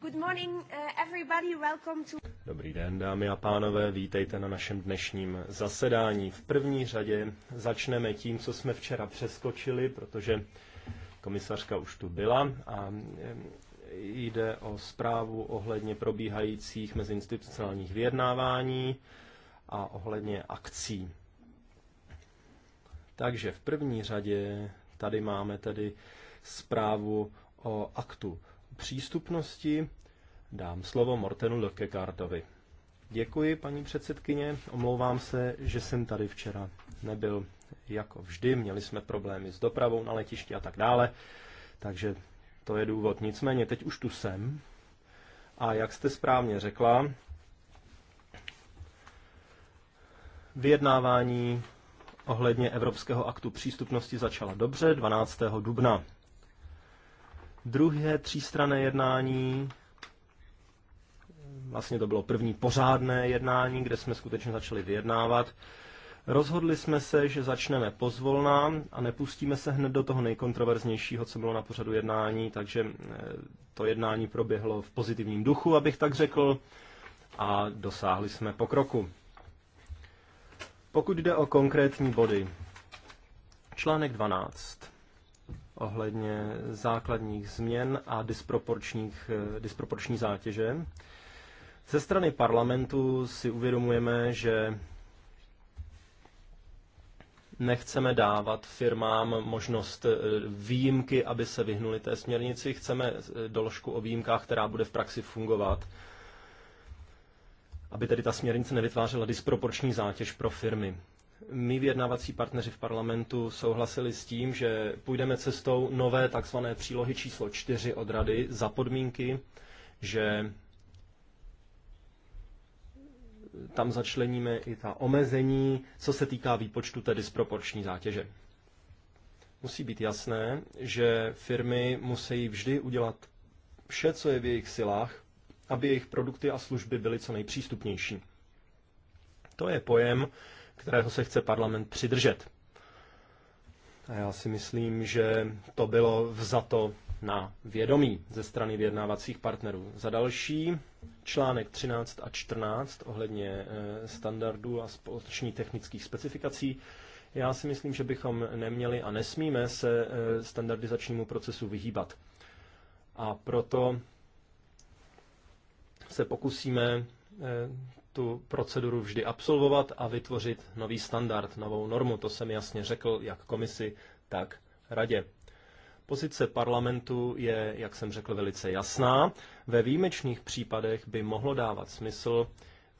Good morning, uh, everybody. Welcome to... Dobrý den, dámy a pánové, vítejte na našem dnešním zasedání. V první řadě začneme tím, co jsme včera přeskočili, protože komisařka už tu byla a eh, jde o zprávu ohledně probíhajících meziinstitucionálních vyjednávání a ohledně akcí. Takže v první řadě tady máme tedy zprávu o aktu přístupnosti dám slovo Mortenu Lökekartovi. Děkuji, paní předsedkyně. Omlouvám se, že jsem tady včera nebyl. Jako vždy, měli jsme problémy s dopravou na letišti a tak dále, takže to je důvod. Nicméně, teď už tu jsem. A jak jste správně řekla, vyjednávání ohledně Evropského aktu přístupnosti začala dobře 12. dubna. Druhé třístrané jednání, vlastně to bylo první pořádné jednání, kde jsme skutečně začali vyjednávat, Rozhodli jsme se, že začneme pozvolná a nepustíme se hned do toho nejkontroverznějšího, co bylo na pořadu jednání, takže eh, to jednání proběhlo v pozitivním duchu, abych tak řekl, a dosáhli jsme pokroku. Pokud jde o konkrétní body, článek 12 ohledně základních změn a disproporčních, eh, disproporční zátěže. Ze strany parlamentu si uvědomujeme, že nechceme dávat firmám možnost eh, výjimky, aby se vyhnuli té směrnici. Chceme eh, doložku o výjimkách, která bude v praxi fungovat, aby tedy ta směrnice nevytvářela disproporční zátěž pro firmy my vyjednávací partneři v parlamentu souhlasili s tím, že půjdeme cestou nové takzvané přílohy číslo 4 od rady za podmínky, že tam začleníme i ta omezení, co se týká výpočtu té disproporční zátěže. Musí být jasné, že firmy musí vždy udělat vše, co je v jejich silách, aby jejich produkty a služby byly co nejpřístupnější. To je pojem, kterého se chce parlament přidržet. A já si myslím, že to bylo vzato na vědomí ze strany vyjednávacích partnerů. Za další článek 13 a 14 ohledně eh, standardů a společných technických specifikací. Já si myslím, že bychom neměli a nesmíme se eh, standardizačnímu procesu vyhýbat. A proto se pokusíme eh, tu proceduru vždy absolvovat a vytvořit nový standard, novou normu. To jsem jasně řekl jak komisi, tak radě. Pozice parlamentu je, jak jsem řekl, velice jasná. Ve výjimečných případech by mohlo dávat smysl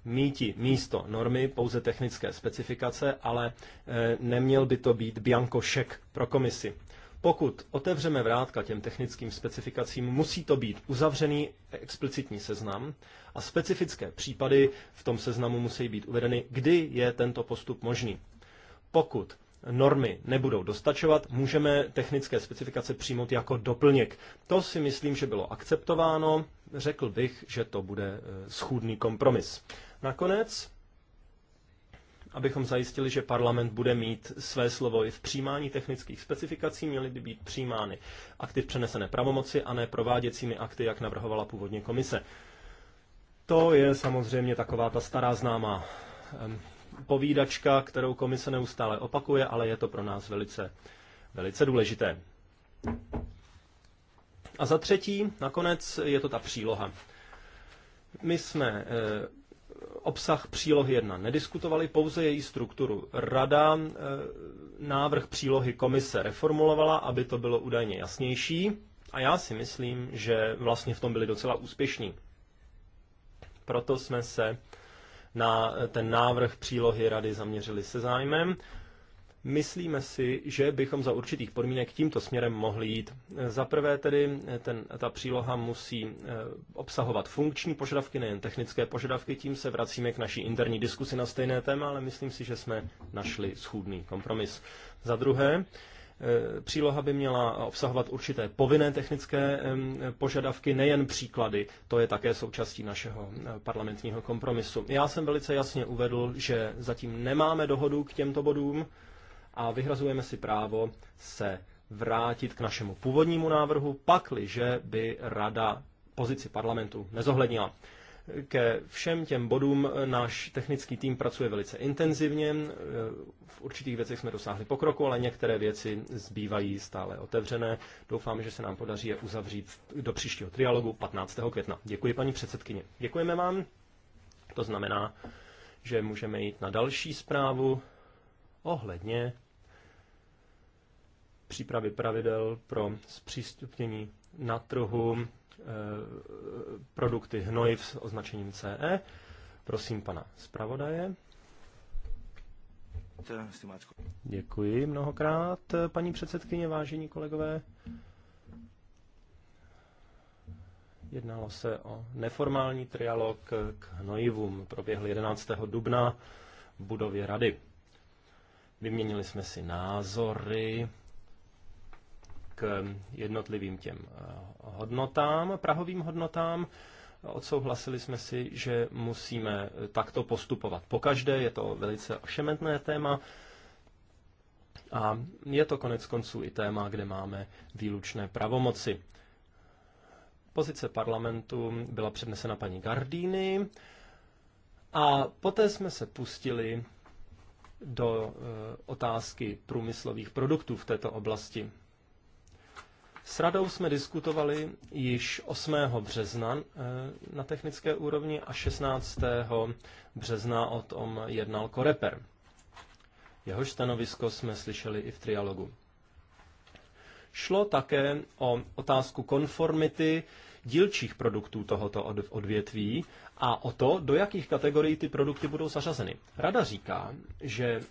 míti místo normy pouze technické specifikace, ale eh, neměl by to být biankošek pro komisi. Pokud otevřeme vrátka těm technickým specifikacím, musí to být uzavřený explicitní seznam a specifické případy v tom seznamu musí být uvedeny, kdy je tento postup možný. Pokud normy nebudou dostačovat, můžeme technické specifikace přijmout jako doplněk. To si myslím, že bylo akceptováno. Řekl bych, že to bude eh, schůdný kompromis. Nakonec abychom zajistili, že parlament bude mít své slovo i v přijímání technických specifikací, měly by být přijímány akty v přenesené pravomoci a ne prováděcími akty, jak navrhovala původně komise. To je samozřejmě taková ta stará známá povídačka, kterou komise neustále opakuje, ale je to pro nás velice, velice důležité. A za třetí, nakonec, je to ta příloha. My jsme eh, obsah přílohy 1. Nediskutovali pouze její strukturu. Rada e, návrh přílohy komise reformulovala, aby to bylo údajně jasnější a já si myslím, že vlastně v tom byli docela úspěšní. Proto jsme se na ten návrh přílohy rady zaměřili se zájmem Myslíme si, že bychom za určitých podmínek tímto směrem mohli jít. Za prvé tedy ten, ta příloha musí eh, obsahovat funkční požadavky, nejen technické požadavky, tím se vracíme k naší interní diskusi na stejné téma, ale myslím si, že jsme našli schůdný kompromis. Za druhé, eh, Příloha by měla obsahovat určité povinné technické požadavky, nejen příklady. To je také součástí našeho eh, parlamentního kompromisu. Já jsem velice jasně uvedl, že zatím nemáme dohodu k těmto bodům, a vyhrazujeme si právo se vrátit k našemu původnímu návrhu, pakliže by rada pozici parlamentu nezohlednila. Ke všem těm bodům náš technický tým pracuje velice intenzivně. V určitých věcech jsme dosáhli pokroku, ale některé věci zbývají stále otevřené. Doufám, že se nám podaří je uzavřít do příštího trialogu 15. května. Děkuji, paní předsedkyně. Děkujeme vám. To znamená, že můžeme jít na další zprávu ohledně přípravy pravidel pro zpřístupnění na trhu eh, produkty hnojiv s označením CE. Prosím pana zpravodaje. Děkuji mnohokrát, paní předsedkyně, vážení kolegové. Jednalo se o neformální trialog k hnojivům. Proběhl 11. dubna v budově rady. Vyměnili jsme si názory k jednotlivým těm eh, hodnotám, prahovým hodnotám. Odsouhlasili jsme si, že musíme eh, takto postupovat. Pokaždé je to velice ošemetné téma a je to konec konců i téma, kde máme výlučné pravomoci. Pozice parlamentu byla přednesena paní Gardíny a poté jsme se pustili do eh, otázky průmyslových produktů v této oblasti. S radou jsme diskutovali již 8. března eh, na technické úrovni a 16. března o tom jednal Koreper. Jeho stanovisko jsme slyšeli i v trialogu. Šlo také o otázku konformity dílčích produktů tohoto odvětví a o to, do jakých kategorií ty produkty budou zařazeny. Rada říká, že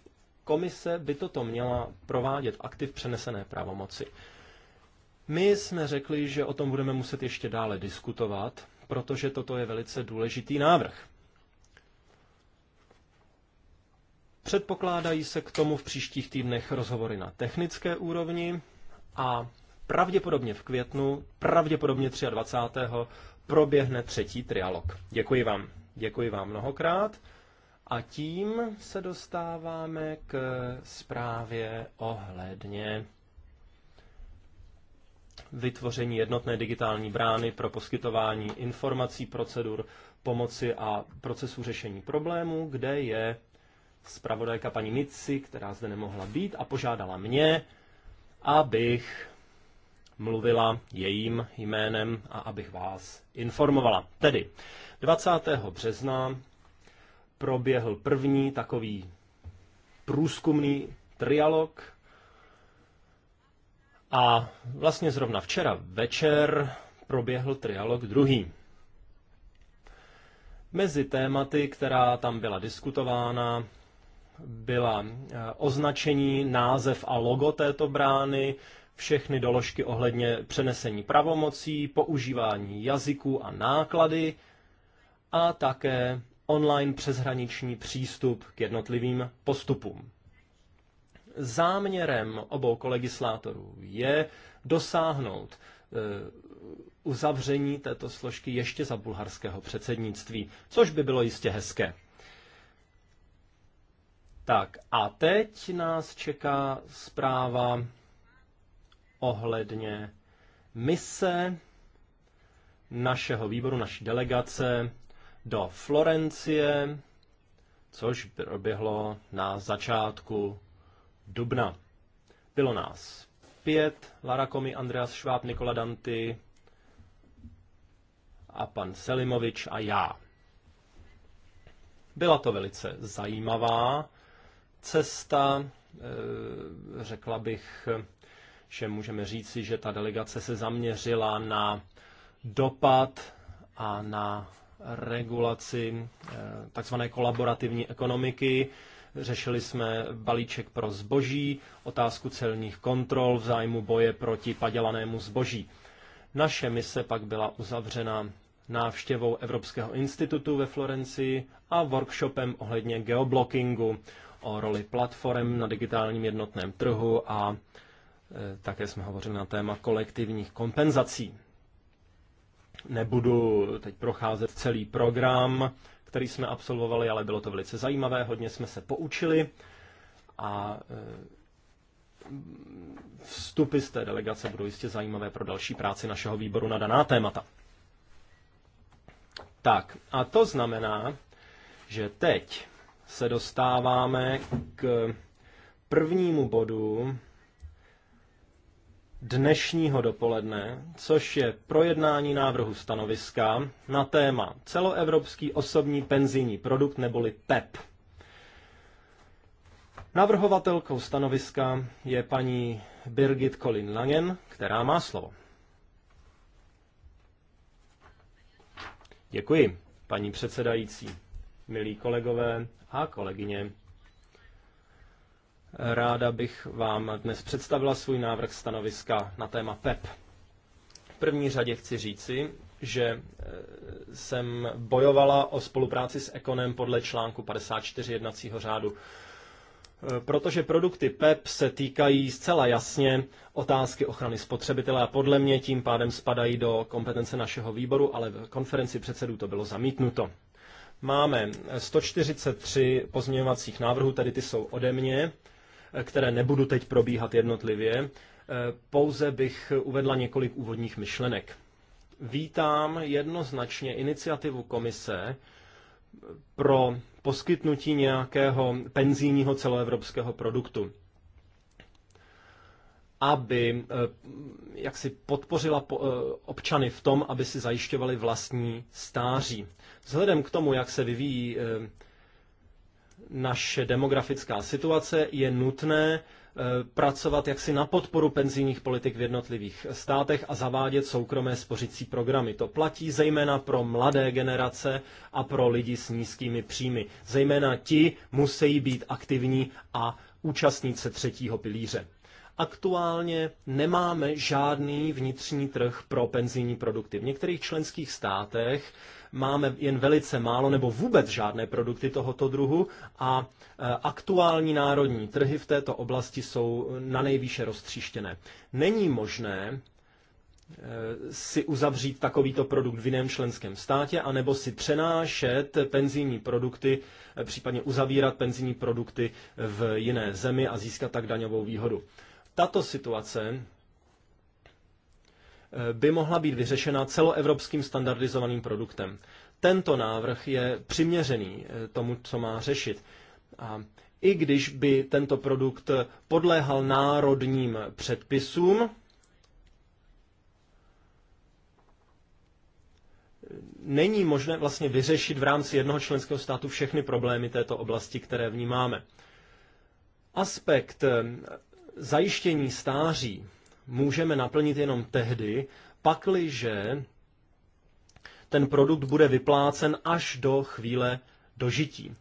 komise by toto měla provádět aktiv přenesené pravomoci. My jsme řekli, že o tom budeme muset ještě dále diskutovat, protože toto je velice důležitý návrh. Předpokládají se k tomu v příštích týdnech rozhovory na technické úrovni a pravděpodobně v květnu, pravděpodobně 23. proběhne třetí trialog. Děkuji vám. Děkuji vám mnohokrát. A tím se dostáváme k zprávě ohledně vytvoření jednotné digitální brány pro poskytování informací, procedur, pomoci a procesu řešení problémů, kde je zpravodajka paní Mici, která zde nemohla být a požádala mě, abych mluvila jejím jménem a abych vás informovala. Tedy 20. března proběhl první takový průzkumný trialog a vlastně zrovna včera večer proběhl trialog druhý. Mezi tématy, která tam byla diskutována, byla eh, označení, název a logo této brány, všechny doložky ohledně přenesení pravomocí, používání jazyků a náklady a také online přeshraniční přístup k jednotlivým postupům záměrem obou kolegislátorů je dosáhnout eh, uzavření této složky ještě za bulharského předsednictví, což by bylo jistě hezké. Tak a teď nás čeká zpráva ohledně mise našeho výboru, naší delegace do Florencie, což proběhlo na začátku dubna. Bylo nás pět, Lara Komi, Andreas Šváb, Nikola Danty a pan Selimovič a já. Byla to velice zajímavá cesta, eh, řekla bych, že můžeme říci, že ta delegace se zaměřila na dopad a na regulaci eh, takzvané kolaborativní ekonomiky, Řešili jsme balíček pro zboží, otázku celních kontrol v zájmu boje proti padělanému zboží. Naše mise pak byla uzavřena návštěvou Evropského institutu ve Florencii a workshopem ohledně geoblockingu o roli platform na digitálním jednotném trhu a e, také jsme hovořili na téma kolektivních kompenzací. Nebudu teď procházet celý program, který jsme absolvovali, ale bylo to velice zajímavé, hodně jsme se poučili a e, vstupy z té delegace budou jistě zajímavé pro další práci našeho výboru na daná témata. Tak, a to znamená, že teď se dostáváme k prvnímu bodu dnešního dopoledne, což je projednání návrhu stanoviska na téma celoevropský osobní penzijní produkt neboli PEP. E Navrhovatelkou stanoviska je paní Birgit Colin Langen, která má slovo. Děkuji, paní předsedající, milí kolegové a kolegyně. Ráda bych vám dnes představila svůj návrh stanoviska na téma PEP. E v první řadě chci říci, že e, jsem bojovala o spolupráci s Ekonem podle článku 54 jednacího řádu e, protože produkty PEP se týkají zcela jasně otázky ochrany spotřebitele a podle mě tím pádem spadají do kompetence našeho výboru, ale v konferenci předsedů to bylo zamítnuto. Máme 143 pozměňovacích návrhů, tedy ty jsou ode mě které nebudu teď probíhat jednotlivě. Eh, pouze bych uvedla několik úvodních myšlenek. Vítám jednoznačně iniciativu komise pro poskytnutí nějakého penzijního celoevropského produktu aby eh, jak si podpořila eh, občany v tom, aby si zajišťovali vlastní stáří. Vzhledem k tomu, jak se vyvíjí naše demografická situace, je nutné eh, pracovat jaksi na podporu penzijních politik v jednotlivých státech a zavádět soukromé spořicí programy. To platí zejména pro mladé generace a pro lidi s nízkými příjmy. Zejména ti musí být aktivní a účastnit se třetího pilíře. Aktuálně nemáme žádný vnitřní trh pro penzijní produkty. V některých členských státech máme jen velice málo nebo vůbec žádné produkty tohoto druhu a e, aktuální národní trhy v této oblasti jsou na nejvýše roztříštěné. Není možné e, si uzavřít takovýto produkt v jiném členském státě, anebo si přenášet penzijní produkty, e, případně uzavírat penzijní produkty v jiné zemi a získat tak daňovou výhodu. Tato situace by mohla být vyřešena celoevropským standardizovaným produktem. Tento návrh je přiměřený eh, tomu, co má řešit. A i když by tento produkt podléhal národním předpisům, není možné vlastně vyřešit v rámci jednoho členského státu všechny problémy této oblasti, které vnímáme. Aspekt eh, zajištění stáří můžeme naplnit jenom tehdy, pakliže ten produkt bude vyplácen až do chvíle dožití.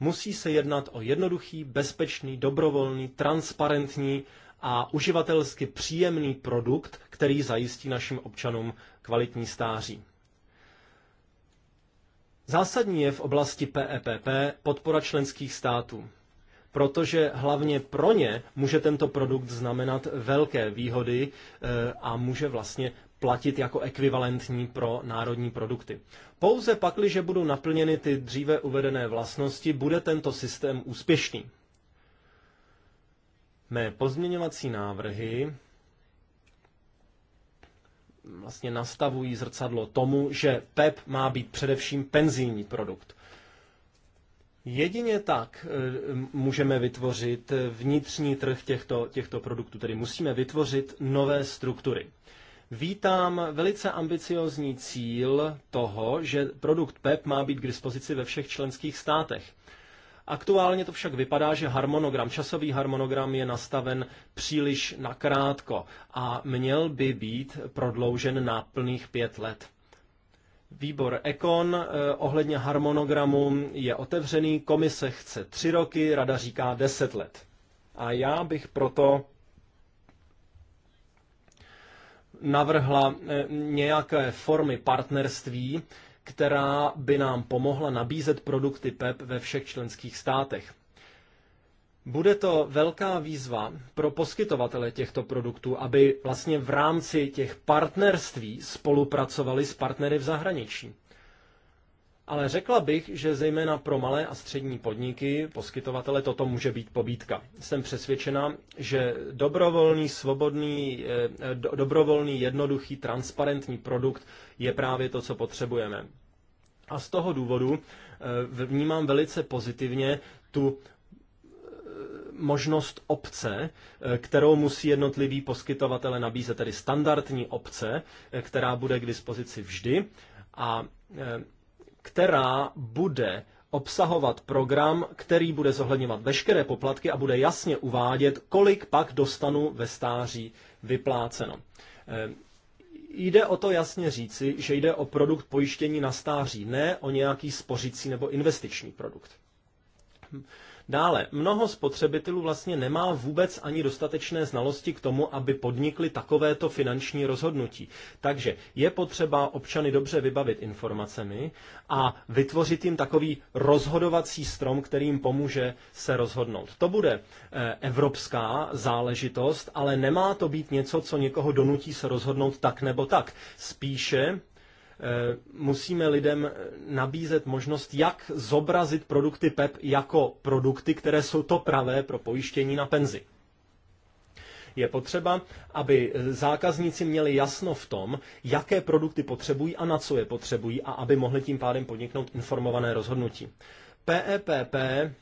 Musí se jednat o jednoduchý, bezpečný, dobrovolný, transparentní a uživatelsky příjemný produkt, který zajistí našim občanům kvalitní stáří. Zásadní je v oblasti PEPP e podpora členských států protože hlavně pro ně může tento produkt znamenat velké výhody eh, a může vlastně platit jako ekvivalentní pro národní produkty. Pouze pakli, že budou naplněny ty dříve uvedené vlastnosti, bude tento systém úspěšný. Mé pozměňovací návrhy vlastně nastavují zrcadlo tomu, že PEP e má být především penzijní produkt. Jedině tak eh, můžeme vytvořit eh, vnitřní trh těchto, těchto produktů, tedy musíme vytvořit nové struktury. Vítám velice ambiciozní cíl toho, že produkt PEP e má být k dispozici ve všech členských státech. Aktuálně to však vypadá, že harmonogram, časový harmonogram je nastaven příliš nakrátko a měl by být prodloužen na plných pět let. Výbor Ekon eh, ohledně harmonogramu je otevřený, komise chce tři roky, rada říká deset let. A já bych proto navrhla eh, nějaké formy partnerství, která by nám pomohla nabízet produkty PEP e ve všech členských státech. Bude to velká výzva pro poskytovatele těchto produktů, aby vlastně v rámci těch partnerství spolupracovali s partnery v zahraničí. Ale řekla bych, že zejména pro malé a střední podniky, poskytovatele, toto může být pobídka. Jsem přesvědčena, že dobrovolný, svobodný, eh, dobrovolný, jednoduchý, transparentní produkt je právě to, co potřebujeme. A z toho důvodu eh, vnímám velice pozitivně tu možnost obce, eh, kterou musí jednotlivý poskytovatele nabízet, tedy standardní obce, eh, která bude k dispozici vždy a eh, která bude obsahovat program, který bude zohledňovat veškeré poplatky a bude jasně uvádět, kolik pak dostanu ve stáří vypláceno. Jde o to jasně říci, že jde o produkt pojištění na stáří, ne o nějaký spořící nebo investiční produkt. Dále, mnoho spotřebitelů vlastně nemá vůbec ani dostatečné znalosti k tomu, aby podnikli takovéto finanční rozhodnutí. Takže je potřeba občany dobře vybavit informacemi a vytvořit jim takový rozhodovací strom, který jim pomůže se rozhodnout. To bude eh, evropská záležitost, ale nemá to být něco, co někoho donutí se rozhodnout tak nebo tak. Spíše Eh, musíme lidem nabízet možnost, jak zobrazit produkty PEP e jako produkty, které jsou to pravé pro pojištění na penzi. Je potřeba, aby eh, zákazníci měli jasno v tom, jaké produkty potřebují a na co je potřebují a aby mohli tím pádem podniknout informované rozhodnutí. PEPP e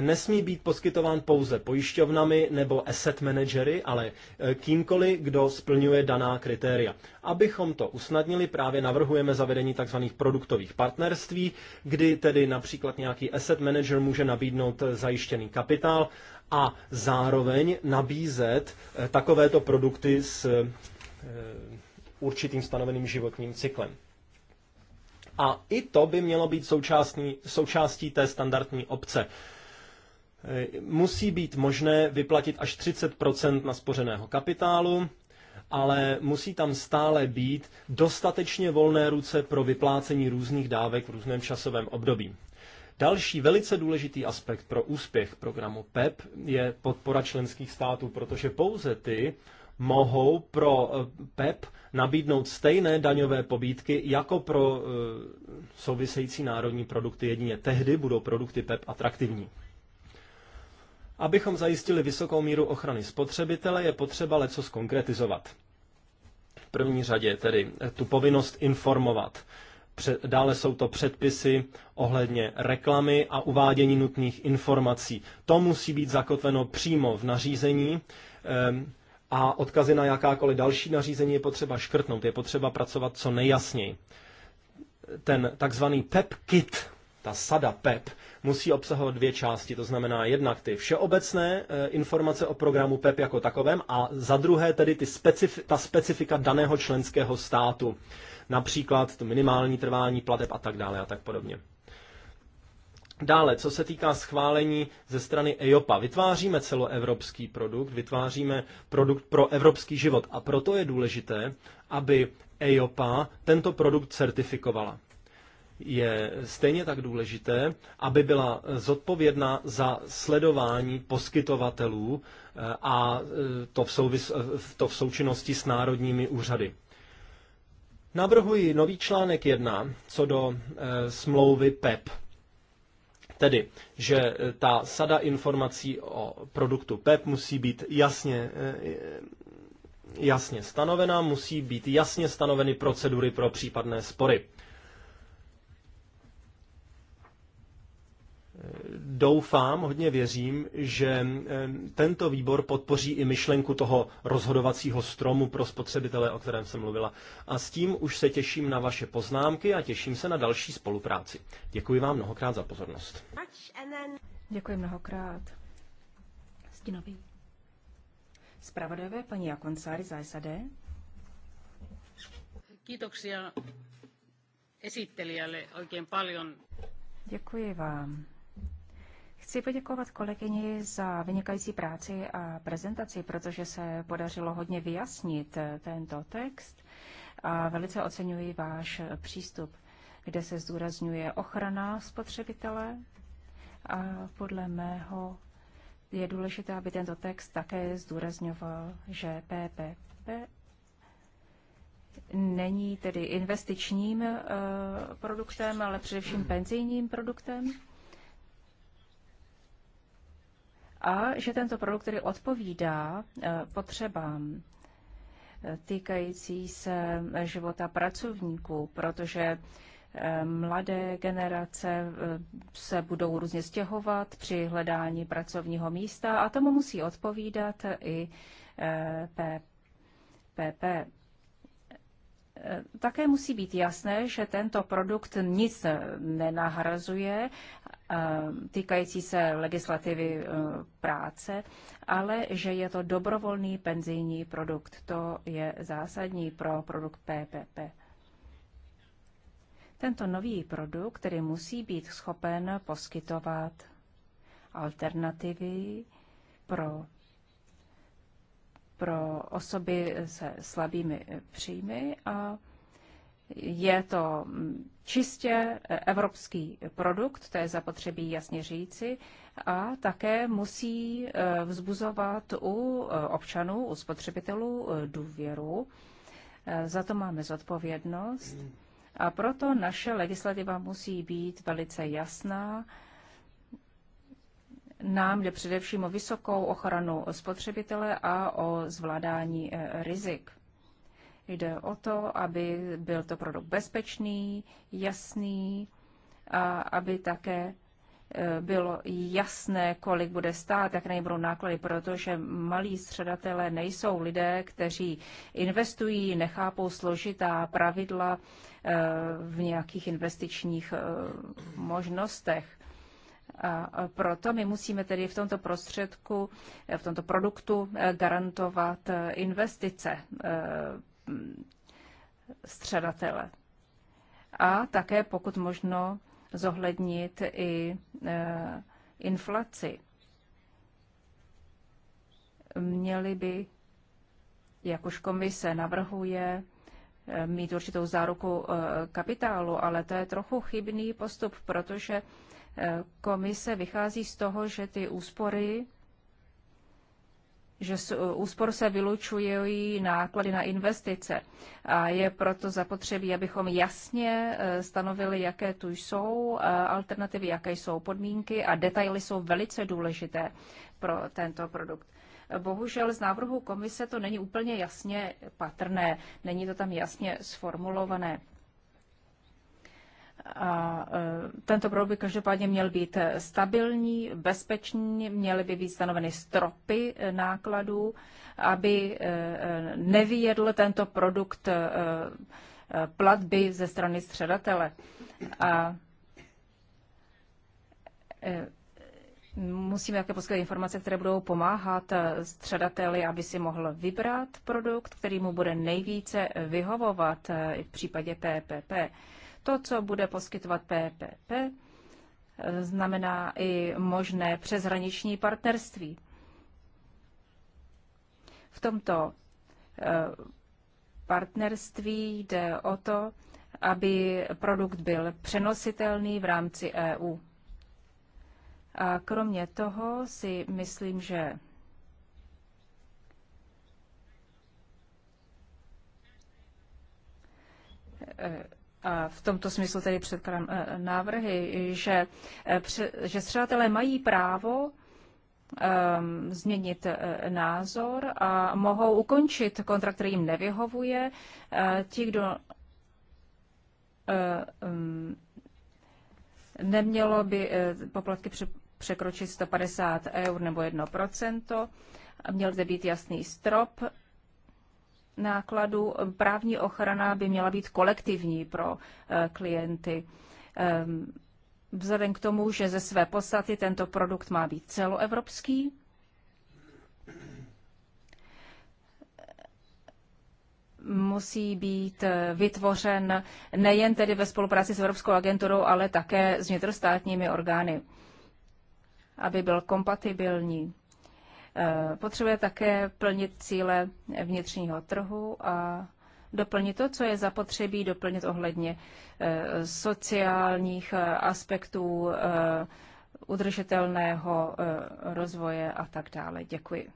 nesmí být poskytován pouze pojišťovnami nebo asset managery, ale eh, kýmkoliv, kdo splňuje daná kritéria. Abychom to usnadnili, právě navrhujeme zavedení tzv. produktových partnerství, kdy tedy například nějaký asset manager může nabídnout eh, zajištěný kapitál a zároveň nabízet eh, takovéto produkty s určitým stanoveným životním cyklem. A i to by mělo být součástí, součástí té standardní obce. Musí být možné vyplatit až 30 naspořeného kapitálu, ale musí tam stále být dostatečně volné ruce pro vyplácení různých dávek v různém časovém období. Další velice důležitý aspekt pro úspěch programu PEP e je podpora členských států, protože pouze ty mohou pro PEP e nabídnout stejné daňové pobídky jako pro e, související národní produkty. Jedině tehdy budou produkty PEP atraktivní. Abychom zajistili vysokou míru ochrany spotřebitele, je potřeba leco zkonkretizovat. V první řadě tedy eh, tu povinnost informovat. Dále jsou to předpisy ohledně reklamy a uvádění nutných informací. To musí být zakotveno přímo v nařízení ehm, a odkazy na jakákoliv další nařízení je potřeba škrtnout, je potřeba pracovat co nejjasněji. Ten takzvaný PEP kit ta sada PEP e musí obsahovat dvě části, to znamená jednak ty všeobecné eh, informace o programu PEP e jako takovém a za druhé tedy ty specif- ta specifika daného členského státu, například to minimální trvání plateb a tak dále a tak podobně. Dále, co se týká schválení ze strany EIOPA, vytváříme celoevropský produkt, vytváříme produkt pro evropský život a proto je důležité, aby EIOPA tento produkt certifikovala je stejně tak důležité, aby byla zodpovědná za sledování poskytovatelů eh, a eh, to v, souvis, eh, to v součinnosti s národními úřady. Navrhuji nový článek 1 co do smlouvy PEP. E Tedy, že ta sada informací o produktu PEP e musí být jasně, jasně stanovena, musí být jasně stanoveny procedury pro případné spory. doufám, hodně věřím, že eh, tento výbor podpoří i myšlenku toho rozhodovacího stromu pro spotřebitele, o kterém jsem mluvila. A s tím už se těším na vaše poznámky a těším se na další spolupráci. Děkuji vám mnohokrát za pozornost. Děkuji mnohokrát. Stinový. Spravodajové paní Jakonsári za SAD. Kiitoksia esittelijälle oikein paljon. Děkuji vám. Chci poděkovat kolegyni za vynikající práci a prezentaci, protože se podařilo hodně vyjasnit eh, tento text a velice oceňuji váš přístup, kde se zdůrazňuje ochrana spotřebitele a podle mého je důležité, aby tento text také zdůrazňoval, že PPP není tedy investičním e, produktem, ale především penzijním produktem a že tento produkt, který odpovídá eh, potřebám eh, týkající se života pracovníků, protože eh, mladé generace se budou různě stěhovat při hledání pracovního místa a tomu musí odpovídat i PP. Také musí být jasné, že tento produkt nic nenahrazuje Eh, týkající se legislativy eh, práce, ale že je to dobrovolný penzijní produkt. To je zásadní pro produkt PPP. Tento nový produkt, který musí být schopen poskytovat alternativy pro, pro osoby se slabými příjmy a je to čistě evropský produkt, to je zapotřebí jasně říci, a také musí eh, vzbuzovat u eh, občanů, u spotřebitelů eh, důvěru. Za to máme zodpovědnost a proto naše legislativa musí být velice jasná. Nám jde především o vysokou ochranu spotřebitele a o zvládání rizik. Jde o to, aby byl to produkt bezpečný, jasný a aby také e, bylo jasné, kolik bude stát, jak nebudou náklady, protože malí středatelé nejsou lidé, kteří investují, nechápou složitá pravidla e, v nějakých investičních e, možnostech. A proto my musíme tedy v tomto prostředku, v tomto produktu garantovat investice středatele A také pokud možno zohlednit i e, inflaci. Měli by, jak už komise navrhuje, e, mít určitou záruku e, kapitálu, ale to je trochu chybný postup, protože e, komise vychází z toho, že ty úspory že z eh, úspor se vylučují náklady na investice a je proto zapotřebí, abychom jasně eh, stanovili, jaké tu jsou eh, alternativy, jaké jsou podmínky a detaily jsou velice důležité pro tento produkt. Bohužel z návrhu komise to není úplně jasně patrné, není to tam jasně sformulované. A e, tento produkt by každopádně měl být stabilní, bezpečný, měly by být stanoveny stropy e, nákladů, aby e, nevyjedl tento produkt platby ze strany středatele. A musíme také poskytovat informace, které budou pomáhat středateli, aby si mohl vybrat produkt, který mu bude nejvíce vyhovovat v případě PPP. To, co bude poskytovat PPP, znamená i možné přeshraniční partnerství. V tomto eh, partnerství jde o to, aby produkt byl přenositelný v rámci EU. A kromě toho si myslím, že eh, a v tomto smyslu tedy předkládám eh, návrhy, že, eh, že střelatelé mají právo ehm, změnit eh, názor a mohou ukončit kontrakt, který jim nevyhovuje. Ti, kdo mm, nemělo by poplatky překročit 150 eur nebo 1%, měl zde být jasný strop nákladů. Právní ochrana by měla být kolektivní pro eh, klienty. Ehm, vzhledem k tomu, že ze své podstaty tento produkt má být celoevropský, musí být eh, vytvořen nejen tedy ve spolupráci s Evropskou agenturou, ale také s vnitrostátními orgány, aby byl kompatibilní. Eh, potřebuje také plnit cíle vnitřního trhu a doplnit to, co je zapotřebí, doplnit ohledně eh, sociálních eh, aspektů udržitelného rozvoje a tak dále. Děkuji.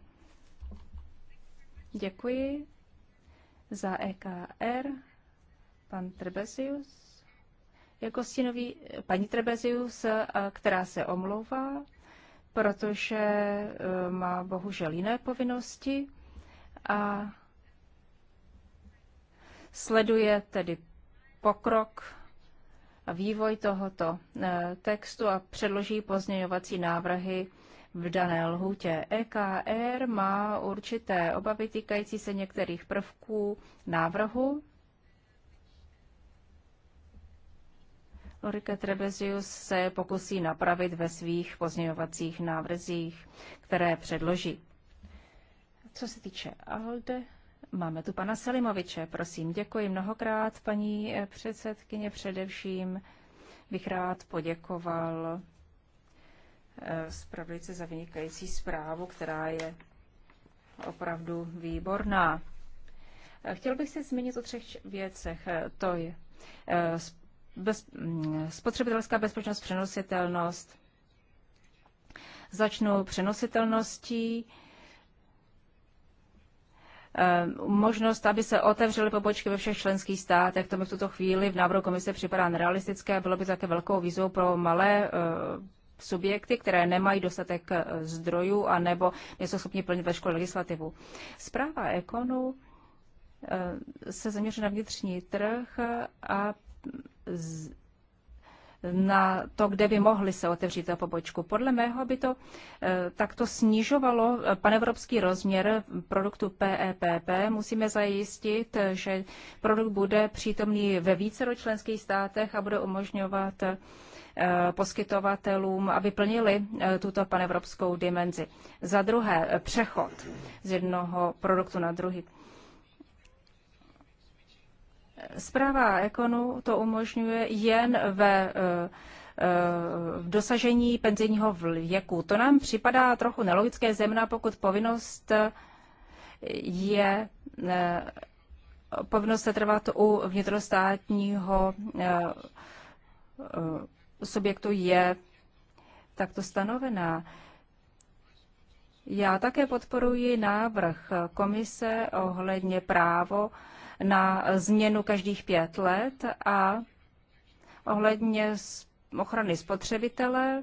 Děkuji za EKR. Pan Trebesius, jako stínový, paní Trebesius, která se omlouvá protože eh, má bohužel jiné povinnosti a sleduje tedy pokrok a vývoj tohoto eh, textu a předloží pozměňovací návrhy v dané lhutě. EKR má určité obavy týkající se některých prvků návrhu Ulrike Trebezius se pokusí napravit ve svých pozměňovacích návrzích, které předloží. Co se týče ALDE, máme tu pana Selimoviče. Prosím, děkuji mnohokrát, paní eh, předsedkyně. Především bych rád poděkoval eh, zpravodajce za vynikající zprávu, která je opravdu výborná. Chtěl bych se zmínit o třech věcech. To je eh, bez, spotřebitelská bezpečnost, přenositelnost. Začnu přenositelností. Ehm, možnost, aby se otevřely pobočky ve všech členských státech, to mi v tuto chvíli v návrhu komise připadá nerealistické. Bylo by také velkou výzvou pro malé ehm, subjekty, které nemají dostatek e, zdrojů a nebo nejsou schopni plnit škole legislativu. Zpráva Ekonu ehm, se zaměřuje na vnitřní trh a na to, kde by mohli se otevřít ta pobočku. Podle mého by to eh, takto snižovalo eh, panevropský rozměr produktu PEPP. E Musíme zajistit, eh, že produkt bude přítomný ve více členských státech a bude umožňovat poskytovatelům, aby plnili tuto panevropskou dimenzi. Za druhé, přechod z jednoho produktu na druhý Zpráva Ekonu to umožňuje jen ve e, e, v dosažení penzijního věku. To nám připadá trochu nelogické, zemna, pokud povinnost je e, povinnost se trvat u vnitrostátního subjektu je takto stanovená. Já také podporuji návrh komise ohledně právo na změnu každých pět let a ohledně ochrany spotřebitele.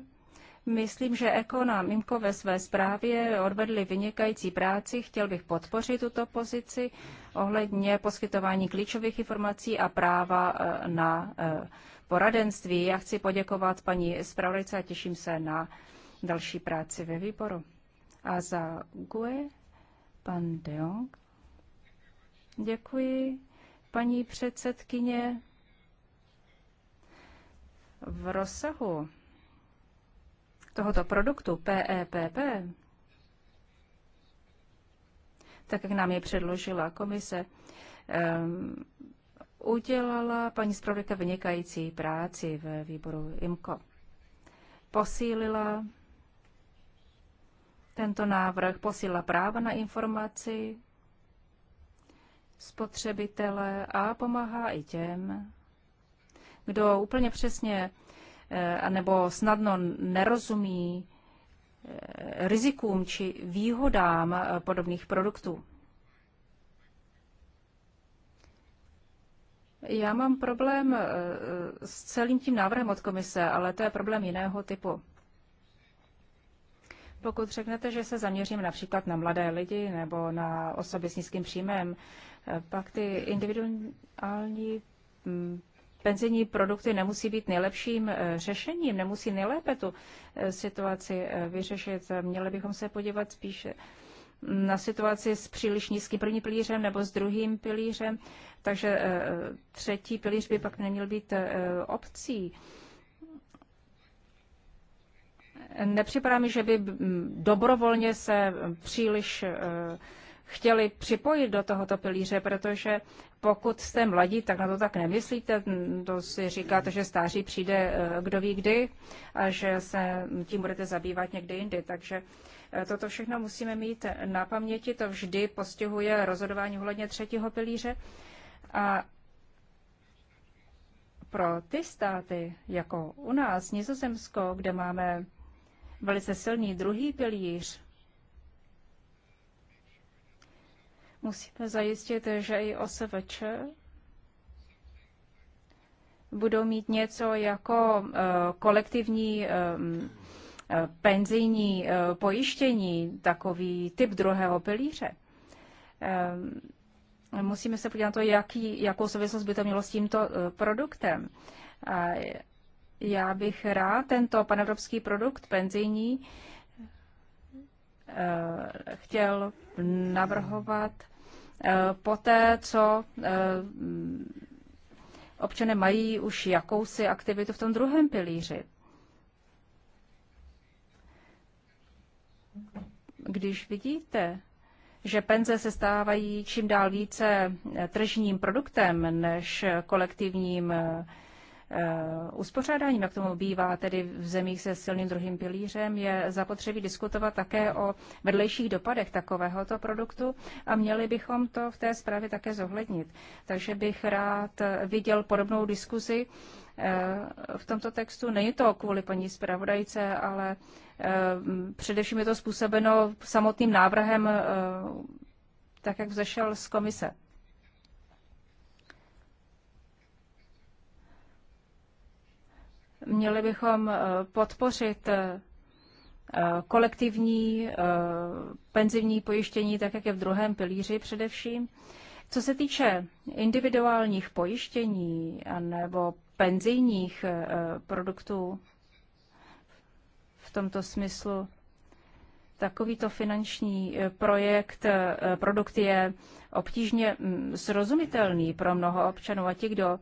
Myslím, že Ekon Mimko ve své zprávě odvedli vynikající práci. Chtěl bych podpořit tuto pozici ohledně poskytování klíčových informací a práva eh, na eh, poradenství. Já chci poděkovat paní zpravodajce a těším se na další práci ve výboru. A za GUE pan Deong. Děkuji, paní předsedkyně. V rozsahu tohoto produktu PEPP, e tak jak nám je předložila komise, um, udělala paní zpravodajka vynikající práci ve výboru IMCO. Posílila tento návrh, posílila práva na informaci spotřebitele a pomáhá i těm, kdo úplně přesně eh, nebo snadno nerozumí eh, rizikům či výhodám eh, podobných produktů. Já mám problém s celým tím návrhem od komise, ale to je problém jiného typu. Pokud řeknete, že se zaměřím například na mladé lidi nebo na osoby s nízkým příjmem, pak ty individuální mm, penzijní produkty nemusí být nejlepším eh, řešením, nemusí nejlépe tu eh, situaci eh, vyřešit. Měli bychom se podívat spíše na situaci s příliš nízkým prvním pilířem nebo s druhým pilířem, takže třetí pilíř by pak neměl být opcí. Nepřipadá mi, že by mm, dobrovolně se příliš chtěli připojit do tohoto pilíře, protože pokud jste mladí, tak na to tak nemyslíte. To si říkáte, že stáří přijde eh, kdo ví kdy a že se tím budete zabývat někdy jindy. Takže eh, toto všechno musíme mít na paměti. To vždy postihuje rozhodování ohledně třetího pilíře. A pro ty státy, jako u nás, Nizozemsko, kde máme velice silný druhý pilíř, Musíme zajistit, že i OSVČ budou mít něco jako eh, kolektivní eh, eh, penzijní pojištění, takový typ druhého pilíře. Musíme se podívat na to, jaký, jakou souvislost by to mělo s tímto produktem. A já bych rád tento panevropský produkt penzijní chtěl navrhovat Eh, poté, co eh, občané mají už jakousi aktivitu v tom druhém pilíři. Když vidíte, že penze se stávají čím dál více eh, tržním produktem než kolektivním Eh, uspořádáním, jak no, tomu bývá tedy v zemích se silným druhým pilířem, je zapotřebí diskutovat také o vedlejších dopadech takovéhoto produktu a měli bychom to v té zprávě také zohlednit. Takže bych rád viděl podobnou diskuzi eh, v tomto textu. Není to kvůli paní zpravodajce, ale eh, především je to způsobeno samotným návrhem, tak jak vzešel z komise. Měli bychom eh, podpořit eh, eh, kolektivní penzivní pojištění, tak jak je v druhém pilíři především. Co se týče individuálních pojištění nebo penzijních produktů v tomto smyslu, takovýto finanční projekt, produkt je obtížně mm, srozumitelný pro mnoho občanů a ti, kdo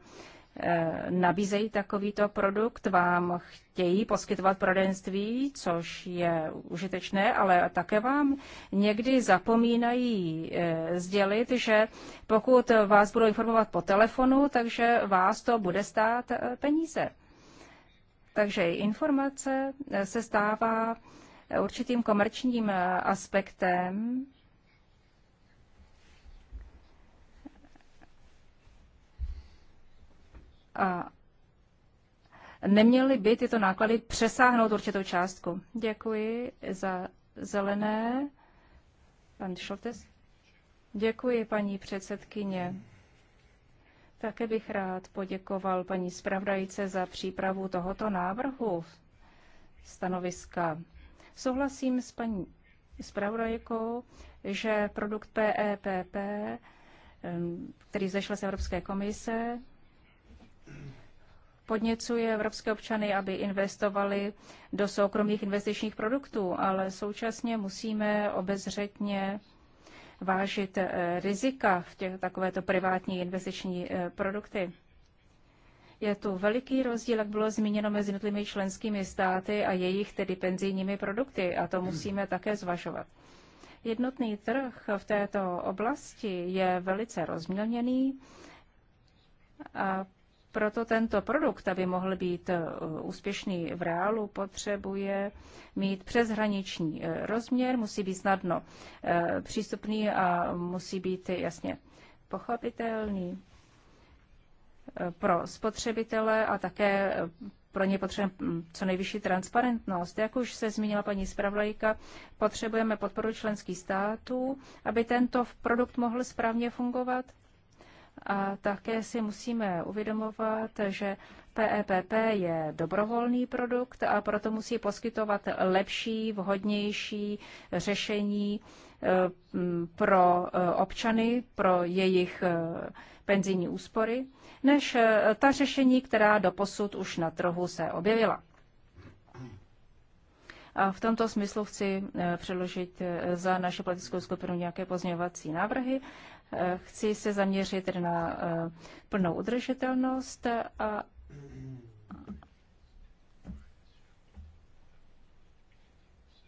Eh, nabízejí takovýto produkt, vám chtějí poskytovat prodenství, což je užitečné, ale také vám někdy zapomínají eh, sdělit, že pokud vás budou informovat po telefonu, takže vás to bude stát eh, peníze. Takže informace se stává určitým komerčním aspektem neměly by tyto náklady přesáhnout určitou částku. Děkuji za zelené. Pan Šoltes. Děkuji, paní předsedkyně. Také bych rád poděkoval paní zpravdajice za přípravu tohoto návrhu stanoviska. Souhlasím s paní zpravodajkou, že produkt PEPP, e který zešel z Evropské komise, podněcuje evropské občany, aby investovali do soukromých investičních produktů, ale současně musíme obezřetně vážit eh, rizika v těch takovéto privátní investiční eh, produkty. Je tu veliký rozdíl, jak bylo zmíněno, mezi jednotlivými členskými státy a jejich tedy penzijními produkty a to musíme také zvažovat. Jednotný trh v této oblasti je velice rozmělněný a proto tento produkt, aby mohl být eh, úspěšný v reálu, potřebuje mít přeshraniční eh, rozměr, musí být snadno eh, přístupný a musí být jasně pochopitelný pro spotřebitele a také pro ně potřebujeme hm, co nejvyšší transparentnost. Jak už se zmínila paní zpravodajka, potřebujeme podporu členských států, aby tento produkt mohl správně fungovat a také si musíme uvědomovat, že PEPP e je dobrovolný produkt a proto musí poskytovat lepší, vhodnější řešení eh, pro eh, občany, pro jejich eh, penzijní úspory, než ta řešení, která doposud už na trhu se objevila. A v tomto smyslu chci předložit za naše politickou skupinu nějaké pozměňovací návrhy Eh, chci se zaměřit na eh, plnou udržitelnost a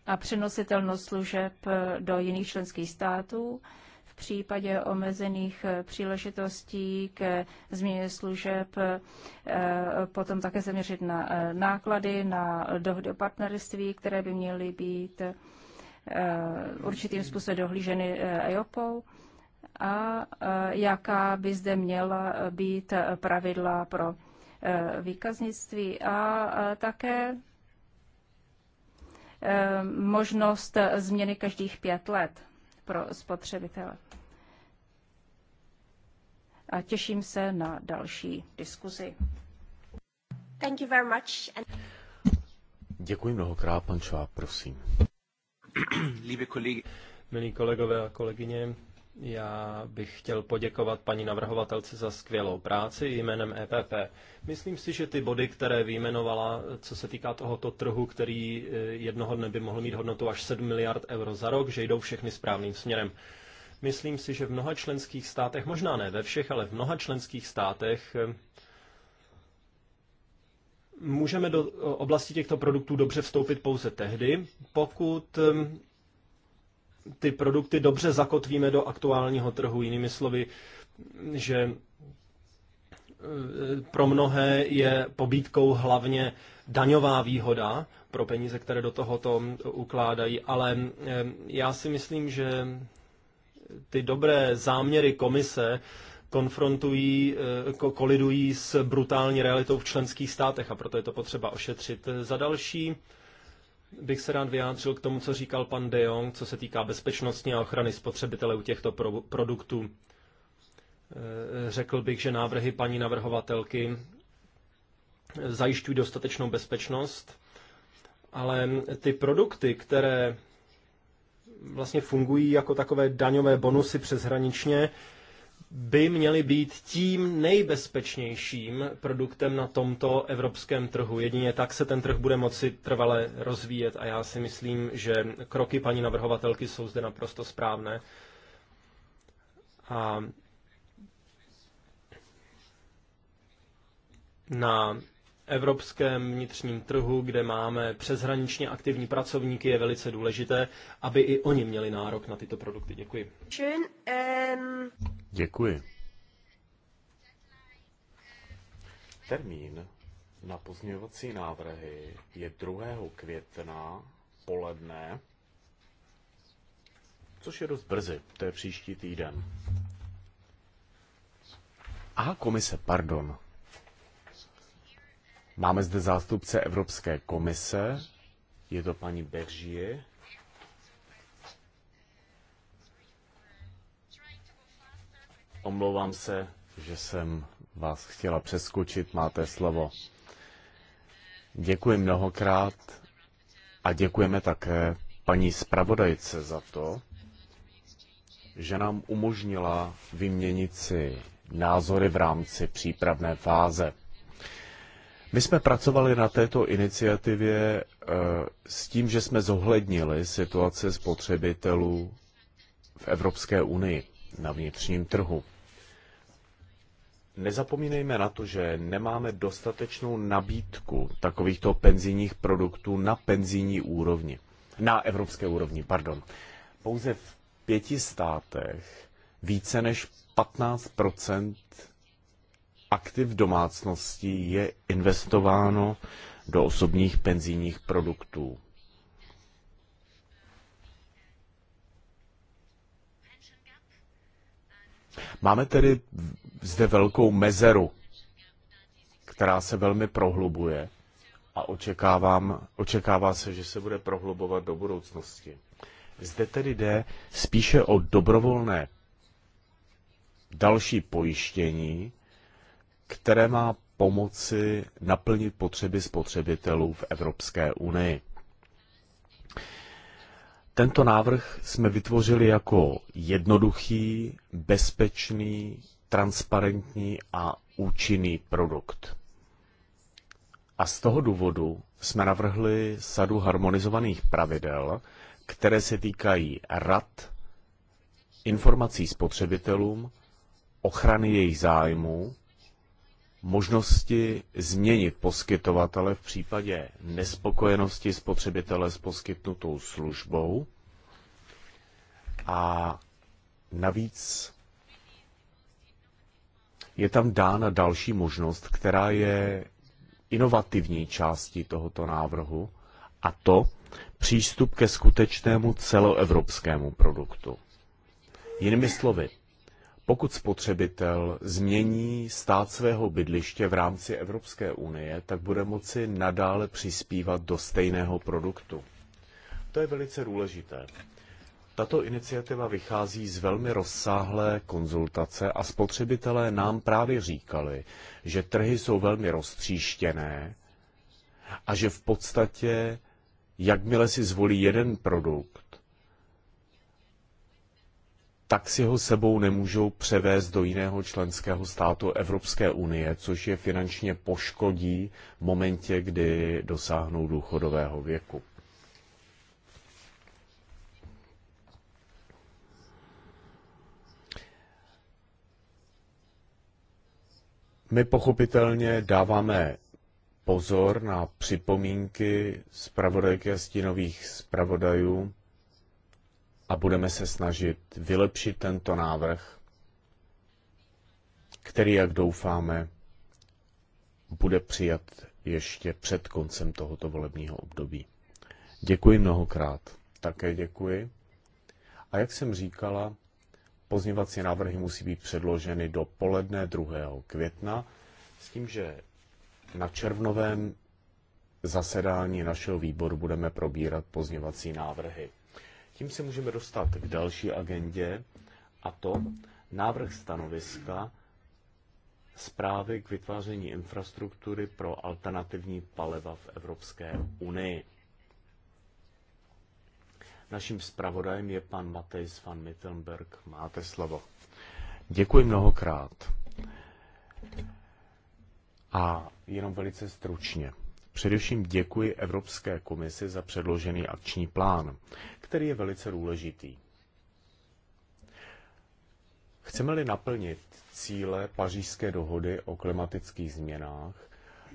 a přenositelnost služeb eh, do jiných členských států v případě omezených příležitostí ke změně služeb, potom také zaměřit na náklady, na dohody o partnerství, které by měly být určitým způsobem dohlíženy EIOPou a e, jaká by zde měla být pravidla pro e, výkaznictví a také e, možnost změny každých pět let pro spotřebitele. A těším se na další diskuzi. Thank you very much. And... Děkuji mnohokrát, pan Čová, prosím. Milí kolegové a kolegyně, já bych chtěl poděkovat paní navrhovatelce za skvělou práci jménem EPP. Myslím si, že ty body, které vyjmenovala, co se týká tohoto trhu, který eh, jednoho dne by mohl mít hodnotu až 7 miliard euro za rok, že jdou všechny správným směrem. Myslím si, že v mnoha členských státech, možná ne ve všech, ale v mnoha členských státech eh, můžeme do oblasti těchto produktů dobře vstoupit pouze tehdy, pokud eh, ty produkty dobře zakotvíme do aktuálního trhu. Jinými slovy, že e, pro mnohé je pobídkou hlavně daňová výhoda pro peníze, které do tohoto ukládají, ale e, já si myslím, že ty dobré záměry komise konfrontují, e, kolidují s brutální realitou v členských státech a proto je to potřeba ošetřit. Za další, bych se rád vyjádřil k tomu, co říkal pan De Jong, co se týká bezpečnosti a ochrany spotřebitele u těchto pro- produktů. E, řekl bych, že návrhy paní navrhovatelky e, zajišťují dostatečnou bezpečnost, ale ty produkty, které vlastně fungují jako takové daňové bonusy přeshraničně, by měly být tím nejbezpečnějším produktem na tomto evropském trhu. Jedině tak se ten trh bude moci trvale rozvíjet a já si myslím, že kroky paní navrhovatelky jsou zde naprosto správné. A na evropském vnitřním trhu, kde máme přeshraničně aktivní pracovníky, je velice důležité, aby i oni měli nárok na tyto produkty. Děkuji. Děkuji. Termín na pozměňovací návrhy je 2. května poledne, což je dost brzy, to je příští týden. Aha, komise, pardon. Máme zde zástupce Evropské komise, je to paní Beržie. Omlouvám se, že jsem vás chtěla přeskočit, máte slovo. Děkuji mnohokrát a děkujeme také paní zpravodajce za to, že nám umožnila vyměnit si názory v rámci přípravné fáze. My jsme pracovali na této iniciativě eh, s tím, že jsme zohlednili situace spotřebitelů v Evropské unii na vnitřním trhu. Nezapomínejme na to, že nemáme dostatečnou nabídku takovýchto penzijních produktů na penzijní úrovni. Na evropské úrovni, pardon. Pouze v pěti státech více než 15 aktiv domácností je investováno do osobních penzijních produktů. Máme tedy zde velkou mezeru, která se velmi prohlubuje a očekávám, očekává se, že se bude prohlubovat do budoucnosti. Zde tedy jde spíše o dobrovolné další pojištění, které má pomoci naplnit potřeby spotřebitelů v Evropské unii. Tento návrh jsme vytvořili jako jednoduchý, bezpečný, transparentní a účinný produkt. A z toho důvodu jsme navrhli sadu harmonizovaných pravidel, které se týkají rad, informací spotřebitelům, ochrany jejich zájmů, možnosti změnit poskytovatele v případě nespokojenosti spotřebitele s poskytnutou službou. A navíc je tam dána další možnost, která je inovativní částí tohoto návrhu, a to přístup ke skutečnému celoevropskému produktu. Jinými slovy, pokud spotřebitel změní stát svého bydliště v rámci Evropské unie, tak bude moci nadále přispívat do stejného produktu. To je velice důležité. Tato iniciativa vychází z velmi rozsáhlé konzultace a spotřebitelé nám právě říkali, že trhy jsou velmi roztříštěné a že v podstatě, jakmile si zvolí jeden produkt, tak si ho sebou nemůžou převést do jiného členského státu Evropské unie, což je finančně poškodí v momentě, kdy dosáhnou důchodového věku. My pochopitelně dáváme pozor na připomínky zpravodajky a stínových zpravodajů a budeme se snažit vylepšit tento návrh, který, jak doufáme, bude přijat ještě před koncem tohoto volebního období. Děkuji mnohokrát. Také děkuji. A jak jsem říkala, pozněvací návrhy musí být předloženy do poledne 2. května, s tím, že na červnovém zasedání našeho výboru budeme probírat pozněvací návrhy. Tím se můžeme dostat k další agendě, a to návrh stanoviska zprávy k vytváření infrastruktury pro alternativní paliva v Evropské unii. Naším zpravodajem je pan Matej van Mittenberg. Máte slovo. Děkuji mnohokrát. A jenom velice stručně. Především děkuji Evropské komisi za předložený akční plán který je velice důležitý. Chceme-li naplnit cíle pařížské dohody o klimatických změnách,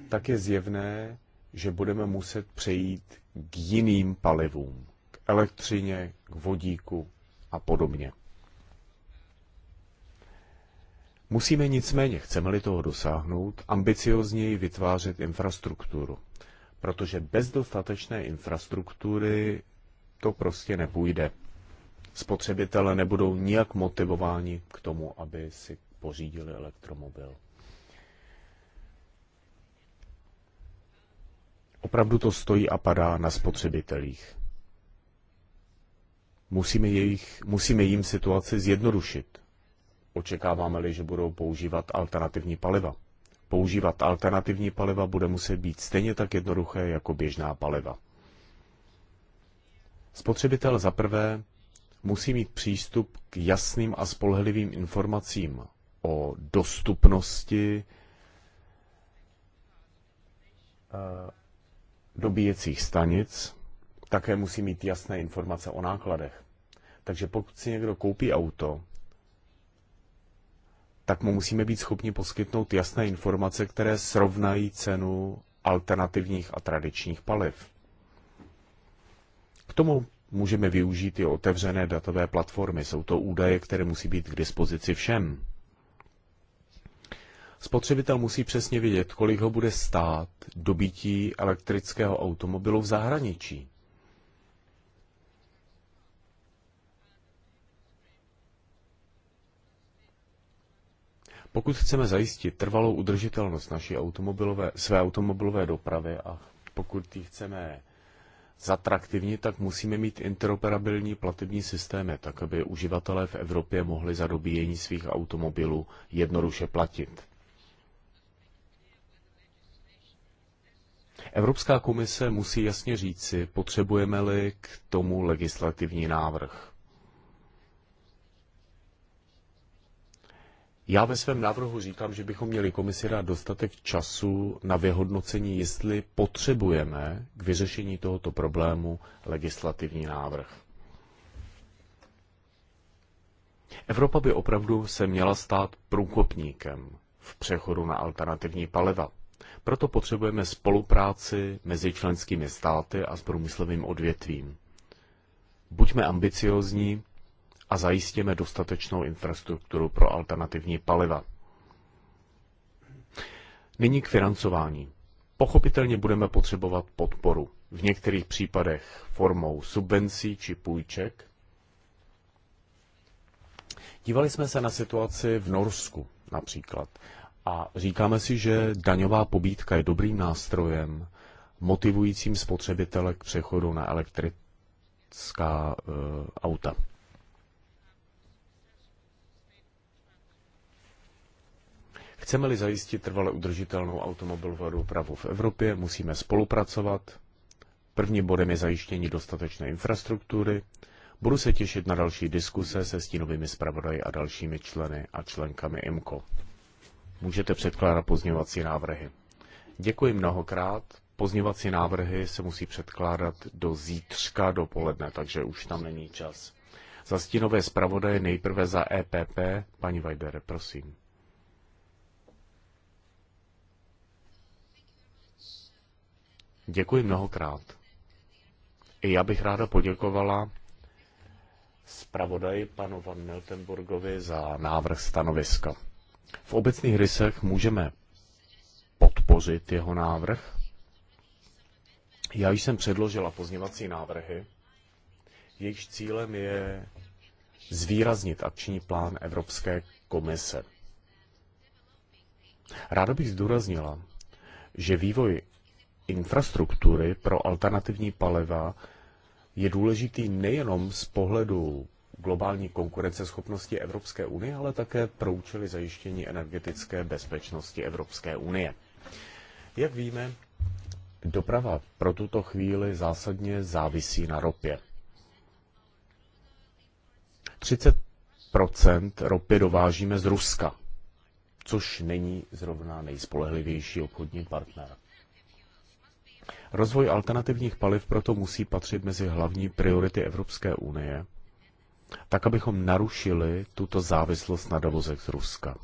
tak je zjevné, že budeme muset přejít k jiným palivům, k elektřině, k vodíku a podobně. Musíme nicméně, chceme-li toho dosáhnout, ambiciozněji vytvářet infrastrukturu, protože bez dostatečné infrastruktury to prostě nepůjde. Spotřebitele nebudou nijak motivováni k tomu, aby si pořídili elektromobil. Opravdu to stojí a padá na spotřebitelích. Musíme, jejich, musíme jim situaci zjednodušit. Očekáváme-li, že budou používat alternativní paliva. Používat alternativní paliva bude muset být stejně tak jednoduché jako běžná paliva. Spotřebitel zaprvé musí mít přístup k jasným a spolehlivým informacím o dostupnosti eh, dobíjecích stanic, také musí mít jasné informace o nákladech. Takže pokud si někdo koupí auto, tak mu musíme být schopni poskytnout jasné informace, které srovnají cenu alternativních a tradičních paliv. K tomu můžeme využít i otevřené datové platformy. Jsou to údaje, které musí být k dispozici všem. Spotřebitel musí přesně vědět, kolik ho bude stát dobití elektrického automobilu v zahraničí. Pokud chceme zajistit trvalou udržitelnost naší automobilové, své automobilové dopravy a pokud ji chceme zatraktivnit, tak musíme mít interoperabilní platební systémy, tak aby uživatelé v Evropě mohli za dobíjení svých automobilů jednoduše platit. Evropská komise musí jasně říci, potřebujeme-li k tomu legislativní návrh. Já ve svém návrhu říkám, že bychom měli komisi dát dostatek času na vyhodnocení, jestli potřebujeme k vyřešení tohoto problému legislativní návrh. Evropa by opravdu se měla stát průkopníkem v přechodu na alternativní paliva. Proto potřebujeme spolupráci mezi členskými státy a s průmyslovým odvětvím. Buďme ambiciozní, a zajistíme dostatečnou infrastrukturu pro alternativní paliva. Nyní k financování. Pochopitelně budeme potřebovat podporu, v některých případech formou subvencí či půjček. Dívali jsme se na situaci v Norsku například a říkáme si, že daňová pobídka je dobrým nástrojem, motivujícím spotřebitele k přechodu na elektrická e, auta. Chceme-li zajistit trvale udržitelnou automobilovou dopravu v Evropě, musíme spolupracovat. Prvním bodem je zajištění dostatečné infrastruktury. Budu se těšit na další diskuse se stínovými zpravodaji a dalšími členy a členkami IMCO. Můžete předkládat pozměňovací návrhy. Děkuji mnohokrát. Pozměňovací návrhy se musí předkládat do zítřka dopoledne, takže už tam není čas. Za stínové zpravodaje nejprve za EPP. Paní Vajdere, prosím. Děkuji mnohokrát. I já bych ráda poděkovala zpravodaji panu Van Miltenburgovi za návrh stanoviska. V obecných rysech můžeme podpořit jeho návrh. Já jsem předložila pozněvací návrhy, jejich cílem je zvýraznit akční plán Evropské komise. Ráda bych zdůraznila, že vývoj infrastruktury pro alternativní paliva je důležitý nejenom z pohledu globální konkurenceschopnosti Evropské unie, ale také pro účely zajištění energetické bezpečnosti Evropské unie. Jak víme, doprava pro tuto chvíli zásadně závisí na ropě. 30 ropy dovážíme z Ruska, což není zrovna nejspolehlivější obchodní partner. Rozvoj alternativních paliv proto musí patřit mezi hlavní priority Evropské unie, tak abychom narušili tuto závislost na dovozech z Ruska.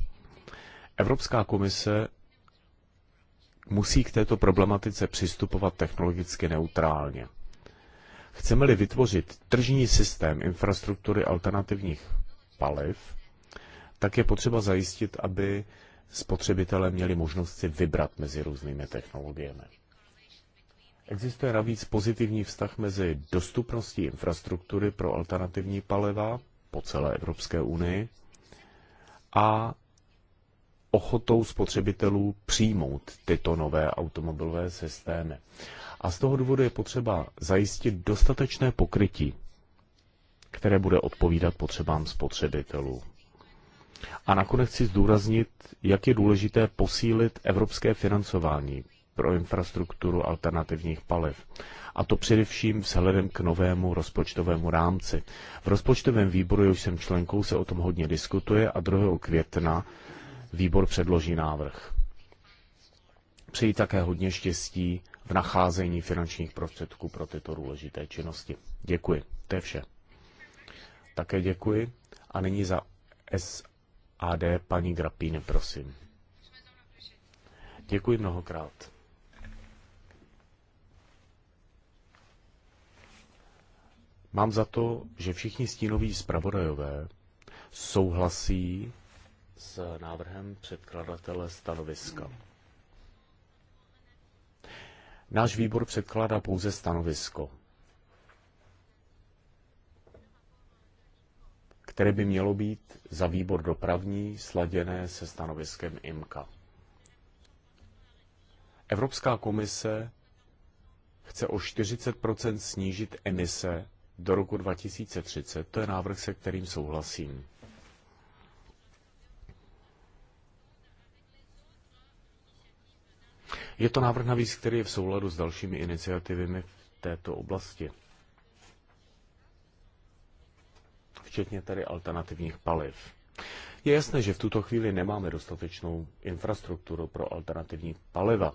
Evropská komise musí k této problematice přistupovat technologicky neutrálně. Chceme-li vytvořit tržní systém infrastruktury alternativních paliv, tak je potřeba zajistit, aby spotřebitelé měli možnost si vybrat mezi různými technologiemi. Existuje navíc pozitivní vztah mezi dostupností infrastruktury pro alternativní paliva po celé Evropské unii a ochotou spotřebitelů přijmout tyto nové automobilové systémy. A z toho důvodu je potřeba zajistit dostatečné pokrytí, které bude odpovídat potřebám spotřebitelů. A nakonec chci zdůraznit, jak je důležité posílit evropské financování pro infrastrukturu alternativních paliv. A to především vzhledem k novému rozpočtovému rámci. V rozpočtovém výboru, jehož jsem členkou, se o tom hodně diskutuje a 2. května výbor předloží návrh. Přeji také hodně štěstí v nacházení finančních prostředků pro tyto důležité činnosti. Děkuji. To je vše. Také děkuji. A nyní za SAD paní Grapíne, prosím. Děkuji mnohokrát. Mám za to, že všichni stínoví zpravodajové souhlasí s návrhem předkladatele stanoviska. Náš výbor předkládá pouze stanovisko, které by mělo být za výbor dopravní sladěné se stanoviskem IMKA. Evropská komise chce o 40 snížit emise do roku 2030. To je návrh, se kterým souhlasím. Je to návrh navíc, který je v souladu s dalšími iniciativami v této oblasti. Včetně tedy alternativních paliv. Je jasné, že v tuto chvíli nemáme dostatečnou infrastrukturu pro alternativní paliva.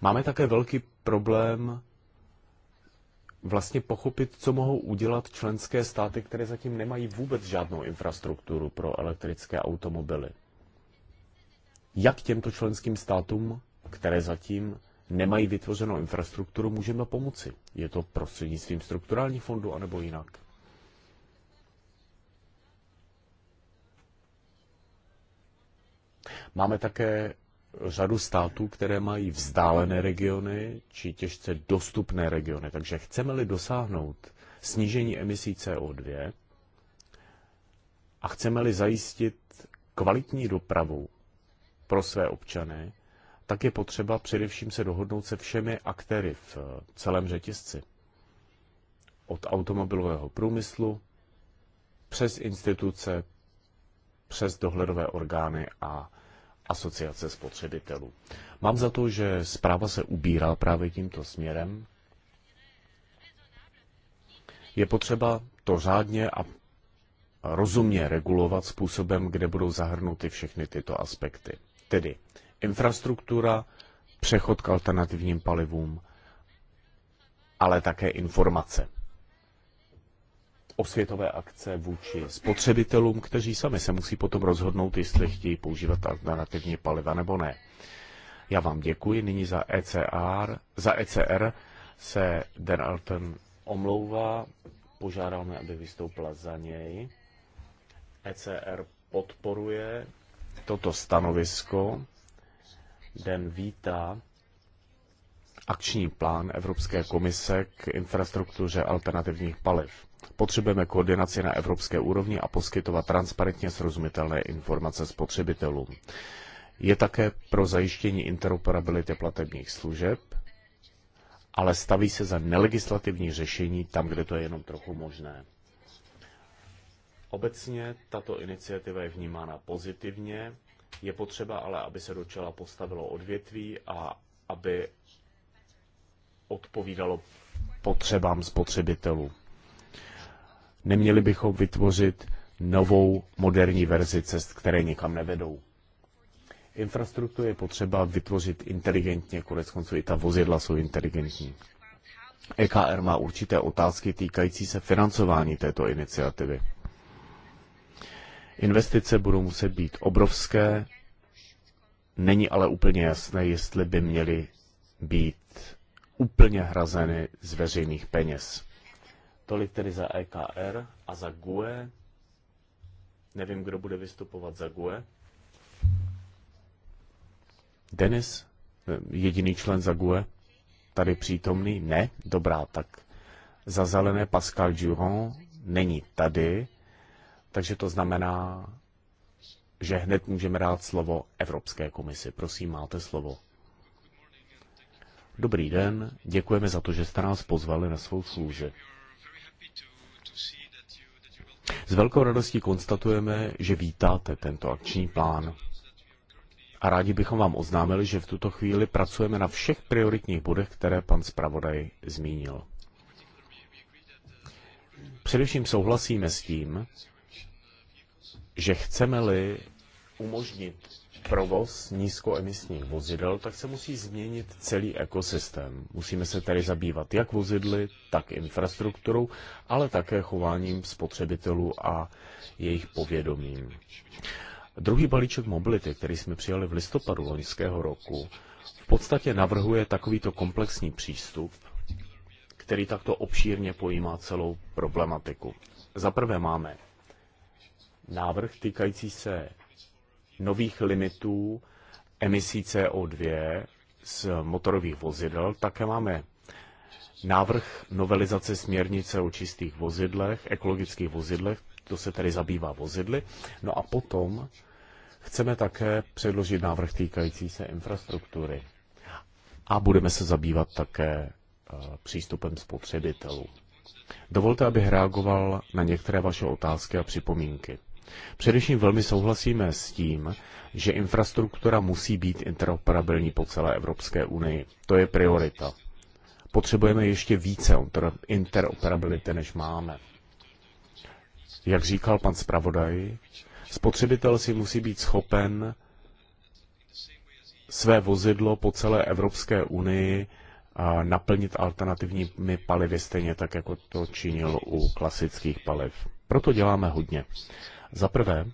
Máme také velký problém vlastně pochopit, co mohou udělat členské státy, které zatím nemají vůbec žádnou infrastrukturu pro elektrické automobily. Jak těmto členským státům, které zatím nemají vytvořenou infrastrukturu, můžeme pomoci? Je to prostřednictvím strukturálních fondů anebo jinak? Máme také řadu států, které mají vzdálené regiony či těžce dostupné regiony. Takže chceme-li dosáhnout snížení emisí CO2 a chceme-li zajistit kvalitní dopravu pro své občany, tak je potřeba především se dohodnout se všemi aktéry v eh, celém řetězci. Od automobilového průmyslu přes instituce, přes dohledové orgány a asociace spotřebitelů. Mám za to, že zpráva se ubírá právě tímto směrem. Je potřeba to řádně a rozumně regulovat způsobem, kde budou zahrnuty všechny tyto aspekty. Tedy infrastruktura, přechod k alternativním palivům, ale také informace osvětové akce vůči spotřebitelům, kteří sami se musí potom rozhodnout, jestli chtějí používat alternativní paliva nebo ne. Já vám děkuji. Nyní za ECR, za ECR se Dan Alton omlouvá. Požádal mě, aby vystoupila za něj. ECR podporuje toto stanovisko. Den vítá akční plán Evropské komise k infrastruktuře alternativních paliv. Potřebujeme koordinaci na evropské úrovni a poskytovat transparentně srozumitelné informace spotřebitelům. Je také pro zajištění interoperability platebních služeb, ale staví se za nelegislativní řešení tam, kde to je jenom trochu možné. Obecně tato iniciativa je vnímána pozitivně, je potřeba ale, aby se do čela postavilo odvětví a aby odpovídalo potřebám spotřebitelů. Neměli bychom vytvořit novou moderní verzi cest, které nikam nevedou. Infrastrukturu je potřeba vytvořit inteligentně, konec konců i ta vozidla jsou inteligentní. EKR má určité otázky týkající se financování této iniciativy. Investice budou muset být obrovské, není ale úplně jasné, jestli by měly být úplně hrazeny z veřejných peněz. Tolik tedy za EKR a za GUE. Nevím, kdo bude vystupovat za GUE. Denis, eh, jediný člen za GUE, tady přítomný? Ne? Dobrá, tak za zelené Pascal Durand není tady, takže to znamená, že hned můžeme dát slovo Evropské komisi. Prosím, máte slovo. Dobrý den, děkujeme za to, že jste nás pozvali na svou službu. S velkou radostí konstatujeme, že vítáte tento akční plán. A rádi bychom vám oznámili, že v tuto chvíli pracujeme na všech prioritních bodech, které pan zpravodaj zmínil. Především souhlasíme s tím, že chceme-li umožnit provoz nízkoemisních vozidel, tak se musí změnit celý ekosystém. Musíme se tedy zabývat jak vozidly, tak infrastrukturou, ale také chováním spotřebitelů a jejich povědomím. Druhý balíček mobility, který jsme přijali v listopadu loňského roku, v podstatě navrhuje takovýto komplexní přístup, který takto obšírně pojímá celou problematiku. Za prvé máme návrh týkající se nových limitů emisí CO2 z motorových vozidel. Také máme návrh novelizace směrnice o čistých vozidlech, ekologických vozidlech, to se tedy zabývá vozidly. No a potom chceme také předložit návrh týkající se infrastruktury. A budeme se zabývat také eh, přístupem spotřebitelů. Dovolte, abych reagoval na některé vaše otázky a připomínky. Především velmi souhlasíme s tím, že infrastruktura musí být interoperabilní po celé Evropské unii. To je priorita. Potřebujeme ještě více interoperability, než máme. Jak říkal pan zpravodaj, spotřebitel si musí být schopen své vozidlo po celé Evropské unii naplnit alternativními palivy, stejně tak, jako to činil u klasických paliv. Proto děláme hodně. Za prvé,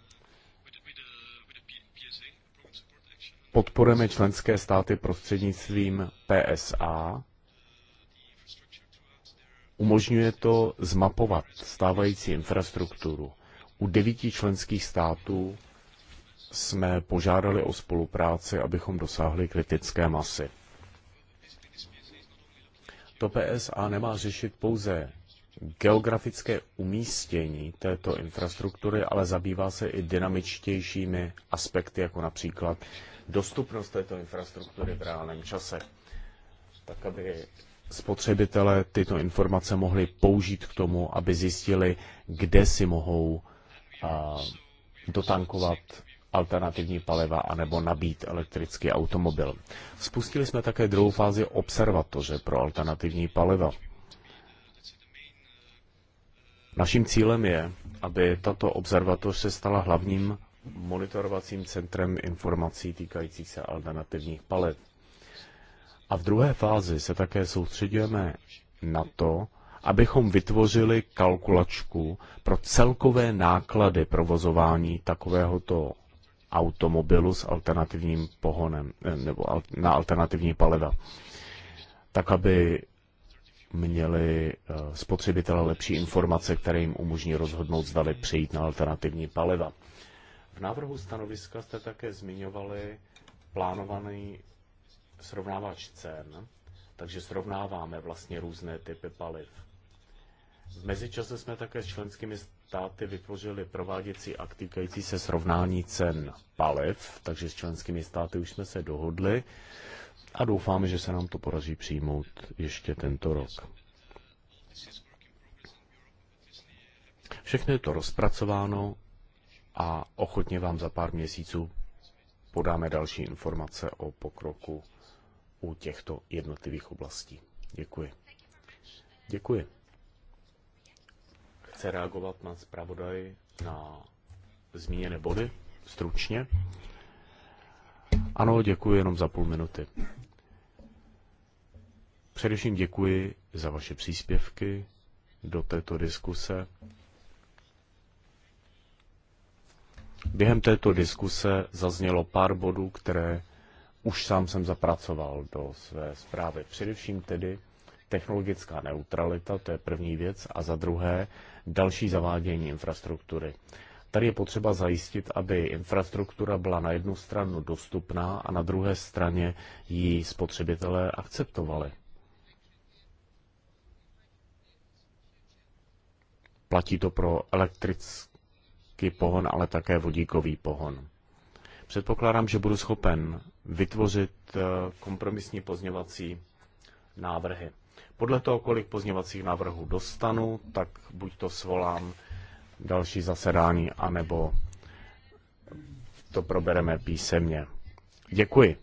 podporujeme členské státy prostřednictvím PSA. Uh, Umožňuje to zmapovat stávající infrastrukturu. U devíti členských států jsme požádali o spolupráci, abychom dosáhli kritické masy. To PSA nemá řešit pouze geografické umístění této infrastruktury, ale zabývá se i dynamičtějšími aspekty, jako například dostupnost této infrastruktury v reálném čase, tak aby spotřebitelé tyto informace mohli použít k tomu, aby zjistili, kde si mohou a, dotankovat alternativní paliva anebo nabít elektrický automobil. Spustili jsme také druhou fázi observatoře pro alternativní paliva. Naším cílem je, aby tato observatoř se stala hlavním monitorovacím centrem informací týkajících se alternativních palet. A v druhé fázi se také soustředíme na to, abychom vytvořili kalkulačku pro celkové náklady provozování takovéhoto automobilu s alternativním pohonem eh, nebo na alternativní paliva. Tak, aby měli eh, spotřebitele lepší informace, které jim umožní rozhodnout, zdali přejít na alternativní paliva. V návrhu stanoviska jste také zmiňovali plánovaný srovnávač cen, takže srovnáváme vlastně různé typy paliv. V mezičase jsme také s členskými státy vytvořili prováděcí akt týkající se srovnání cen paliv, takže s členskými státy už jsme se dohodli a doufáme, že se nám to podaří přijmout ještě tento rok. Všechno je to rozpracováno a ochotně vám za pár měsíců podáme další informace o pokroku u těchto jednotlivých oblastí. Děkuji. Děkuji. Chce reagovat na zpravodaj na zmíněné body stručně? Ano, děkuji jenom za půl minuty. Především děkuji za vaše příspěvky do této diskuse. Během této diskuse zaznělo pár bodů, které už sám jsem zapracoval do své zprávy. Především tedy technologická neutralita, to je první věc, a za druhé další zavádění infrastruktury. Tady je potřeba zajistit, aby infrastruktura byla na jednu stranu dostupná a na druhé straně ji spotřebitelé akceptovali. Platí to pro elektrický pohon, ale také vodíkový pohon. Předpokládám, že budu schopen vytvořit eh, kompromisní pozněvací návrhy. Podle toho, kolik pozněvacích návrhů dostanu, tak buď to svolám další zasedání, anebo to probereme písemně. Děkuji.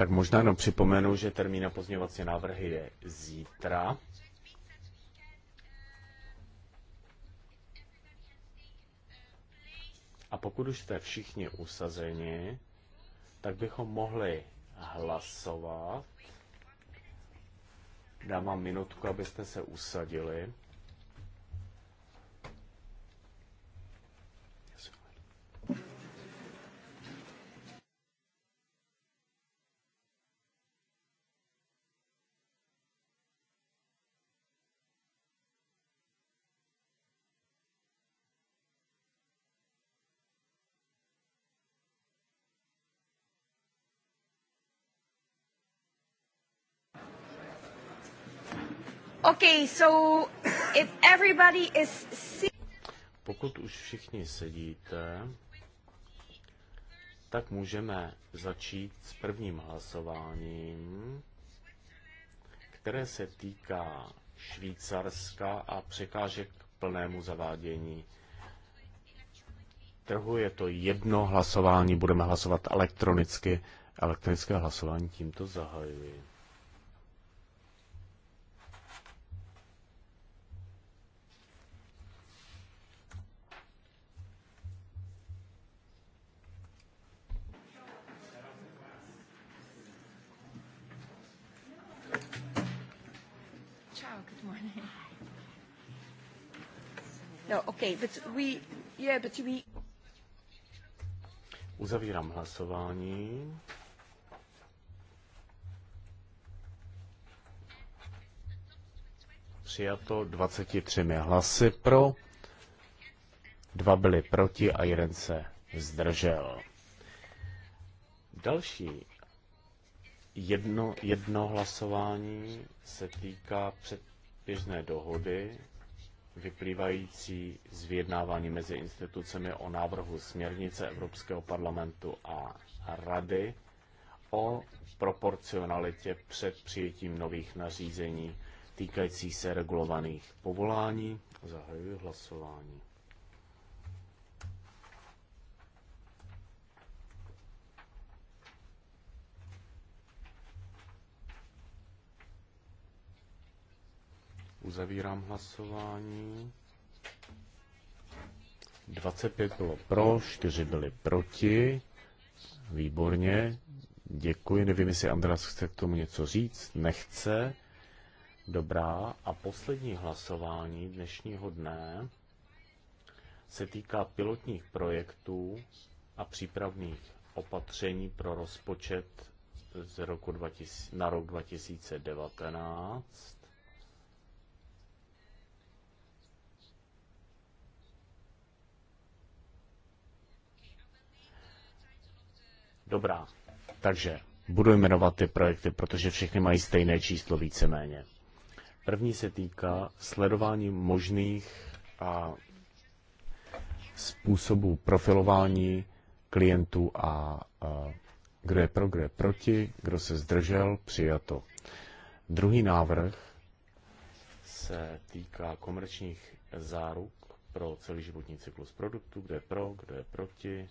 tak možná jenom připomenu, že termín na pozměňovací návrhy je zítra. A pokud už jste všichni usazeni, tak bychom mohli hlasovat. Dám vám minutku, abyste se usadili. Okay, so if everybody is... Pokud už všichni sedíte, tak můžeme začít s prvním hlasováním, které se týká Švýcarska a překážek k plnému zavádění trhu. Je to jedno hlasování, budeme hlasovat elektronicky. Elektronické hlasování tímto zahajuji. No, okay, but we, yeah, but we... Uzavírám hlasování. Přijato 23 hlasy pro, dva byly proti a jeden se zdržel. Další jedno, jedno hlasování se týká předběžné dohody vyplývající z vyjednávání mezi institucemi o návrhu směrnice Evropského parlamentu a Rady o proporcionalitě před přijetím nových nařízení týkající se regulovaných povolání. Zahajuji hlasování. Uzavírám hlasování. 25 bylo pro, 4 byly proti. Výborně. Děkuji. Nevím, jestli Andras chce k tomu něco říct. Nechce. Dobrá. A poslední hlasování dnešního dne se týká pilotních projektů a přípravných opatření pro rozpočet z roku 2000, na rok 2019. Dobrá, takže budu jmenovat ty projekty, protože všechny mají stejné číslo víceméně. První se týká sledování možných a způsobů profilování klientů a, a kdo je pro, kdo je proti, kdo se zdržel, přijato. Druhý návrh se týká komerčních záruk pro celý životní cyklus produktů, kdo je pro, kdo je proti,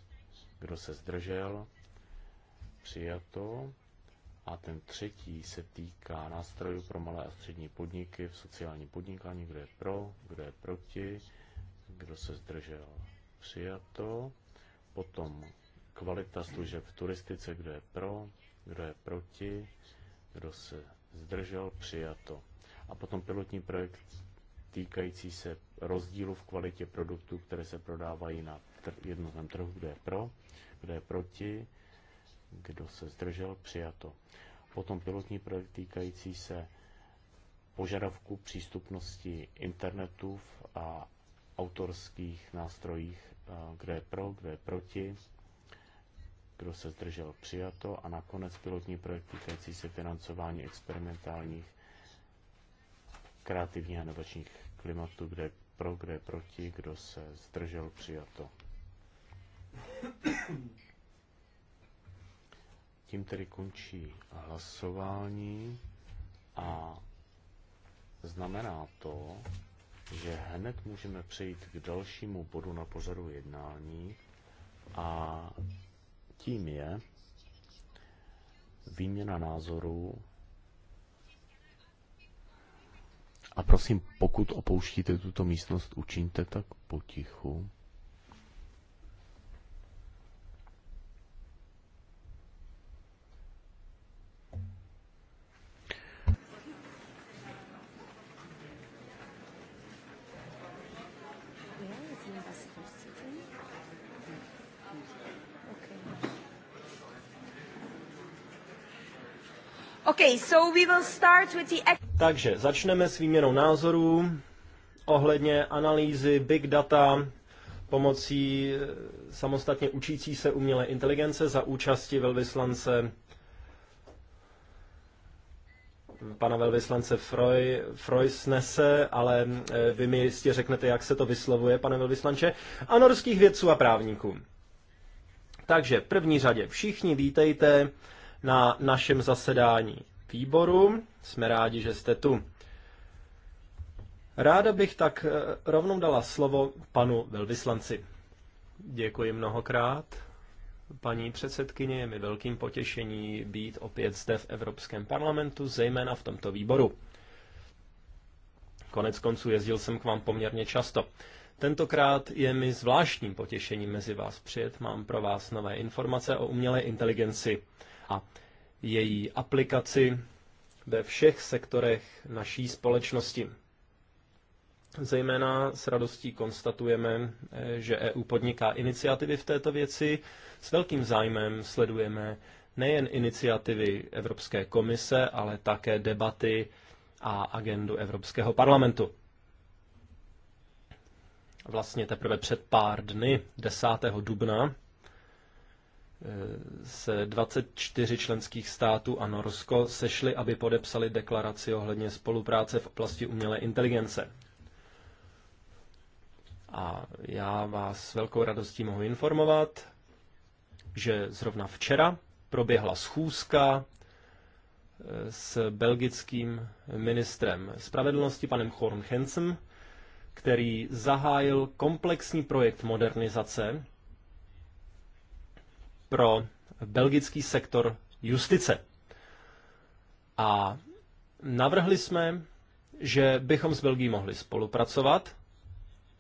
kdo se zdržel, přijato. A ten třetí se týká nástrojů pro malé a střední podniky v sociální podnikání, kde je pro, kde je proti, kdo se zdržel přijato. Potom kvalita služeb v turistice, kdo je pro, kdo je proti, kdo se zdržel přijato. A potom pilotní projekt týkající se rozdílu v kvalitě produktů, které se prodávají na jednotném trhu, kde je pro, kde je proti, kdo se zdržel? Přijato. Potom pilotní projekt týkající se požadavku přístupnosti internetu a autorských nástrojích, kde je pro, kde je proti, kdo se zdržel přijato a nakonec pilotní projekt týkající se financování experimentálních kreativních a novačních klimatů, kde je pro, kde je proti, kdo se zdržel přijato. Tím tedy končí hlasování a znamená to, že hned můžeme přejít k dalšímu bodu na pořadu jednání a tím je výměna názorů a prosím, pokud opouštíte tuto místnost, učiňte tak potichu. we will start with the... Takže začneme s výměnou názorů ohledně analýzy big data pomocí eh, samostatně učící se umělé inteligence za účasti velvyslance pana velvyslance Freud, Freud snese, ale eh, vy mi jistě řeknete, jak se to vyslovuje, pane velvyslanče, a norských vědců a právníků. Takže v první řadě všichni vítejte na našem zasedání výboru. Jsme rádi, že jste tu. Ráda bych tak eh, rovnou dala slovo panu velvyslanci. Děkuji mnohokrát. Paní předsedkyně, je mi velkým potěšení být opět zde v Evropském parlamentu, zejména v tomto výboru. Konec konců jezdil jsem k vám poměrně často. Tentokrát je mi zvláštním potěšením mezi vás přijet. Mám pro vás nové informace o umělé inteligenci a její aplikaci ve všech sektorech naší společnosti. Zejména s radostí konstatujeme, eh, že EU podniká iniciativy v této věci. S velkým zájmem sledujeme nejen iniciativy Evropské komise, ale také debaty a agendu Evropského parlamentu. Vlastně teprve před pár dny, 10. dubna, se 24 členských států a Norsko sešli, aby podepsali deklaraci ohledně spolupráce v oblasti umělé inteligence. A já vás s velkou radostí mohu informovat, že zrovna včera proběhla schůzka eh, s belgickým ministrem spravedlnosti panem Horn Hensem, který zahájil komplexní projekt modernizace pro belgický sektor justice. A navrhli jsme, že bychom s Belgií mohli spolupracovat,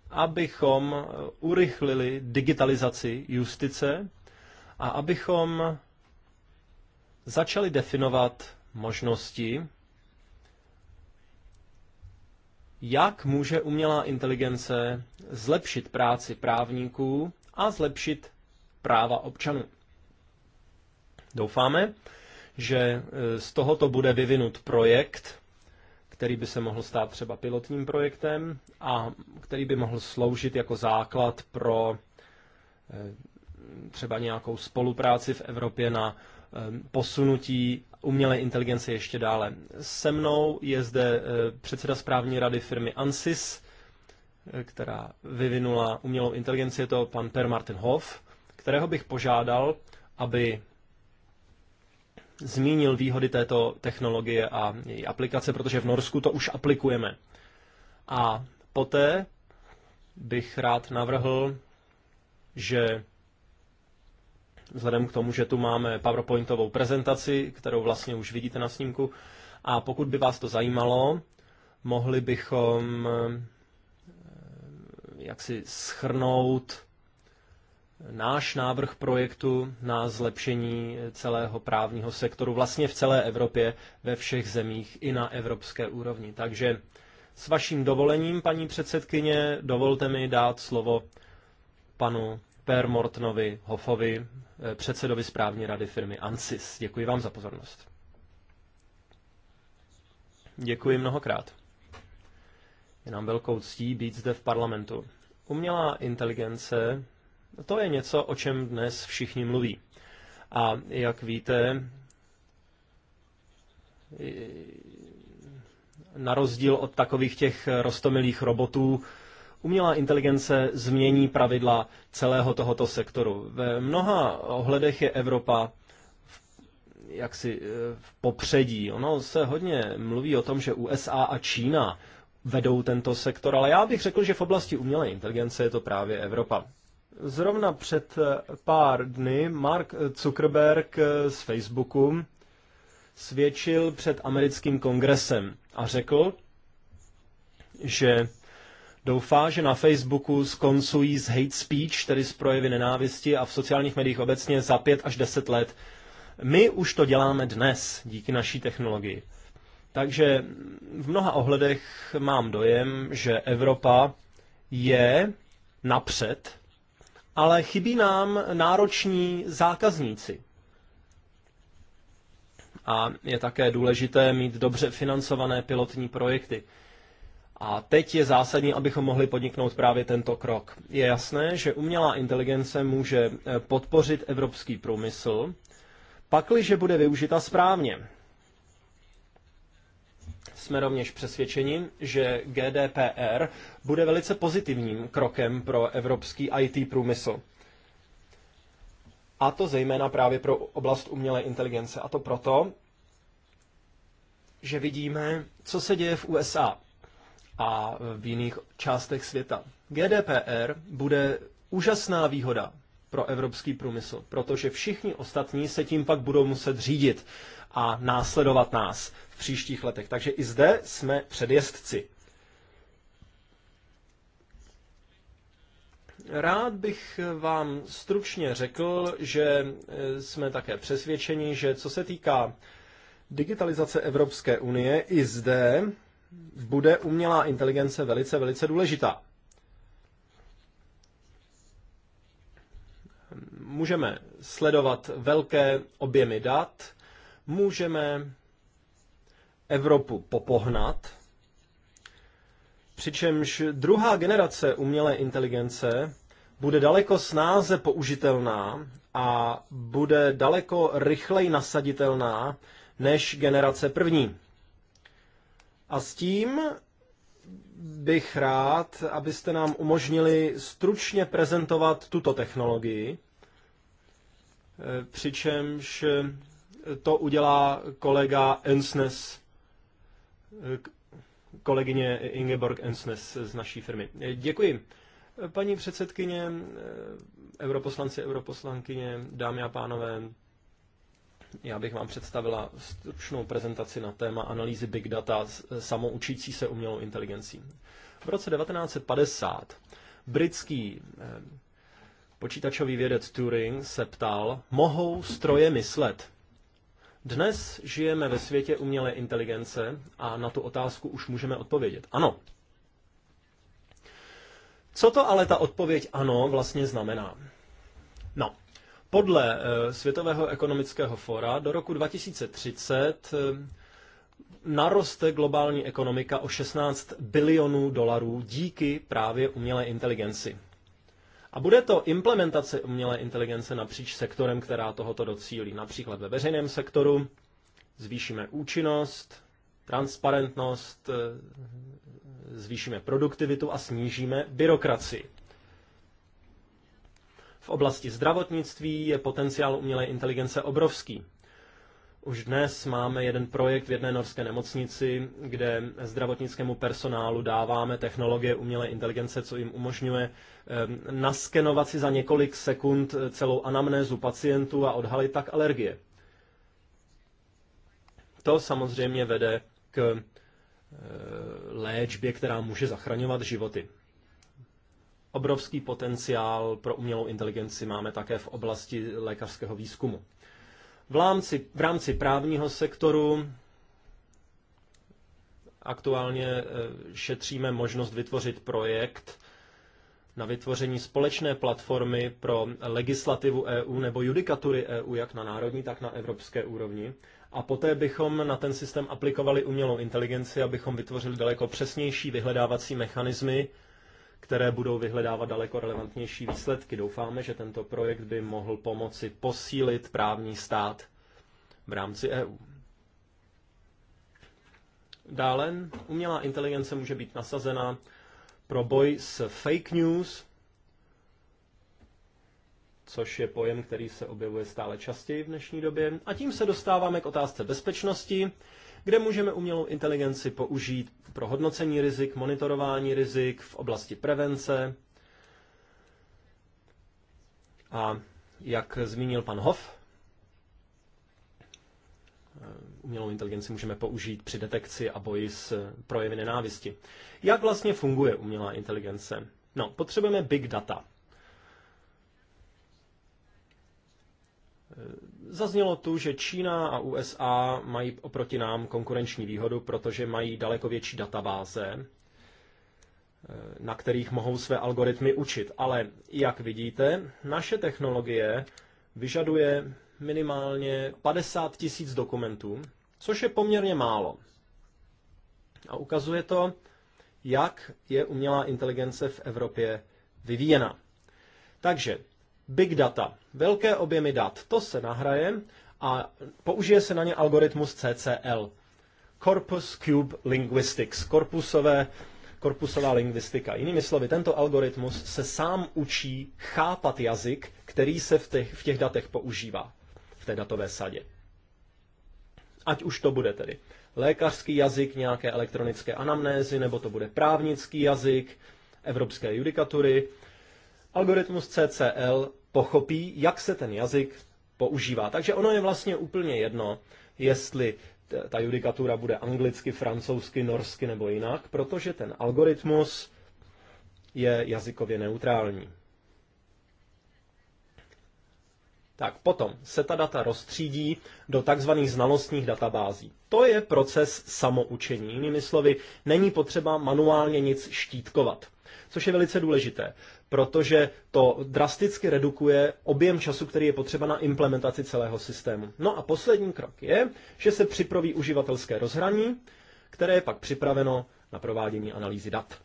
abychom urychlili digitalizaci justice a abychom začali definovat možnosti, jak může umělá inteligence zlepšit práci právníků a zlepšit práva občanů. Doufáme, že e, z tohoto bude vyvinut projekt, který by se mohl stát třeba pilotním projektem a který by mohl sloužit jako základ pro e, třeba nějakou spolupráci v Evropě na e, posunutí umělé inteligence ještě dále. Se mnou je zde předseda správní rady firmy ANSYS, která vyvinula umělou inteligenci, je to pan Per Martin Hoff, kterého bych požádal, aby zmínil výhody této technologie a její aplikace, protože v Norsku to už aplikujeme. A poté bych rád navrhl, že vzhledem k tomu, že tu máme PowerPointovou prezentaci, kterou vlastně už vidíte na snímku, a pokud by vás to zajímalo, mohli bychom eh, jaksi schrnout náš návrh projektu na zlepšení celého právního sektoru vlastně v celé Evropě, ve všech zemích i na evropské úrovni. Takže s vaším dovolením, paní předsedkyně, dovolte mi dát slovo panu Per Mortnovi Hofovi, eh, předsedovi správní rady firmy ANSYS. Děkuji vám za pozornost. Děkuji mnohokrát. Je nám velkou ctí být zde v parlamentu. Umělá inteligence to je něco, o čem dnes všichni mluví. A jak víte, na rozdíl od takových těch rostomilých robotů, umělá inteligence změní pravidla celého tohoto sektoru. Ve mnoha ohledech je Evropa jaksi eh, v popředí. Ono se hodně mluví o tom, že USA a Čína vedou tento sektor, ale já bych řekl, že v oblasti umělé inteligence je to právě Evropa. Zrovna před eh, pár dny Mark Zuckerberg eh, z Facebooku svědčil před americkým kongresem a řekl, že doufá, že na Facebooku skoncují z hate speech, tedy z projevy nenávisti a v sociálních médiích obecně za pět až deset let. My už to děláme dnes díky naší technologii. Takže v mnoha ohledech mám dojem, že Evropa je napřed ale chybí nám nároční zákazníci. A je také důležité mít dobře financované pilotní projekty. A teď je zásadní, abychom mohli podniknout právě tento krok. Je jasné, že umělá inteligence může eh, podpořit evropský průmysl, pakliže bude využita správně. Jsme rovněž přesvědčeni, že GDPR bude velice pozitivním krokem pro evropský IT průmysl. A to zejména právě pro oblast umělé inteligence. A to proto, že vidíme, co se děje v USA a v jiných částech světa. GDPR bude úžasná výhoda pro evropský průmysl, protože všichni ostatní se tím pak budou muset řídit a následovat nás v příštích letech. Takže i zde jsme předjezdci. Rád bych vám stručně řekl, že e, jsme také přesvědčeni, že co se týká digitalizace Evropské unie, i zde bude umělá inteligence velice, velice důležitá. Můžeme sledovat velké objemy dat, můžeme Evropu popohnat, přičemž druhá generace umělé inteligence bude daleko snáze použitelná a bude daleko rychleji nasaditelná než generace první. A s tím bych rád, abyste nám umožnili stručně prezentovat tuto technologii, přičemž to udělá kolega Ensnes, kolegyně Ingeborg Ensnes z naší firmy. Děkuji. Paní předsedkyně, europoslanci, europoslankyně, dámy a pánové, já bych vám představila stručnou prezentaci na téma analýzy big data s samoučící se umělou inteligencí. V roce 1950 britský eh, počítačový vědec Turing se ptal, mohou stroje myslet? Dnes žijeme ve světě umělé inteligence a na tu otázku už můžeme odpovědět. Ano. Co to ale ta odpověď ano vlastně znamená? No, podle eh, Světového ekonomického fóra do roku 2030 eh, naroste globální ekonomika o 16 bilionů dolarů díky právě umělé inteligenci. A bude to implementace umělé inteligence napříč sektorem, která tohoto docílí. Například ve veřejném sektoru zvýšíme účinnost, transparentnost, eh, zvýšíme produktivitu a snížíme byrokracii. V oblasti zdravotnictví je potenciál umělé inteligence obrovský. Už dnes máme jeden projekt v jedné norské nemocnici, kde zdravotnickému personálu dáváme technologie umělé inteligence, co jim umožňuje ehm, naskenovat si za několik sekund eh, celou anamnézu pacientů a odhalit tak alergie. To samozřejmě vede k eh, léčbě, která může zachraňovat životy. Obrovský potenciál pro umělou inteligenci máme také v oblasti lékařského výzkumu. V rámci, v rámci právního sektoru aktuálně e, šetříme možnost vytvořit projekt na vytvoření společné platformy pro legislativu EU nebo judikatury EU, jak na národní, tak na evropské úrovni. A poté bychom na ten systém aplikovali umělou inteligenci, abychom vytvořili daleko přesnější vyhledávací mechanismy, které budou vyhledávat daleko relevantnější výsledky. Doufáme, že tento projekt by mohl pomoci posílit právní stát v rámci EU. Dále umělá inteligence může být nasazena pro boj s fake news, což je pojem, který se objevuje stále častěji v dnešní době. A tím se dostáváme k otázce bezpečnosti kde můžeme umělou inteligenci použít pro hodnocení rizik, monitorování rizik v oblasti prevence. A jak zmínil pan Hof, eh, umělou inteligenci můžeme použít při detekci a boji s eh, projevy nenávisti. Jak vlastně funguje umělá inteligence? No, potřebujeme big data. Eh, Zaznělo tu, že Čína a USA mají oproti nám konkurenční výhodu, protože mají daleko větší databáze, eh, na kterých mohou své algoritmy učit. Ale jak vidíte, naše technologie vyžaduje minimálně 50 tisíc dokumentů, což je poměrně málo. A ukazuje to, jak je umělá inteligence v Evropě vyvíjena. Takže Big data, velké objemy dat, to se nahraje a použije se na ně algoritmus CCL. Corpus Cube Linguistics, korpusové, korpusová lingvistika. Jinými slovy, tento algoritmus se sám učí chápat jazyk, který se v těch, v těch datech používá, v té datové sadě. Ať už to bude tedy lékařský jazyk, nějaké elektronické anamnézy, nebo to bude právnický jazyk, evropské judikatury. Algoritmus CCL pochopí, jak se ten jazyk používá. Takže ono je vlastně úplně jedno, jestli ta judikatura bude anglicky, francouzsky, norsky nebo jinak, protože ten algoritmus je jazykově neutrální. Tak potom se ta data rozstřídí do takzvaných znalostních databází. To je proces samoučení. Jinými slovy, není potřeba manuálně nic štítkovat, což je velice důležité protože to drasticky redukuje objem času, který je potřeba na implementaci celého systému. No a poslední krok je, že se připraví uživatelské rozhraní, které je pak připraveno na provádění analýzy dat.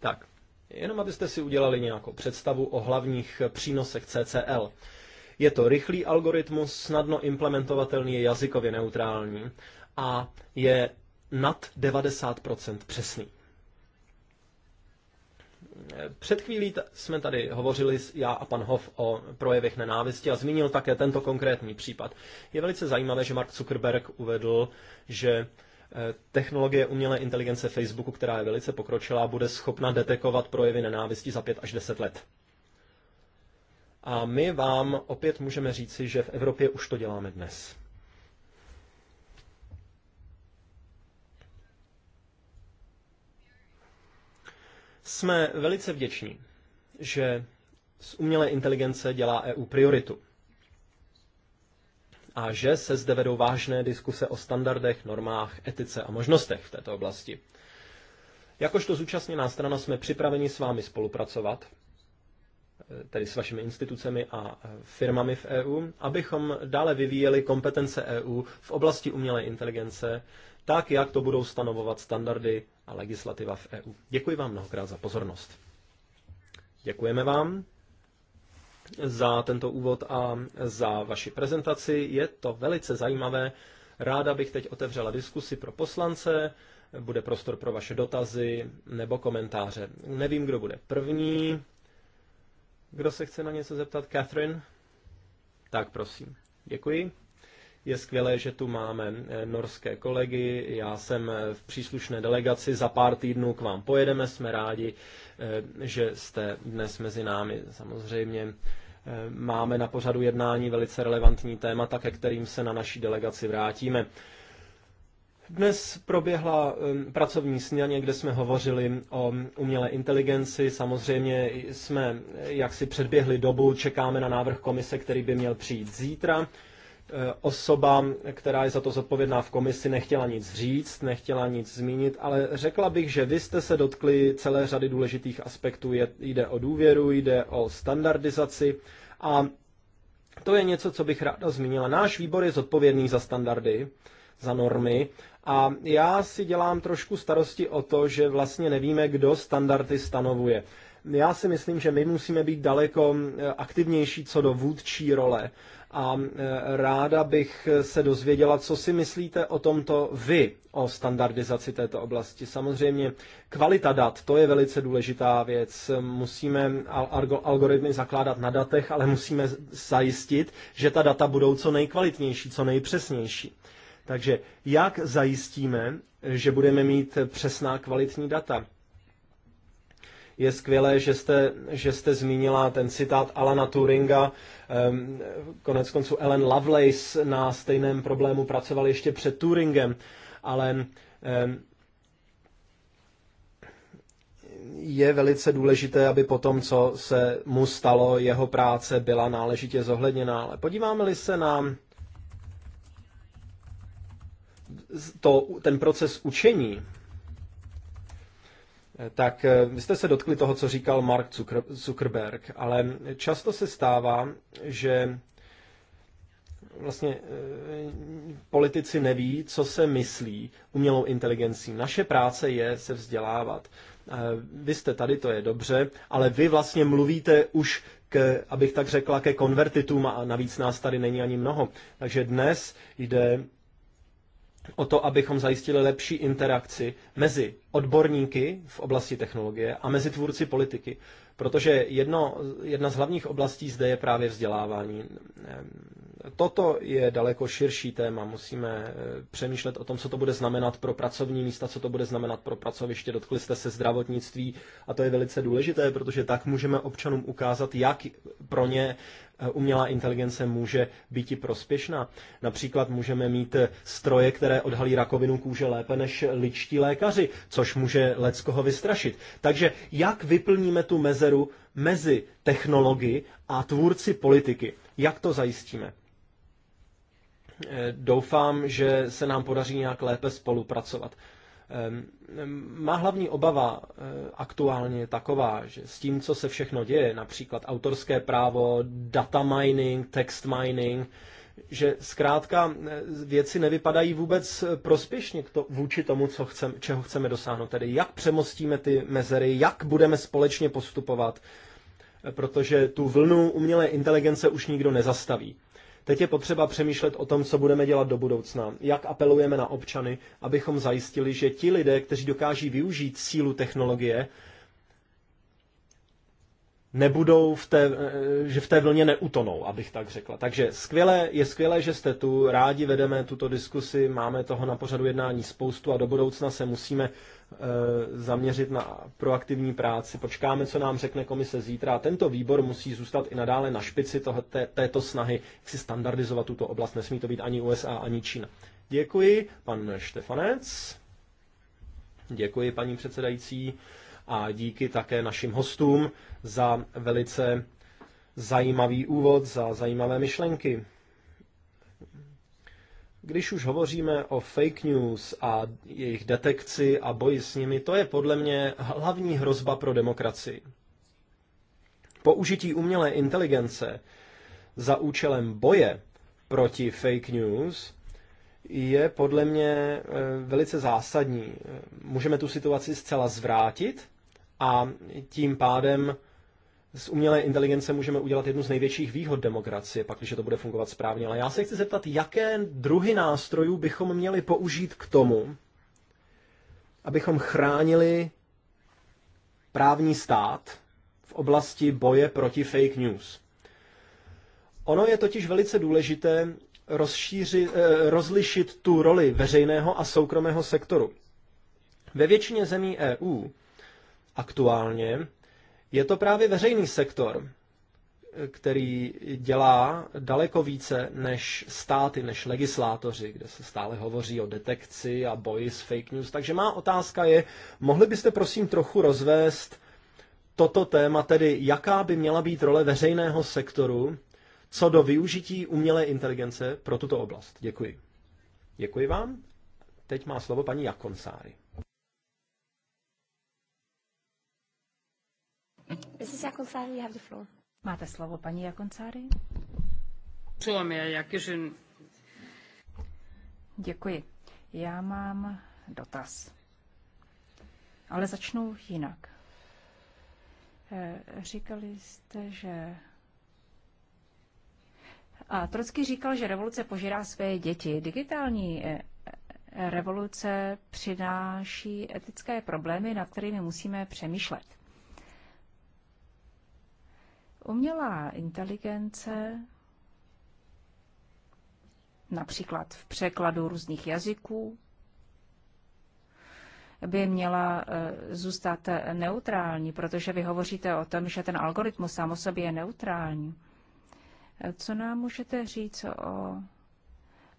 Tak, jenom abyste si udělali nějakou představu o hlavních přínosech CCL. Je to rychlý algoritmus, snadno implementovatelný, je jazykově neutrální a je nad 90% přesný. Před chvílí jsme tady hovořili já a pan Hof o projevech nenávisti a zmínil také tento konkrétní případ. Je velice zajímavé, že Mark Zuckerberg uvedl, že e, technologie umělé inteligence Facebooku, která je velice pokročilá, bude schopna detekovat projevy nenávisti za 5 až 10 let. A my vám opět můžeme říci, že v Evropě už to děláme dnes. Jsme velice vděční, že z umělé inteligence dělá EU prioritu a že se zde vedou vážné diskuse o standardech, normách, etice a možnostech v této oblasti. Jakožto zúčastněná strana jsme připraveni s vámi spolupracovat, tedy s vašimi institucemi a firmami v EU, abychom dále vyvíjeli kompetence EU v oblasti umělé inteligence, tak jak to budou stanovovat standardy a legislativa v EU. Děkuji vám mnohokrát za pozornost. Děkujeme vám za tento úvod a za vaši prezentaci. Je to velice zajímavé. Ráda bych teď otevřela diskusi pro poslance. Bude prostor pro vaše dotazy nebo komentáře. Nevím, kdo bude první. Kdo se chce na něco zeptat? Catherine? Tak prosím. Děkuji. Je skvělé, že tu máme eh, norské kolegy. Já jsem eh, v příslušné delegaci. Za pár týdnů k vám pojedeme. Jsme rádi, eh, že jste dnes mezi námi. Samozřejmě máme na pořadu jednání velice relevantní témata, ke kterým se na naší delegaci vrátíme. Dnes proběhla pracovní sněně, kde jsme hovořili o umělé inteligenci. Samozřejmě jsme jaksi předběhli dobu, čekáme na návrh komise, který by měl přijít zítra. Eh, osoba, která je za to zodpovědná v komisi, nechtěla nic říct, nechtěla nic zmínit, ale řekla bych, že vy jste se dotkli celé řady důležitých aspektů. Je, jde o důvěru, jde o standardizaci a to je něco, co bych ráda zmínila. Náš výbor je zodpovědný za standardy, za normy a já si dělám trošku starosti o to, že vlastně nevíme, kdo standardy stanovuje. Já si myslím, že my musíme být daleko eh, aktivnější co do vůdčí role a e, ráda bych se dozvěděla, co si myslíte o tomto vy, o standardizaci této oblasti. Samozřejmě kvalita dat, to je velice důležitá věc. Musíme algoritmy zakládat na datech, ale musíme zajistit, že ta data budou co nejkvalitnější, co nejpřesnější. Takže jak zajistíme, že budeme mít přesná kvalitní data? Je skvělé, že jste, že jste zmínila ten citát Alana Turinga. Ehm, konec konců Ellen Lovelace na stejném problému pracoval ještě před Turingem, ale ehm, je velice důležité, aby po tom, co se mu stalo, jeho práce byla náležitě zohledněná. Ale podíváme-li se na to, ten proces učení, tak eh, vy jste se dotkli toho, co říkal Mark Zuckerberg, ale často se stává, že vlastně eh, politici neví, co se myslí umělou inteligencí. Naše práce je se vzdělávat. Eh, vy jste tady, to je dobře, ale vy vlastně mluvíte už k, abych tak řekla, ke konvertitům a navíc nás tady není ani mnoho. Takže dnes jde o to, abychom zajistili lepší interakci mezi odborníky v oblasti technologie a mezi tvůrci politiky. Protože jedno, jedna z hlavních oblastí zde je právě vzdělávání. Toto je daleko širší téma. Musíme eh, přemýšlet o tom, co to bude znamenat pro pracovní místa, co to bude znamenat pro pracoviště. Dotkli jste se zdravotnictví a to je velice důležité, protože tak můžeme občanům ukázat, jak pro ně eh, umělá inteligence může být i prospěšná. Například můžeme mít eh, stroje, které odhalí rakovinu kůže lépe než ličtí lékaři, což může leckoho vystrašit. Takže jak vyplníme tu mezeru mezi technologii a tvůrci politiky? Jak to zajistíme? Eh, doufám, že se nám podaří nějak lépe spolupracovat. Ehm, ehm, má hlavní obava eh, aktuálně je taková, že s tím, co se všechno děje, například autorské právo, data mining, text mining, že zkrátka eh, věci nevypadají vůbec prospěšně k to, vůči tomu, co chcem, čeho chceme dosáhnout. Tedy jak přemostíme ty mezery, jak budeme společně postupovat, protože tu vlnu umělé inteligence už nikdo nezastaví. Teď je potřeba přemýšlet o tom, co budeme dělat do budoucna, jak apelujeme na občany, abychom zajistili, že ti lidé, kteří dokáží využít sílu technologie, nebudou v té, eh, že v té vlně neutonou, abych tak řekla. Takže skvělé, je skvělé, že jste tu, rádi vedeme tuto diskusi, máme toho na pořadu jednání spoustu a do budoucna se musíme Eh, zaměřit na proaktivní práci. Počkáme, co nám řekne komise zítra. Tento výbor musí zůstat i nadále na špici toho, té, této snahy, jak si standardizovat tuto oblast. Nesmí to být ani USA, ani Čína. Děkuji, pan Štefanec. Děkuji, paní předsedající. A díky také našim hostům za velice zajímavý úvod, za zajímavé myšlenky. Když už hovoříme o fake news a jejich detekci a boji s nimi, to je podle mě hlavní hrozba pro demokracii. Použití umělé inteligence za účelem boje proti fake news je podle mě eh, velice zásadní. Můžeme tu situaci zcela zvrátit a tím pádem z umělé inteligence můžeme udělat jednu z největších výhod demokracie, pak, když to bude fungovat správně. Ale já se chci zeptat, jaké druhy nástrojů bychom měli použít k tomu, abychom chránili právní stát v oblasti boje proti fake news. Ono je totiž velice důležité rozšíři, eh, rozlišit tu roli veřejného a soukromého sektoru. Ve většině zemí EU aktuálně je to právě veřejný sektor, který dělá daleko více než státy, než legislátoři, kde se stále hovoří o detekci a boji s fake news. Takže má otázka je, mohli byste prosím trochu rozvést toto téma, tedy jaká by měla být role veřejného sektoru co do využití umělé inteligence pro tuto oblast. Děkuji. Děkuji vám. Teď má slovo paní Jakonsáry. Mrs. you have the floor. Máte slovo, paní Jakonsari. Děkuji. Já mám dotaz. Ale začnu jinak. Eh, říkali jste, že a Trocky říkal, že revoluce požírá své děti. Digitální eh, eh, revoluce přináší etické problémy, nad kterými musíme přemýšlet. Umělá inteligence například v překladu různých jazyků by měla e, zůstat neutrální, protože vy hovoříte o tom, že ten algoritmus sám o sobě je neutrální. E, co nám můžete říct o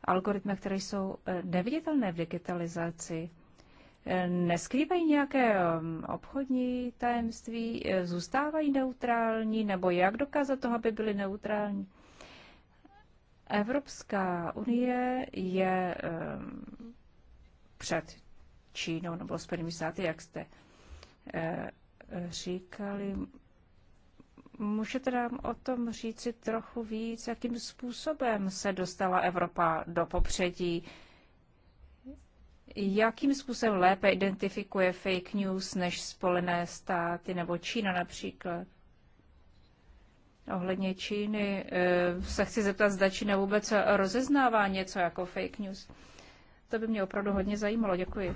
algoritmech, které jsou e, neviditelné v digitalizaci? neskrývají nějaké um, obchodní tajemství, eh, zůstávají neutrální, nebo jak dokázat toho, aby byly neutrální? Evropská unie je um, před Čínou nebo Spojenými státy, jak jste eh, říkali. Můžete nám o tom říci trochu víc, jakým způsobem se dostala Evropa do popředí Jakým způsobem lépe identifikuje fake news než Spolené státy nebo Čína například? Ohledně Číny eh, se chci zeptat, zda Čína vůbec rozeznává něco jako fake news. To by mě opravdu hodně zajímalo. Děkuji.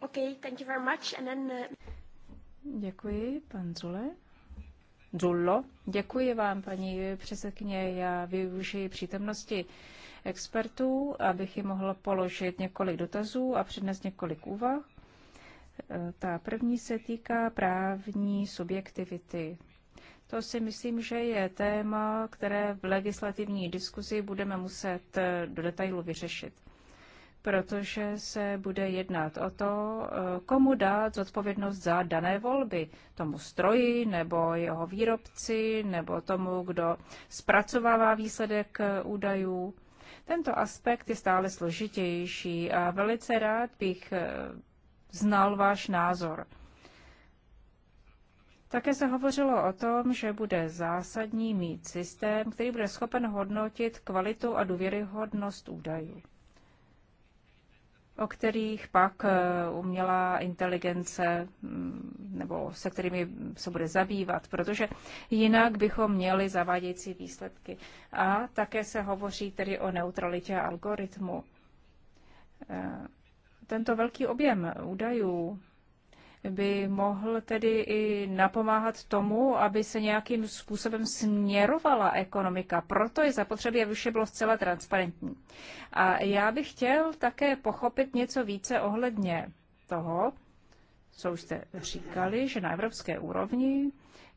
Okay, thank you very much. And then, uh... Děkuji, pan Zule. Zullo, děkuji vám, paní předsedkyně. Já využiji přítomnosti expertů, abych jim mohla položit několik dotazů a přednes několik úvah. E, ta první se týká právní subjektivity. To si myslím, že je téma, které v legislativní diskuzi budeme muset e, do detailu vyřešit protože se bude jednat o to, e, komu dát zodpovědnost za dané volby. Tomu stroji, nebo jeho výrobci, nebo tomu, kdo zpracovává výsledek údajů. Tento aspekt je stále složitější a velice rád bych eh, znal váš názor. Také se hovořilo o tom, že bude zásadní mít systém, který bude schopen hodnotit kvalitu a důvěryhodnost údajů o kterých pak eh, umělá inteligence mm, nebo se kterými se bude zabývat, protože jinak bychom měli zavádějící výsledky. A také se hovoří tedy o neutralitě algoritmu. Eh, tento velký objem údajů by mohl tedy i napomáhat tomu, aby se nějakým způsobem směrovala ekonomika. Proto je zapotřebí, aby vše bylo zcela transparentní. A já bych chtěl také pochopit něco více ohledně toho, co už jste říkali, že na evropské úrovni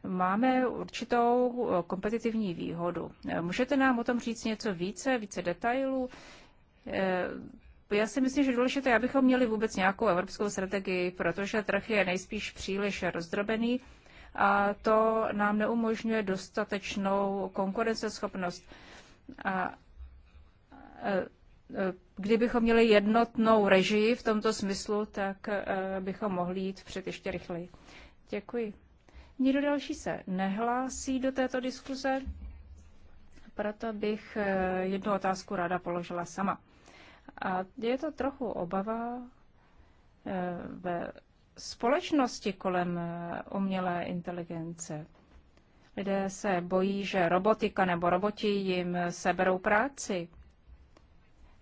máme určitou kompetitivní výhodu. Můžete nám o tom říct něco více, více detailů? já si myslím, že důležité, abychom měli vůbec nějakou evropskou strategii, protože trh je nejspíš příliš rozdrobený a to nám neumožňuje dostatečnou konkurenceschopnost. A, e, e, kdybychom měli jednotnou režii v tomto smyslu, tak e, bychom mohli jít před ještě rychleji. Děkuji. Nikdo další se nehlásí do této diskuze, proto bych jednu otázku ráda položila sama. A je to trochu obava eh, ve společnosti kolem eh, umělé inteligence. Lidé se bojí, že robotika nebo roboti jim eh, seberou práci,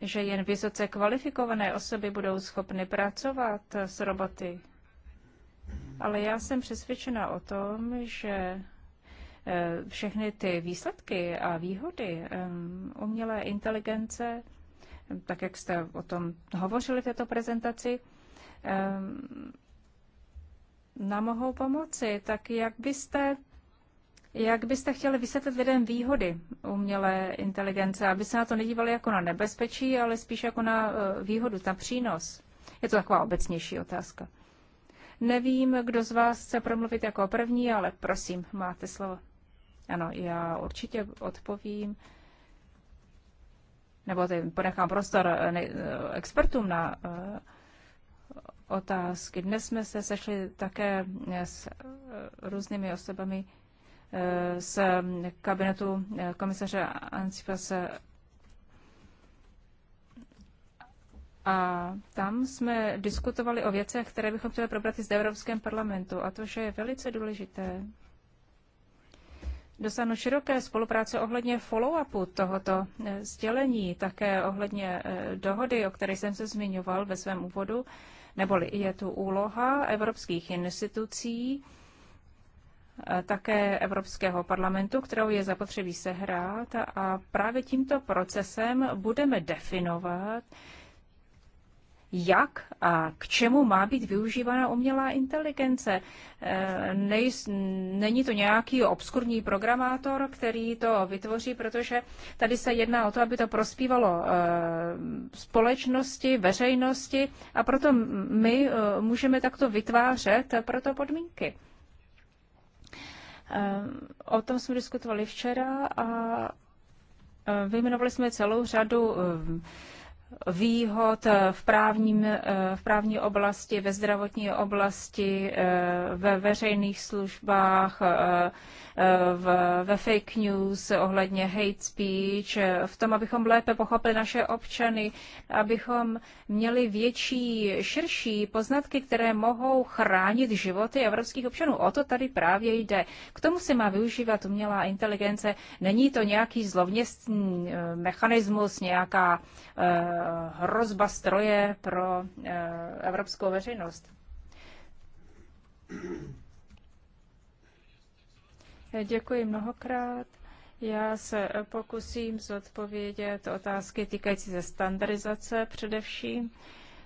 že jen vysoce kvalifikované osoby budou schopny pracovat s roboty. Ale já jsem přesvědčena o tom, že všechny ty výsledky a výhody umělé inteligence tak jak jste o tom hovořili v této prezentaci, ehm, nám mohou pomoci. Tak jak byste, jak byste chtěli vysvětlit lidem výhody umělé inteligence, aby se na to nedívali jako na nebezpečí, ale spíš jako na eh, výhodu, na přínos? Je to taková obecnější otázka. Nevím, kdo z vás chce promluvit jako první, ale prosím, máte slovo. Ano, já určitě odpovím nebo tady ponechám prostor eh, eh, expertům na eh, otázky. Dnes jsme se sešli také s různými osobami z kabinetu komisaře Ancipase A tam jsme diskutovali o věcech, které bychom chtěli probrat i zde v Evropském parlamentu. A to, že je velice důležité, dosáhnu široké spolupráce ohledně follow-upu tohoto eh, sdělení, také ohledně eh, dohody, o které jsem se zmiňoval ve svém úvodu, neboli je tu úloha evropských institucí, eh, také Evropského parlamentu, kterou je zapotřebí sehrát a právě tímto procesem budeme definovat, jak a k čemu má být využívána umělá inteligence. Eh, Nej, není to nějaký obskurní programátor, který to vytvoří, protože tady se jedná o to, aby to prospívalo eh, společnosti, veřejnosti a proto my eh, můžeme takto vytvářet proto podmínky. O tom jsme diskutovali včera a vyjmenovali jsme celou řadu výhod eh, v, právním, eh, v právní oblasti, ve zdravotní oblasti, eh, ve veřejných službách, ve fake news ohledně hate speech, v tom, abychom lépe pochopili naše občany, abychom měli větší, širší poznatky, které mohou chránit životy evropských občanů. O to tady právě jde. K tomu se má využívat umělá inteligence. Není to nějaký zlovněstný mechanismus, nějaká hrozba stroje pro eh, evropskou veřejnost. Děkuji mnohokrát. Já se pokusím zodpovědět otázky týkající se standardizace především.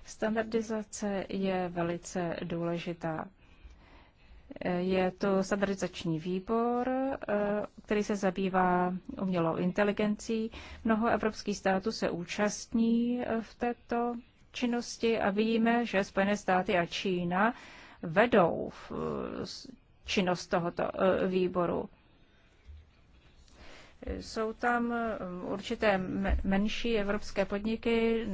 Standardizace je velice důležitá. Je to standardizační výbor, eh, který se zabývá umělou inteligencí. Mnoho evropských států se účastní eh, v této činnosti a vidíme, že Spojené státy a Čína vedou v eh, činnost tohoto výboru. Jsou tam určité menší evropské podniky,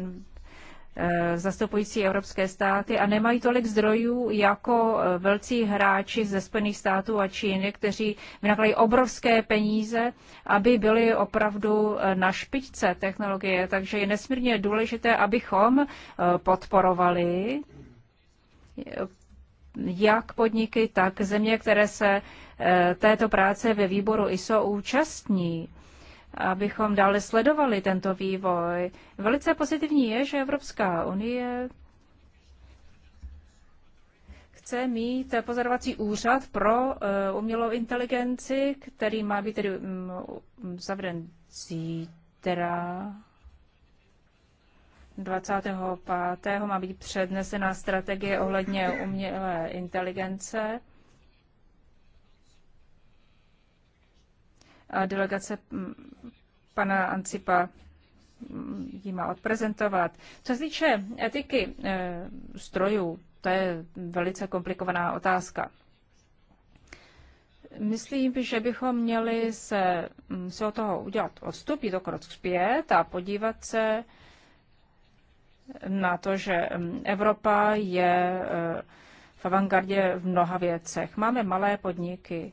Eh, zastupující evropské státy a nemají tolik zdrojů jako eh, velcí hráči ze Spojených států a Číny, kteří vynakladají obrovské peníze, aby byli opravdu eh, na špičce technologie. Takže je nesmírně důležité, abychom podporovali jak podniky, tak země, které se této práce ve výboru ISO účastní abychom dále sledovali tento vývoj. Velice pozitivní je, že Evropská unie chce mít pozorovací úřad pro eh, umělou inteligenci, který má být tedy mm, zavřen zítra. 25. má být přednesena strategie ohledně umělé inteligence. delegace mm, pana Ancipa mm, ji má odprezentovat. Co se týče etiky e, strojů, to je velice komplikovaná otázka. Myslím, že bychom měli se, mm, se od toho udělat odstupit o krok zpět a podívat se na to, že Evropa je eh, v avantgardě v mnoha věcech. Máme malé podniky,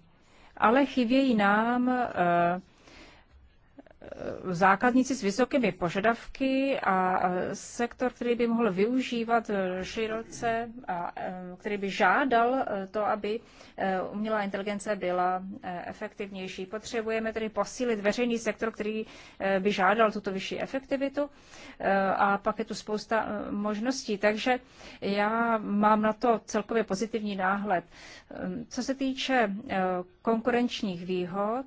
ale chybějí nám eh, Eh, zákazníci s vysokými požadavky a sektor, který by mohl využívat eh, široce a eh, který by žádal to, aby umělá inteligence byla efektivnější. Potřebujeme tedy posílit veřejný sektor, který by žádal tuto vyšší efektivitu a pak je tu spousta možností. Takže já mám na to celkově pozitivní náhled. Co se týče konkurenčních výhod,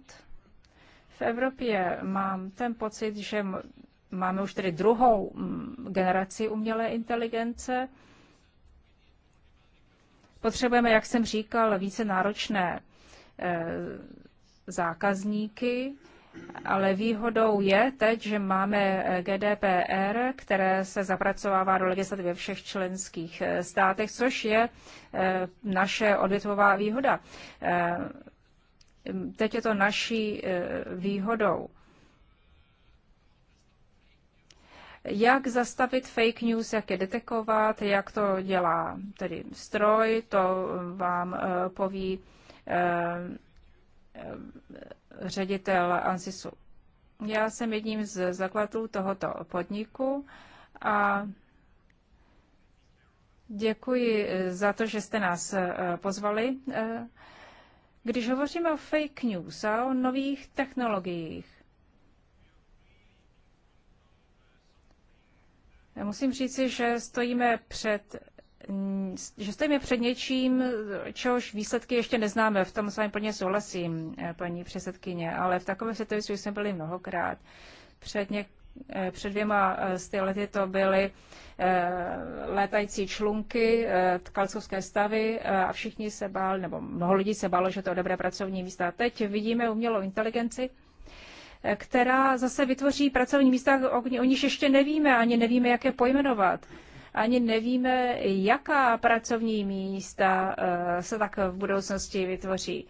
v Evropě mám ten pocit, že máme už tedy druhou generaci umělé inteligence. Potřebujeme, jak jsem říkal, více náročné e, zákazníky, ale výhodou je teď, že máme e, GDPR, které se zapracovává do legislativy všech členských e, státech, což je naše odvětvová výhoda. Teď je to naší e, výhodou. Jak zastavit fake news, jak je detekovat, jak to dělá tedy stroj, to vám e, poví e, ředitel ANSISu. Já jsem jedním z zakladů tohoto podniku a děkuji za to, že jste nás pozvali když hovoříme o fake news a o nových technologiích, musím říci, že stojíme před že stojíme před něčím, čehož výsledky ještě neznáme. V tom s vámi plně souhlasím, eh, paní předsedkyně, ale v takové situaci jsme byli mnohokrát. Před něk- Eh, před dvěma eh, sty lety to byly eh, létající člunky, tkalcovské stavy a všichni se bál, nebo mnoho lidí se bálo, že to je dobré pracovní místa. Teď vidíme umělou inteligenci, která zase vytvoří pracovní místa, o nich ještě nevíme, ani nevíme, jak je pojmenovat. Ani nevíme, jaká pracovní místa se tak v budoucnosti vytvoří.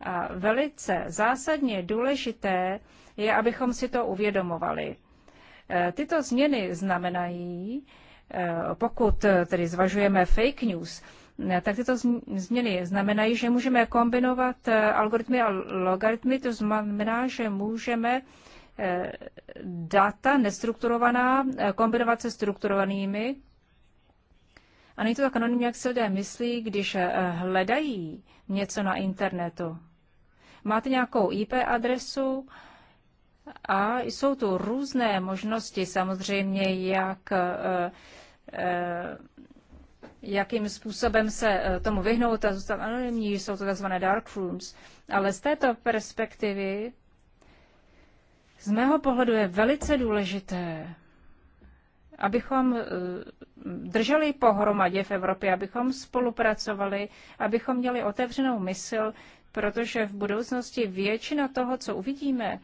A velice zásadně důležité je, abychom si to uvědomovali. Eh, tyto změny znamenají, eh, pokud tedy zvažujeme fake news, eh, tak tyto změny znamenají, že můžeme kombinovat algoritmy a logaritmy, to znamená, že můžeme data nestrukturovaná kombinovat se strukturovanými. A není to tak anonimní, jak si lidé myslí, když hledají něco na internetu. Máte nějakou IP adresu, a jsou tu různé možnosti samozřejmě, jak eh, eh, jakým způsobem se eh, tomu vyhnout a zůstat anonymní, jsou to tzv. dark rooms. Ale z této perspektivy, z mého pohledu je velice důležité, abychom drželi pohromadě v Evropě, abychom spolupracovali, abychom měli otevřenou mysl, protože v budoucnosti většina toho, co uvidíme,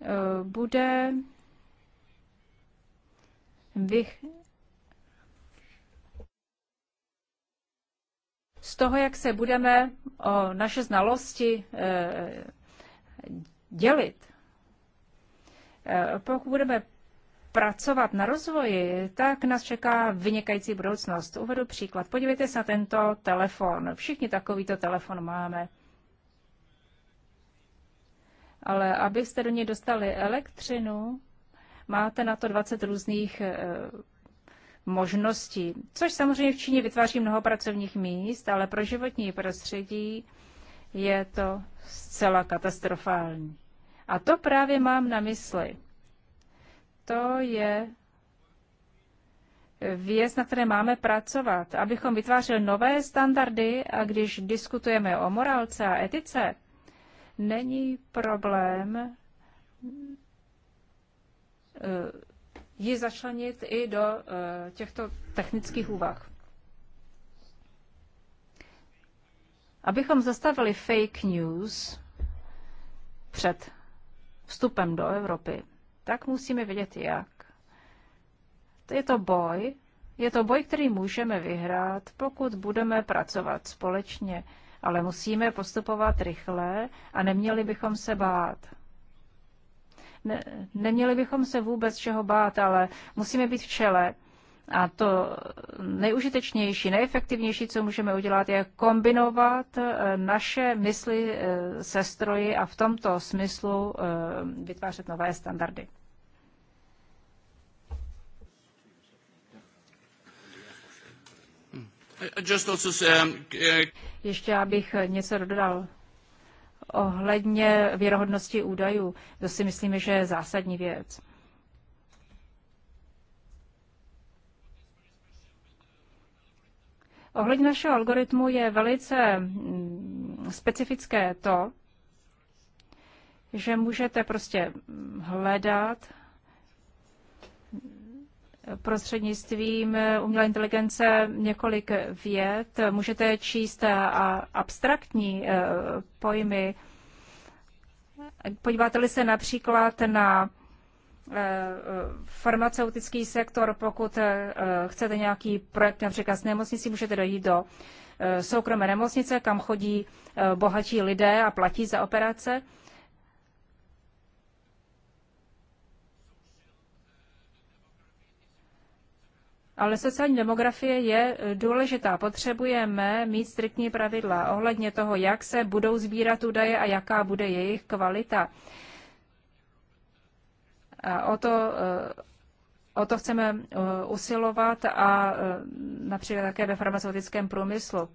Eh, bude vych... z toho, jak se budeme o naše znalosti eh, dělit. Eh, pokud budeme pracovat na rozvoji, tak nás čeká vynikající budoucnost. Uvedu příklad. Podívejte se na tento telefon. Všichni takovýto telefon máme ale abyste do něj dostali elektřinu, máte na to 20 různých eh, možností, což samozřejmě v Číně vytváří mnoho pracovních míst, ale pro životní prostředí je to zcela katastrofální. A to právě mám na mysli. To je věc, na které máme pracovat, abychom vytvářeli nové standardy a když diskutujeme o morálce a etice, není problém eh, ji začlenit i do eh, těchto technických úvah. Abychom zastavili fake news před vstupem do Evropy, tak musíme vědět jak. To je to boj, je to boj, který můžeme vyhrát, pokud budeme pracovat společně ale musíme postupovat rychle a neměli bychom se bát. Ne, neměli bychom se vůbec čeho bát, ale musíme být v čele. A to nejužitečnější, nejefektivnější, co můžeme udělat, je kombinovat eh, naše mysli eh, se stroji a v tomto smyslu eh, vytvářet nové standardy. Um, uh, Ještě abych něco dodal ohledně věrohodnosti údajů. To si myslíme, že je zásadní věc. Ohledně našeho algoritmu je velice mm, specifické to, že můžete prostě hledat prostřednictvím umělé inteligence několik věd. Můžete číst abstraktní eh, pojmy. Podíváte-li se například na eh, farmaceutický sektor, pokud eh, chcete nějaký projekt například s nemocnicí, můžete dojít do soukromé nemocnice, kam chodí bohatí lidé a platí za operace. ale sociální demografie je eh, důležitá. Potřebujeme mít striktní pravidla ohledně toho, jak se budou sbírat údaje a jaká bude jejich kvalita. A o to, eh, o to chceme eh, usilovat a například také ve farmaceutickém průmyslu.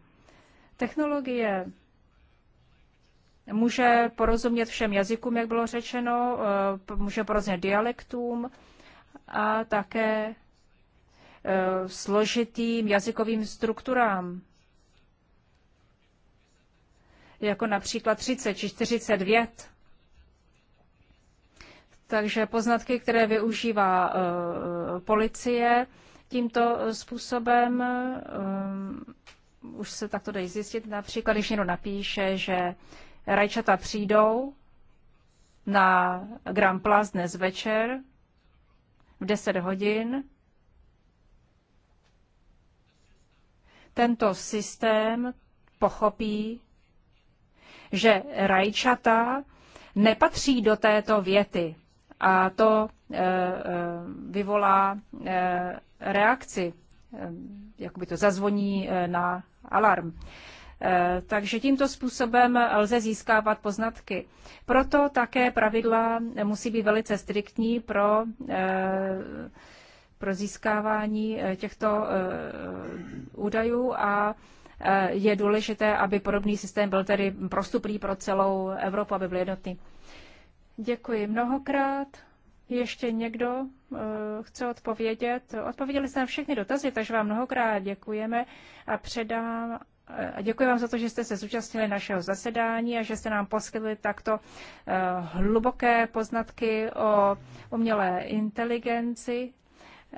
Technologie může porozumět všem jazykům, jak bylo řečeno, může porozumět dialektům a také Eh, složitým jazykovým strukturám, jako například 30 či 40 vět. Takže poznatky, které využívá eh, policie tímto způsobem, eh, už se takto dají zjistit. Například, když někdo napíše, že rajčata přijdou na Grand Place dnes večer v 10 hodin, tento systém pochopí, že rajčata nepatří do této věty a to eh, eh, vyvolá eh, reakci, jakoby to zazvoní na alarm. Takže tímto způsobem lze získávat poznatky. Proto také pravidla musí být velice striktní pro pro získávání eh, těchto eh, údajů a eh, je důležité, aby podobný systém byl tedy prostupný pro celou Evropu, aby byl jednotný. Děkuji mnohokrát. Ještě někdo uh, chce odpovědět? Odpověděli jste na všechny dotazy, takže vám mnohokrát děkujeme a předám a děkuji vám za to, že jste se zúčastnili našeho zasedání a že jste nám poskytli takto hluboké poznatky o umělé inteligenci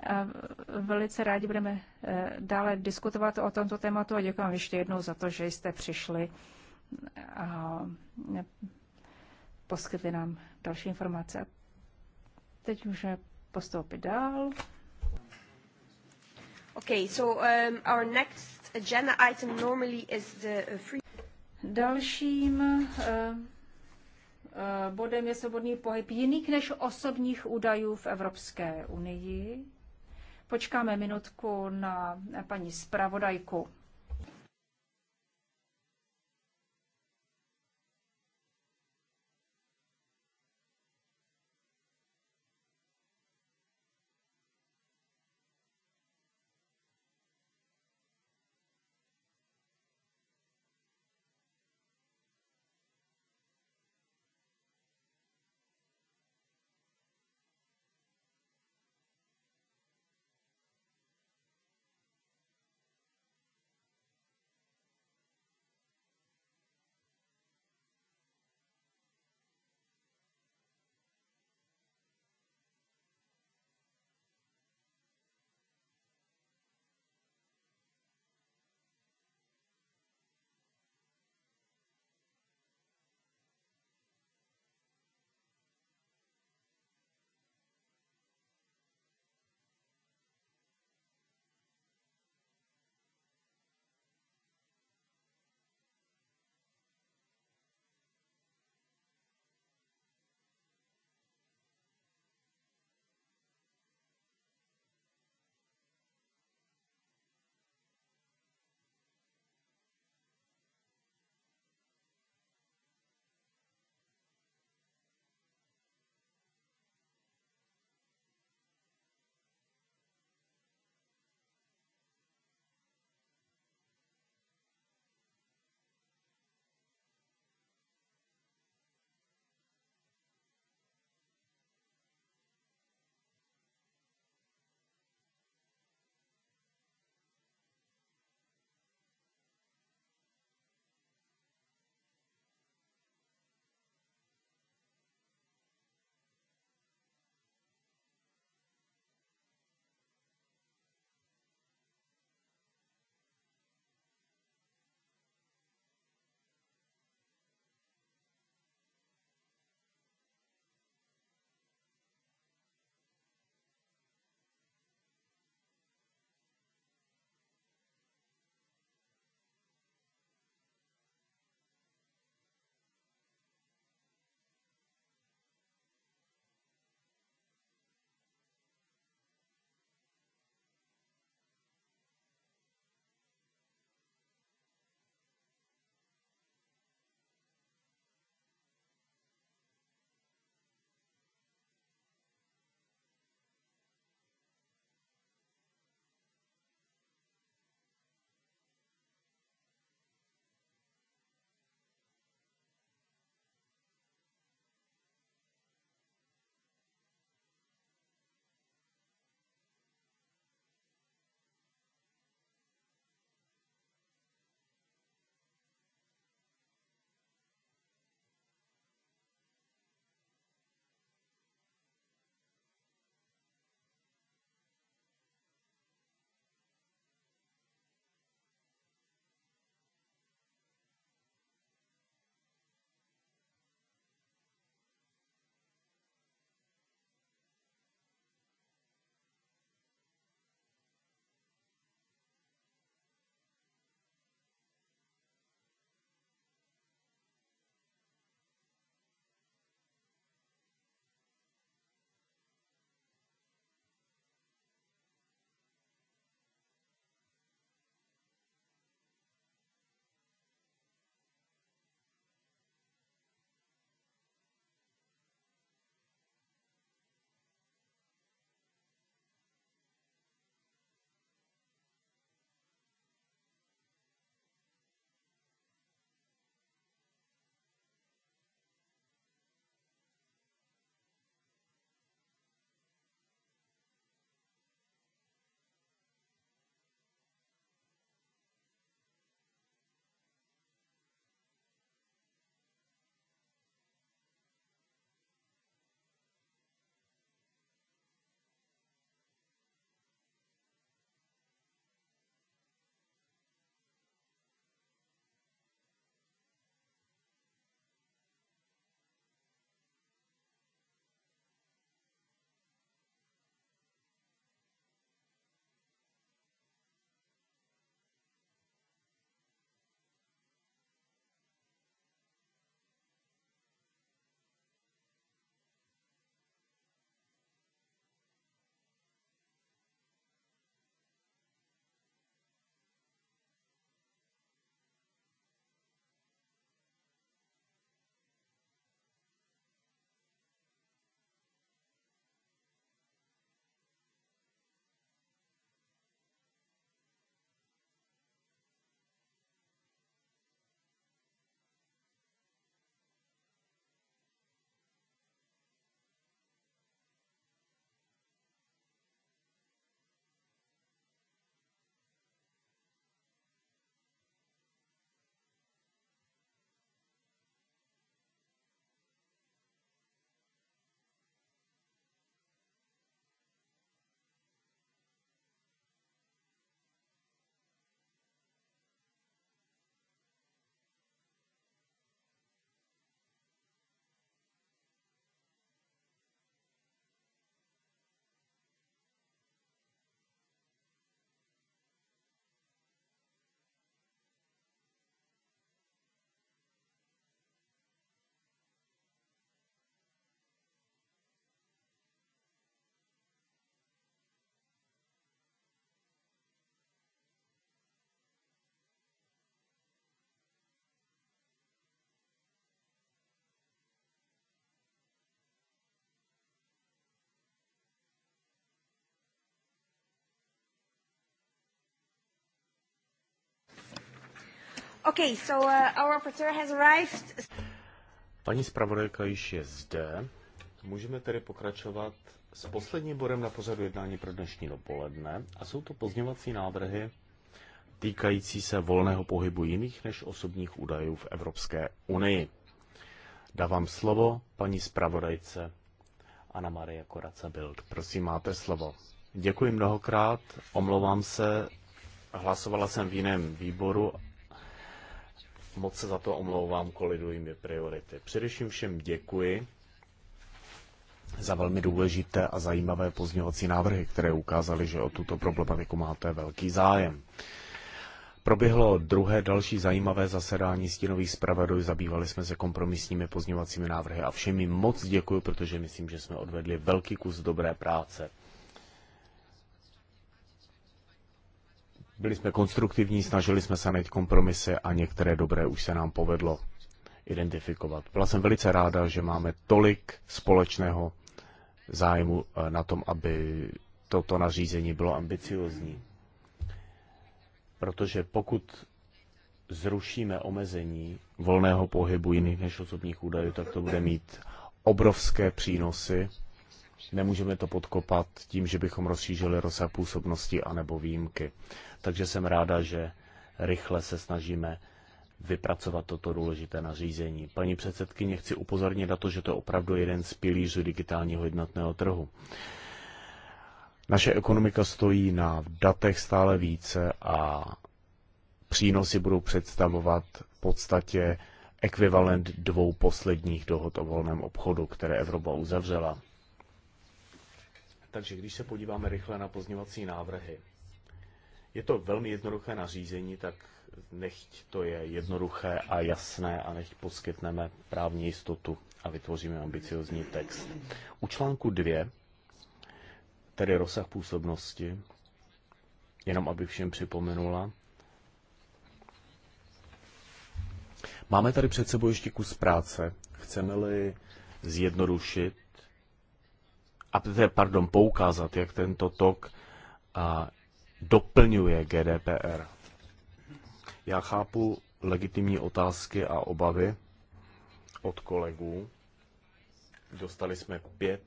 a velice rádi budeme eh, dále diskutovat o tomto tématu a děkuji vám ještě jednou za to, že jste přišli a poskytli nám další informace. Teď můžeme postoupit dál. Okay, so um, our next agenda item normally is the uh, free... Dalším uh, uh, bodem je svobodný pohyb jiných než osobních údajů v Evropské unii. Počkáme minutku na paní zpravodajku. Okay, so uh, our has arrived. Paní zpravodajka již je zde. Můžeme tedy pokračovat s posledním bodem na pořadu jednání pro dnešní dopoledne a jsou to pozněvací návrhy týkající se volného pohybu jiných než osobních údajů v Evropské unii. Dávám slovo paní zpravodajce Anna Marie Koraca Bild. Prosím, máte slovo. Děkuji mnohokrát, omlouvám se, hlasovala jsem v jiném výboru moc se za to omlouvám, koliduji mi priority. Především všem děkuji za velmi důležité a zajímavé pozměňovací návrhy, které ukázaly, že o tuto problematiku máte velký zájem. Proběhlo druhé další zajímavé zasedání stínových zpravodajů, zabývali jsme se kompromisními pozměňovacími návrhy a všem jim moc děkuji, protože myslím, že jsme odvedli velký kus dobré práce. Byli jsme konstruktivní, snažili jsme se najít kompromisy a některé dobré už se nám povedlo identifikovat. Byla jsem velice ráda, že máme tolik společného zájmu eh, na tom, aby toto nařízení bylo ambiciozní. Protože pokud zrušíme omezení volného pohybu jiných než osobních údajů, tak to bude mít obrovské přínosy Nemůžeme to podkopat tím, že bychom rozšířili rozsah působnosti anebo výjimky. Takže jsem ráda, že rychle se snažíme vypracovat toto důležité nařízení. Paní předsedkyně, chci upozornit na to, že to je opravdu jeden z pilířů digitálního jednotného trhu. Naše ekonomika stojí na datech stále více a přínosy budou představovat v podstatě ekvivalent dvou posledních dohod o volném obchodu, které Evropa uzavřela. Takže když se podíváme rychle na pozněvací návrhy, je to velmi jednoduché nařízení, tak nechť to je jednoduché a jasné a nechť poskytneme právní jistotu a vytvoříme ambiciozní text. U článku 2, tedy rozsah působnosti, jenom aby všem připomenula, máme tady před sebou ještě kus práce. Chceme-li zjednodušit a pardon, poukázat, jak tento tok a, doplňuje GDPR. Já chápu legitimní otázky a obavy od kolegů. Dostali jsme pět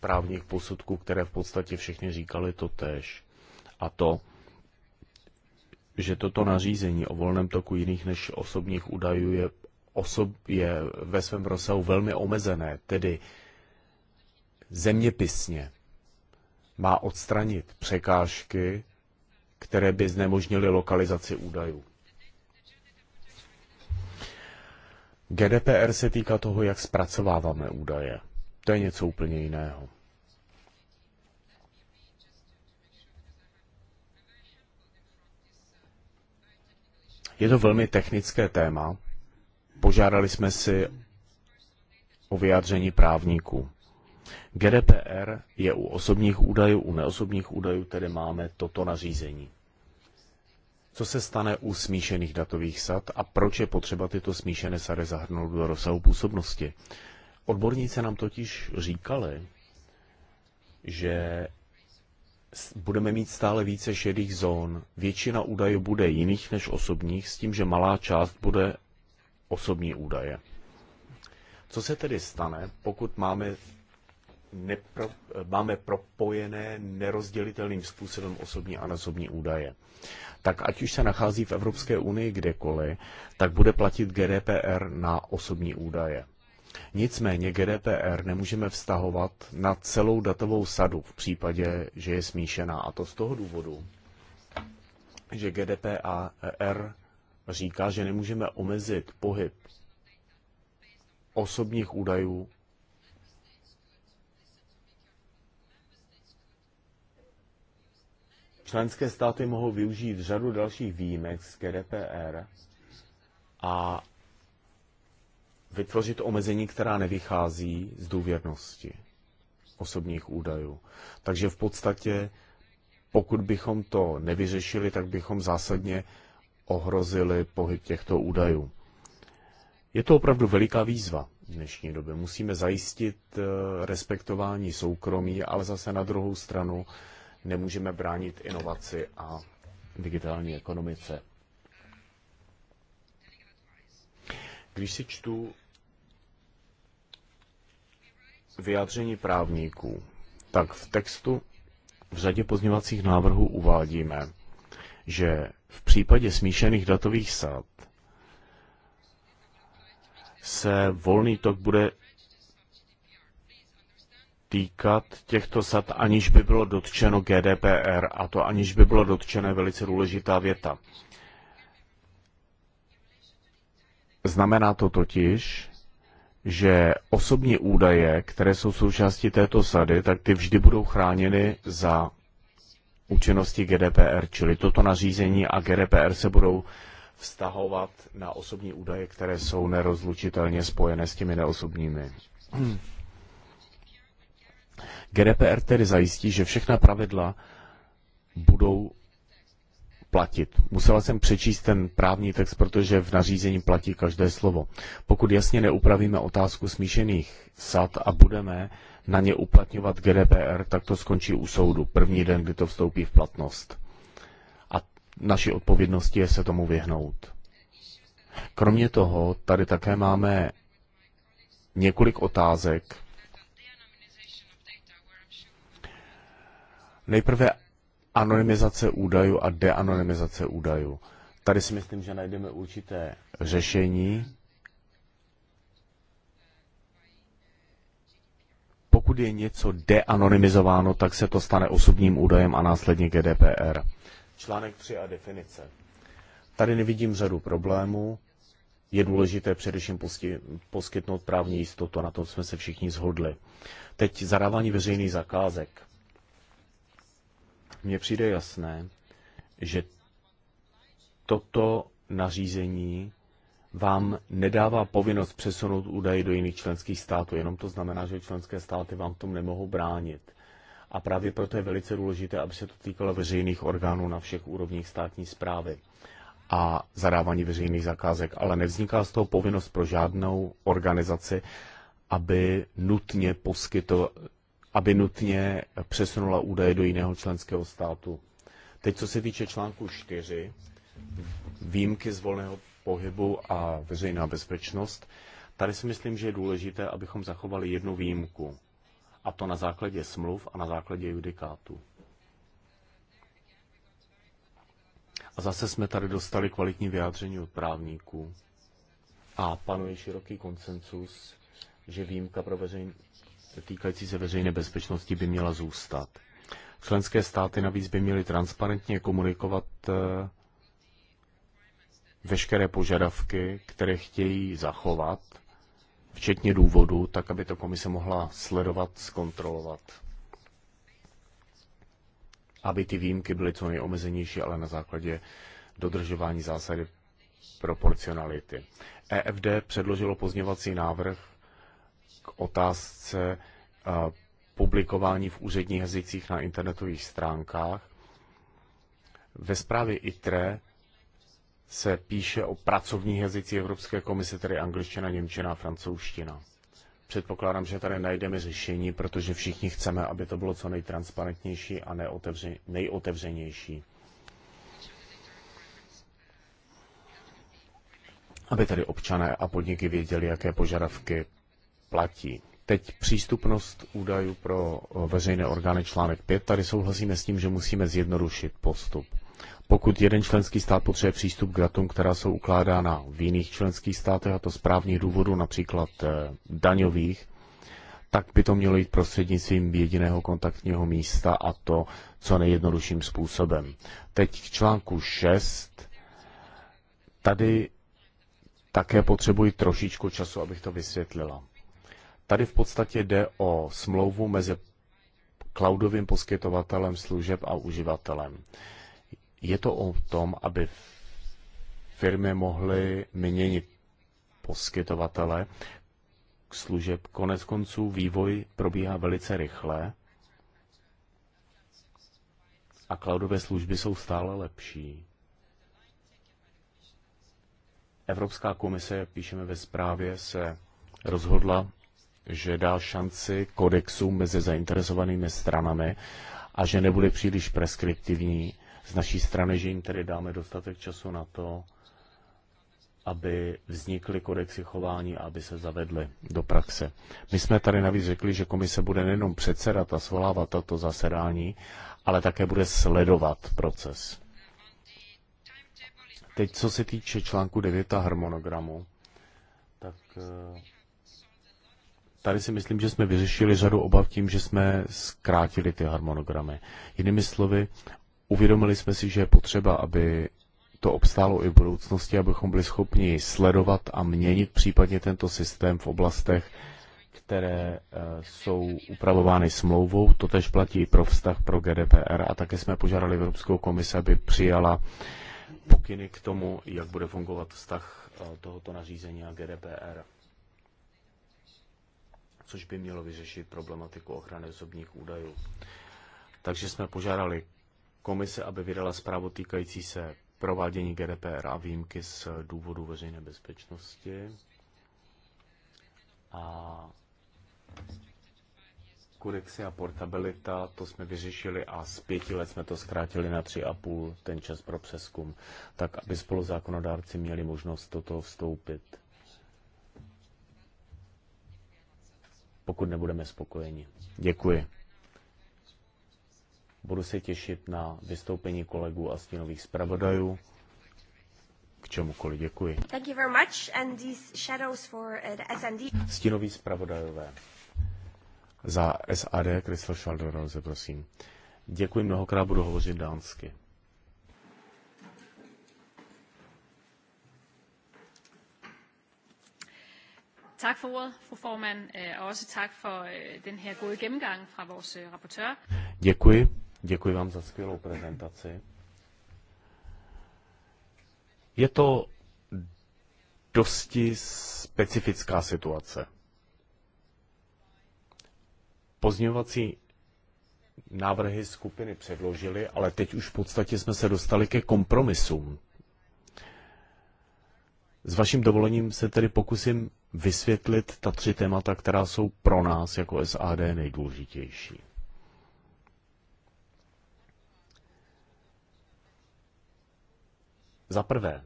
právních posudků, které v podstatě všechny říkali to tež. A to, že toto nařízení o volném toku jiných než osobních údajů je, osob, je ve svém rozsahu velmi omezené, tedy zeměpisně. Má odstranit překážky, které by znemožnily lokalizaci údajů. GDPR se týká toho, jak zpracováváme údaje. To je něco úplně jiného. Je to velmi technické téma. Požádali jsme si o vyjádření právníků. GDPR je u osobních údajů, u neosobních údajů tedy máme toto nařízení. Co se stane u smíšených datových sad a proč je potřeba tyto smíšené sady zahrnout do rozsahu působnosti? Odborníci nám totiž říkali, že budeme mít stále více šedých zón. Většina údajů bude jiných než osobních, s tím, že malá část bude osobní údaje. Co se tedy stane, pokud máme nepro, máme propojené nerozdělitelným způsobem osobní a neosobní údaje. Tak ať už se nachází v Evropské unii kdekoliv, tak bude platit GDPR na osobní údaje. Nicméně GDPR nemůžeme vztahovat na celou datovou sadu v případě, že je smíšená. A to z toho důvodu, že GDPR říká, že nemůžeme omezit pohyb osobních údajů Členské státy mohou využít řadu dalších výjimek z GDPR a vytvořit omezení, která nevychází z důvěrnosti osobních údajů. Takže v podstatě, pokud bychom to nevyřešili, tak bychom zásadně ohrozili pohyb těchto údajů. Je to opravdu veliká výzva v dnešní době. Musíme zajistit eh, respektování soukromí, ale zase na druhou stranu nemůžeme bránit inovaci a digitální ekonomice. Když si čtu vyjádření právníků, tak v textu v řadě pozněvacích návrhů uvádíme, že v případě smíšených datových sad se volný tok bude týkat těchto sad, aniž by bylo dotčeno GDPR, a to aniž by bylo dotčené velice důležitá věta. Znamená to totiž, že osobní údaje, které jsou součástí této sady, tak ty vždy budou chráněny za účinnosti GDPR, čili toto nařízení a GDPR se budou vztahovat na osobní údaje, které jsou nerozlučitelně spojené s těmi neosobními. GDPR tedy zajistí, že všechna pravidla budou platit. Musela jsem přečíst ten právní text, protože v nařízení platí každé slovo. Pokud jasně neupravíme otázku smíšených sad a budeme na ně uplatňovat GDPR, tak to skončí u soudu první den, kdy to vstoupí v platnost. A naší odpovědnosti je se tomu vyhnout. Kromě toho, tady také máme několik otázek, Nejprve anonymizace údajů a deanonymizace údajů. Tady si myslím, že najdeme určité řešení. Pokud je něco deanonymizováno, tak se to stane osobním údajem a následně GDPR. Článek 3 a definice. Tady nevidím řadu problémů. Je důležité především poskytnout právní jistotu, na tom jsme se všichni zhodli. Teď zadávání veřejných zakázek mně přijde jasné, že toto nařízení vám nedává povinnost přesunout údaje do jiných členských států, jenom to znamená, že členské státy vám v tom nemohou bránit. A právě proto je velice důležité, aby se to týkalo veřejných orgánů na všech úrovních státní zprávy a zadávání veřejných zakázek, ale nevzniká z toho povinnost pro žádnou organizaci, aby nutně poskyto, aby nutně přesunula údaje do jiného členského státu. Teď, co se týče článku 4, výjimky z volného pohybu a veřejná bezpečnost, tady si myslím, že je důležité, abychom zachovali jednu výjimku. A to na základě smluv a na základě judikátu. A zase jsme tady dostali kvalitní vyjádření od právníků. A panuje široký konsensus, že výjimka pro veřejn týkající se veřejné bezpečnosti by měla zůstat. Členské státy navíc by měly transparentně komunikovat eh, veškeré požadavky, které chtějí zachovat, včetně důvodu, tak aby to komise mohla sledovat, zkontrolovat. Aby ty výjimky byly co nejomezenější, ale na základě dodržování zásady proporcionality. EFD předložilo pozněvací návrh k otázce eh, publikování v úředních jazycích na internetových stránkách. Ve zprávě ITRE se píše o pracovních jazycích Evropské komise, tedy angličtina, němčina a francouzština. Předpokládám, že tady najdeme řešení, protože všichni chceme, aby to bylo co nejtransparentnější a nejotevřenější. Aby tady občané a podniky věděli, jaké požadavky platí. Teď přístupnost údajů pro eh, veřejné orgány článek 5. Tady souhlasíme s tím, že musíme zjednodušit postup. Pokud jeden členský stát potřebuje přístup k datům, která jsou ukládána v jiných členských státech, a to z právních důvodů, například eh, daňových, tak by to mělo jít prostřednictvím jediného kontaktního místa a to co nejjednodušším způsobem. Teď k článku 6. Tady také potřebuji trošičku času, abych to vysvětlila. Tady v podstatě jde o smlouvu mezi cloudovým poskytovatelem služeb a uživatelem. Je to o tom, aby firmy mohly měnit poskytovatele služeb. Konec konců vývoj probíhá velice rychle a cloudové služby jsou stále lepší. Evropská komise, jak píšeme ve zprávě, se rozhodla že dá šanci kodexu mezi zainteresovanými stranami a že nebude příliš preskriptivní z naší strany, že jim tedy dáme dostatek času na to, aby vznikly kodexy chování a aby se zavedly do praxe. My jsme tady navíc řekli, že komise bude nejenom předsedat a svolávat toto zasedání, ale také bude sledovat proces. Teď, co se týče článku 9 a harmonogramu, tak eh, tady si myslím, že jsme vyřešili řadu obav tím, že jsme zkrátili ty harmonogramy. Jinými slovy, uvědomili jsme si, že je potřeba, aby to obstálo i v budoucnosti, abychom byli schopni sledovat a měnit případně tento systém v oblastech, které eh, jsou upravovány smlouvou. To tež platí i pro vztah pro GDPR a také jsme požádali Evropskou komisi, aby přijala pokyny k tomu, jak bude fungovat vztah eh, tohoto nařízení a GDPR což by mělo vyřešit problematiku ochrany osobních údajů. Takže jsme požádali komise, aby vydala zprávu týkající se provádění GDPR a výjimky z důvodu veřejné bezpečnosti. A kurexy a portabilita, to jsme vyřešili a z pěti let jsme to zkrátili na tři a půl ten čas pro přeskum, tak aby spoluzákonodárci měli možnost toto vstoupit pokud nebudeme spokojeni. Děkuji. Budu se těšit na vystoupení kolegů a stínových zpravodajů. K čemukoliv děkuji. Thank you very much and these shadows for uh, the SND. Stínoví zpravodajové. Za SAD Crystal Schalder, prosím. Děkuji mnohokrát, budu hovořit dánsky. Tak for ordet, fru formand, øh, og også tak for øh, den her gode gennemgang fra vores øh, rapportør. Děkuji. Děkuji vám za skvělou prezentaci. Je to dosti specifická situace. Pozměňovací návrhy skupiny předložili, ale teď už v podstatě jsme se dostali ke kompromisům. S vaším dovolením se tedy pokusím vysvětlit ta tři témata, která jsou pro nás jako SAD nejdůležitější. Za prvé,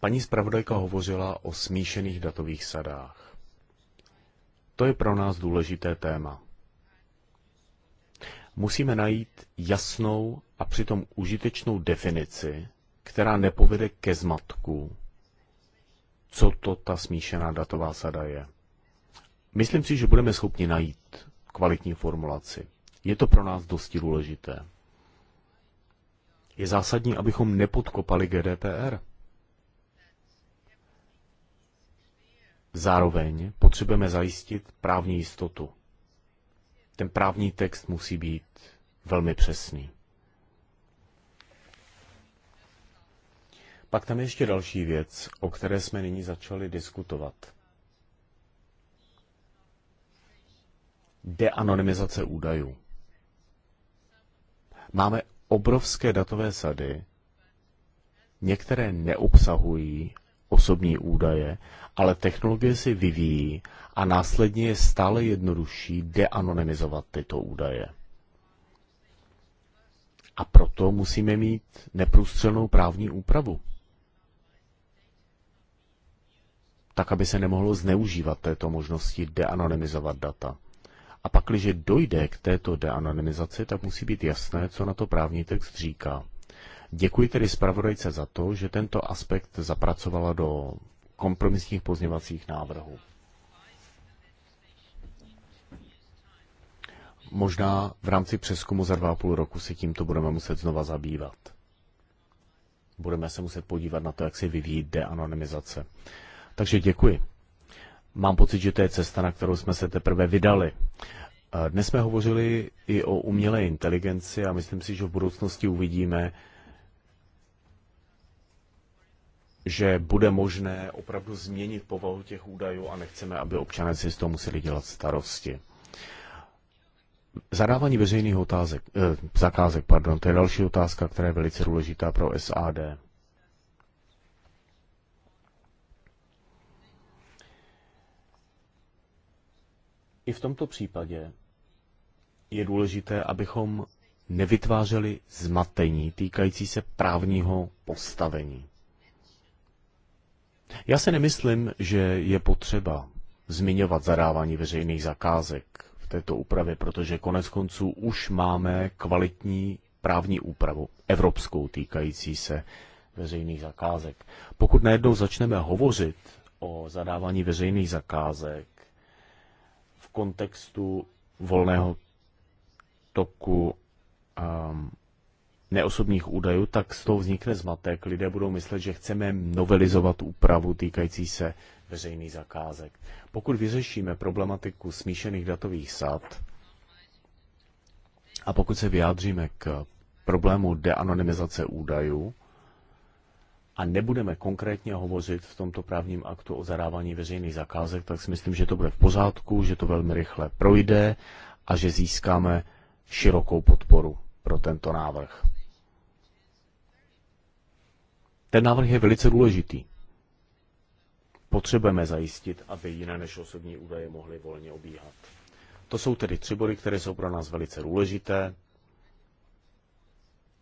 paní zpravodajka hovořila o smíšených datových sadách. To je pro nás důležité téma. Musíme najít jasnou a přitom užitečnou definici, která nepovede ke zmatku co to ta smíšená datová sada je. Myslím si, že budeme schopni najít kvalitní formulaci. Je to pro nás dosti důležité. Je zásadní, abychom nepodkopali GDPR. Zároveň potřebujeme zajistit právní jistotu. Ten právní text musí být velmi přesný. Pak tam je ještě další věc, o které jsme nyní začali diskutovat. Deanonymizace údajů. Máme obrovské datové sady, některé neobsahují osobní údaje, ale technologie si vyvíjí a následně je stále jednodušší deanonymizovat tyto údaje. A proto musíme mít neprůstřelnou právní úpravu. tak aby se nemohlo zneužívat této možnosti deanonymizovat data. A pak, když dojde k této deanonymizaci, tak musí být jasné, co na to právní text říká. Děkuji tedy zpravodajce za to, že tento aspekt zapracovala do kompromisních pozněvacích návrhů. Možná v rámci přeskumu za dva a půl roku se tímto budeme muset znova zabývat. Budeme se muset podívat na to, jak se vyvíjí deanonymizace. Takže děkuji. Mám pocit, že to je cesta, na kterou jsme se teprve vydali. Dnes jsme hovořili i o umělé inteligenci a myslím si, že v budoucnosti uvidíme, že bude možné opravdu změnit povahu těch údajů a nechceme, aby občané si z toho museli dělat starosti. Zadávání veřejných otázek, eh, zakázek, pardon, to je další otázka, která je velice důležitá pro SAD. I v tomto případě je důležité, abychom nevytvářeli zmatení týkající se právního postavení. Já se nemyslím, že je potřeba zmiňovat zadávání veřejných zakázek v této úpravě, protože konec konců už máme kvalitní právní úpravu, evropskou týkající se veřejných zakázek. Pokud najednou začneme hovořit o zadávání veřejných zakázek, kontextu volného toku um, neosobních údajů, tak z toho vznikne zmatek. Lidé budou myslet, že chceme novelizovat úpravu týkající se veřejných zakázek. Pokud vyřešíme problematiku smíšených datových sad a pokud se vyjádříme k problému deanonymizace údajů, a nebudeme konkrétně hovořit v tomto právním aktu o zadávání veřejných zakázek, tak si myslím, že to bude v pořádku, že to velmi rychle projde a že získáme širokou podporu pro tento návrh. Ten návrh je velice důležitý. Potřebujeme zajistit, aby jiné než osobní údaje mohly volně obíhat. To jsou tedy tři body, které jsou pro nás velice důležité.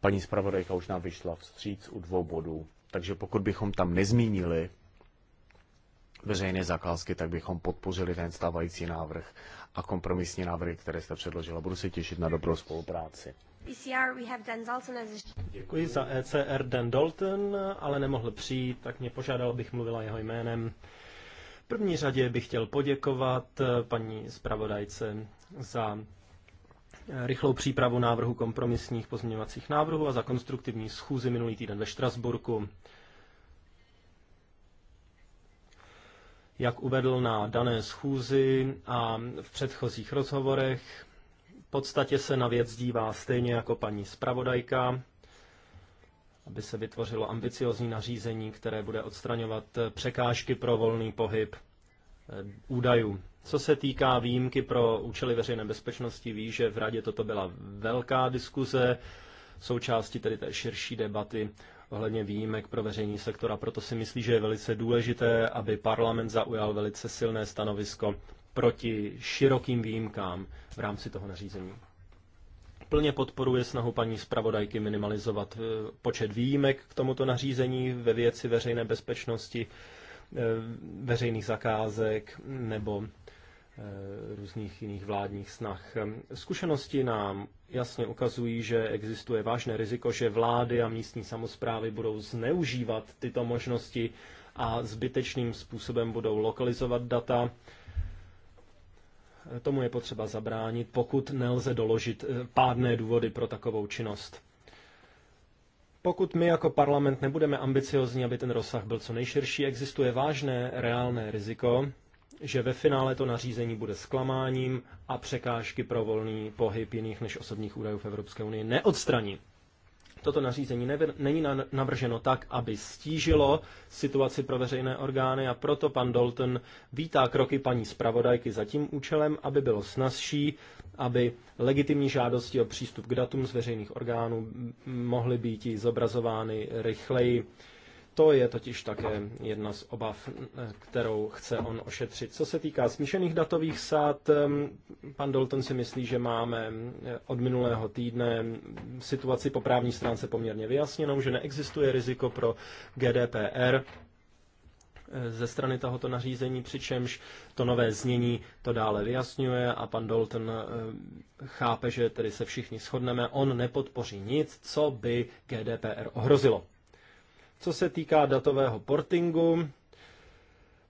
Paní zpravodajka už nám vyšla vstříc u dvou bodů takže pokud bychom tam nezmínili veřejné zakázky, tak bychom podpořili ten stávající návrh a kompromisní návrhy, které jste předložila. Budu se těšit na dobrou spolupráci. Děkuji za ECR Dan Dalton, ale nemohl přijít, tak mě požádal, bych mluvila jeho jménem. V první řadě bych chtěl poděkovat eh, paní zpravodajce za rychlou přípravu návrhu kompromisních pozměňovacích návrhů a za konstruktivní schůzi minulý týden ve Štrasburku. Jak uvedl na dané schůzi a v předchozích rozhovorech, v podstatě se na věc dívá stejně jako paní zpravodajka, aby se vytvořilo ambiciozní nařízení, které bude odstraňovat překážky pro volný pohyb – Eh, údajů. Co se týká výjimky pro účely veřejné bezpečnosti, ví, že v radě toto byla velká diskuze, součástí tedy té širší debaty ohledně výjimek pro veřejný sektor a proto si myslí, že je velice důležité, aby parlament zaujal velice silné stanovisko proti širokým výjimkám v rámci toho nařízení. Plně podporuje snahu paní zpravodajky minimalizovat eh, počet výjimek k tomuto nařízení ve věci veřejné bezpečnosti Eh, veřejných zakázek nebo eh, různých jiných vládních snah. Zkušenosti nám jasně ukazují, že existuje vážné riziko, že vlády a místní samozprávy budou zneužívat tyto možnosti a zbytečným způsobem budou lokalizovat data. Tomu je potřeba zabránit, pokud nelze doložit eh, pádné důvody pro takovou činnost. Pokud my jako parlament nebudeme ambiciozní, aby ten rozsah byl co nejširší, existuje vážné reálné riziko, že ve finále to nařízení bude zklamáním a překážky pro volný pohyb jiných než osobních údajů v Evropské unii neodstraní. Toto nařízení nevr- není na- navrženo tak, aby stížilo situaci pro veřejné orgány a proto pan Dalton vítá kroky paní zpravodajky za tím účelem, aby bylo snazší aby legitimní žádosti o přístup k datům z veřejných orgánů mohly být zobrazovány rychleji. To je totiž také jedna z obav, kterou chce on ošetřit. Co se týká smíšených datových sád, pan Dalton si myslí, že máme od minulého týdne situaci po právní stránce poměrně vyjasněnou, že neexistuje riziko pro GDPR ze strany tohoto nařízení, přičemž to nové znění to dále vyjasňuje a pan Dalton eh, chápe, že tedy se všichni shodneme, on nepodpoří nic, co by GDPR ohrozilo. Co se týká datového portingu,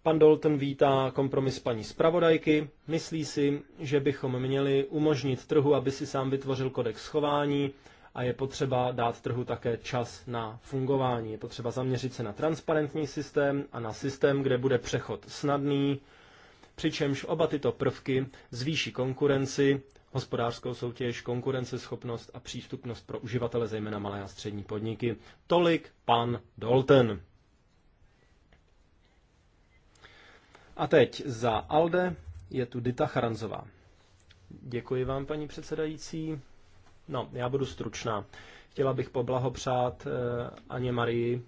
Pan Dalton vítá kompromis paní zpravodajky. Myslí si, že bychom měli umožnit trhu, aby si sám vytvořil kodex schování a je potřeba dát trhu také čas na fungování. Je potřeba zaměřit se na transparentní systém a na systém, kde bude přechod snadný, přičemž oba tyto prvky zvýší konkurenci, hospodářskou soutěž, konkurenceschopnost a přístupnost pro uživatele, zejména malé a střední podniky. Tolik pan Dolten. A teď za ALDE je tu Dita Charanzová. Děkuji vám, paní předsedající. No, já budu stručná. Chtěla bych poblahopřát eh, Aně Marii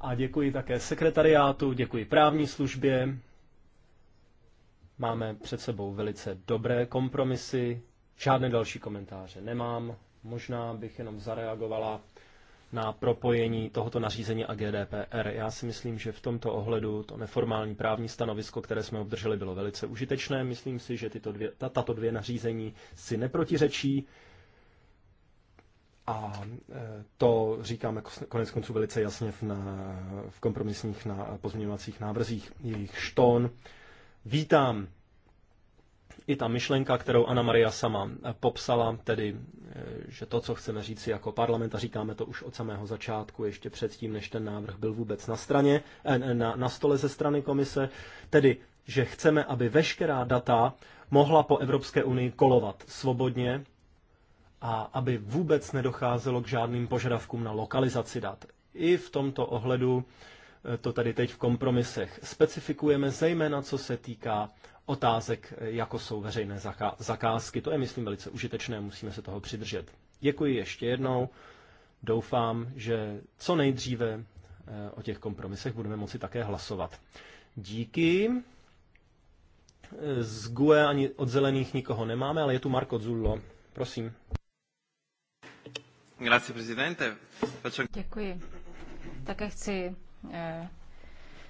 a děkuji také sekretariátu, děkuji právní službě. Máme před sebou velice dobré kompromisy. Žádné další komentáře nemám. Možná bych jenom zareagovala na propojení tohoto nařízení a GDPR. Já si myslím, že v tomto ohledu to neformální právní stanovisko, které jsme obdrželi, bylo velice užitečné. Myslím si, že tyto dvě, tato dvě nařízení si neprotiřečí. A e, to říkáme konec konců velice jasně v, na, v kompromisních na pozměňovacích návrzích. Jejich štón. Vítám i ta myšlenka, kterou Anna Maria sama popsala, tedy, eh, že to, co chceme říci jako parlament, a říkáme to už od samého začátku, ještě předtím, než ten návrh byl vůbec na, straně, eh, na, na stole ze strany komise, tedy, že chceme, aby veškerá data mohla po Evropské unii kolovat svobodně a aby vůbec nedocházelo k žádným požadavkům na lokalizaci dat. I v tomto ohledu eh, to tady teď v kompromisech specifikujeme, zejména co se týká otázek, jako jsou veřejné zakázky. To je, myslím, velice užitečné, musíme se toho přidržet. Děkuji ještě jednou. Doufám, že co nejdříve eh, o těch kompromisech budeme moci také hlasovat. Díky. Eh, z GUE ani od zelených nikoho nemáme, ale je tu Marko Zullo. Prosím. Grazie, prezidente. Děkuji. Také chci eh,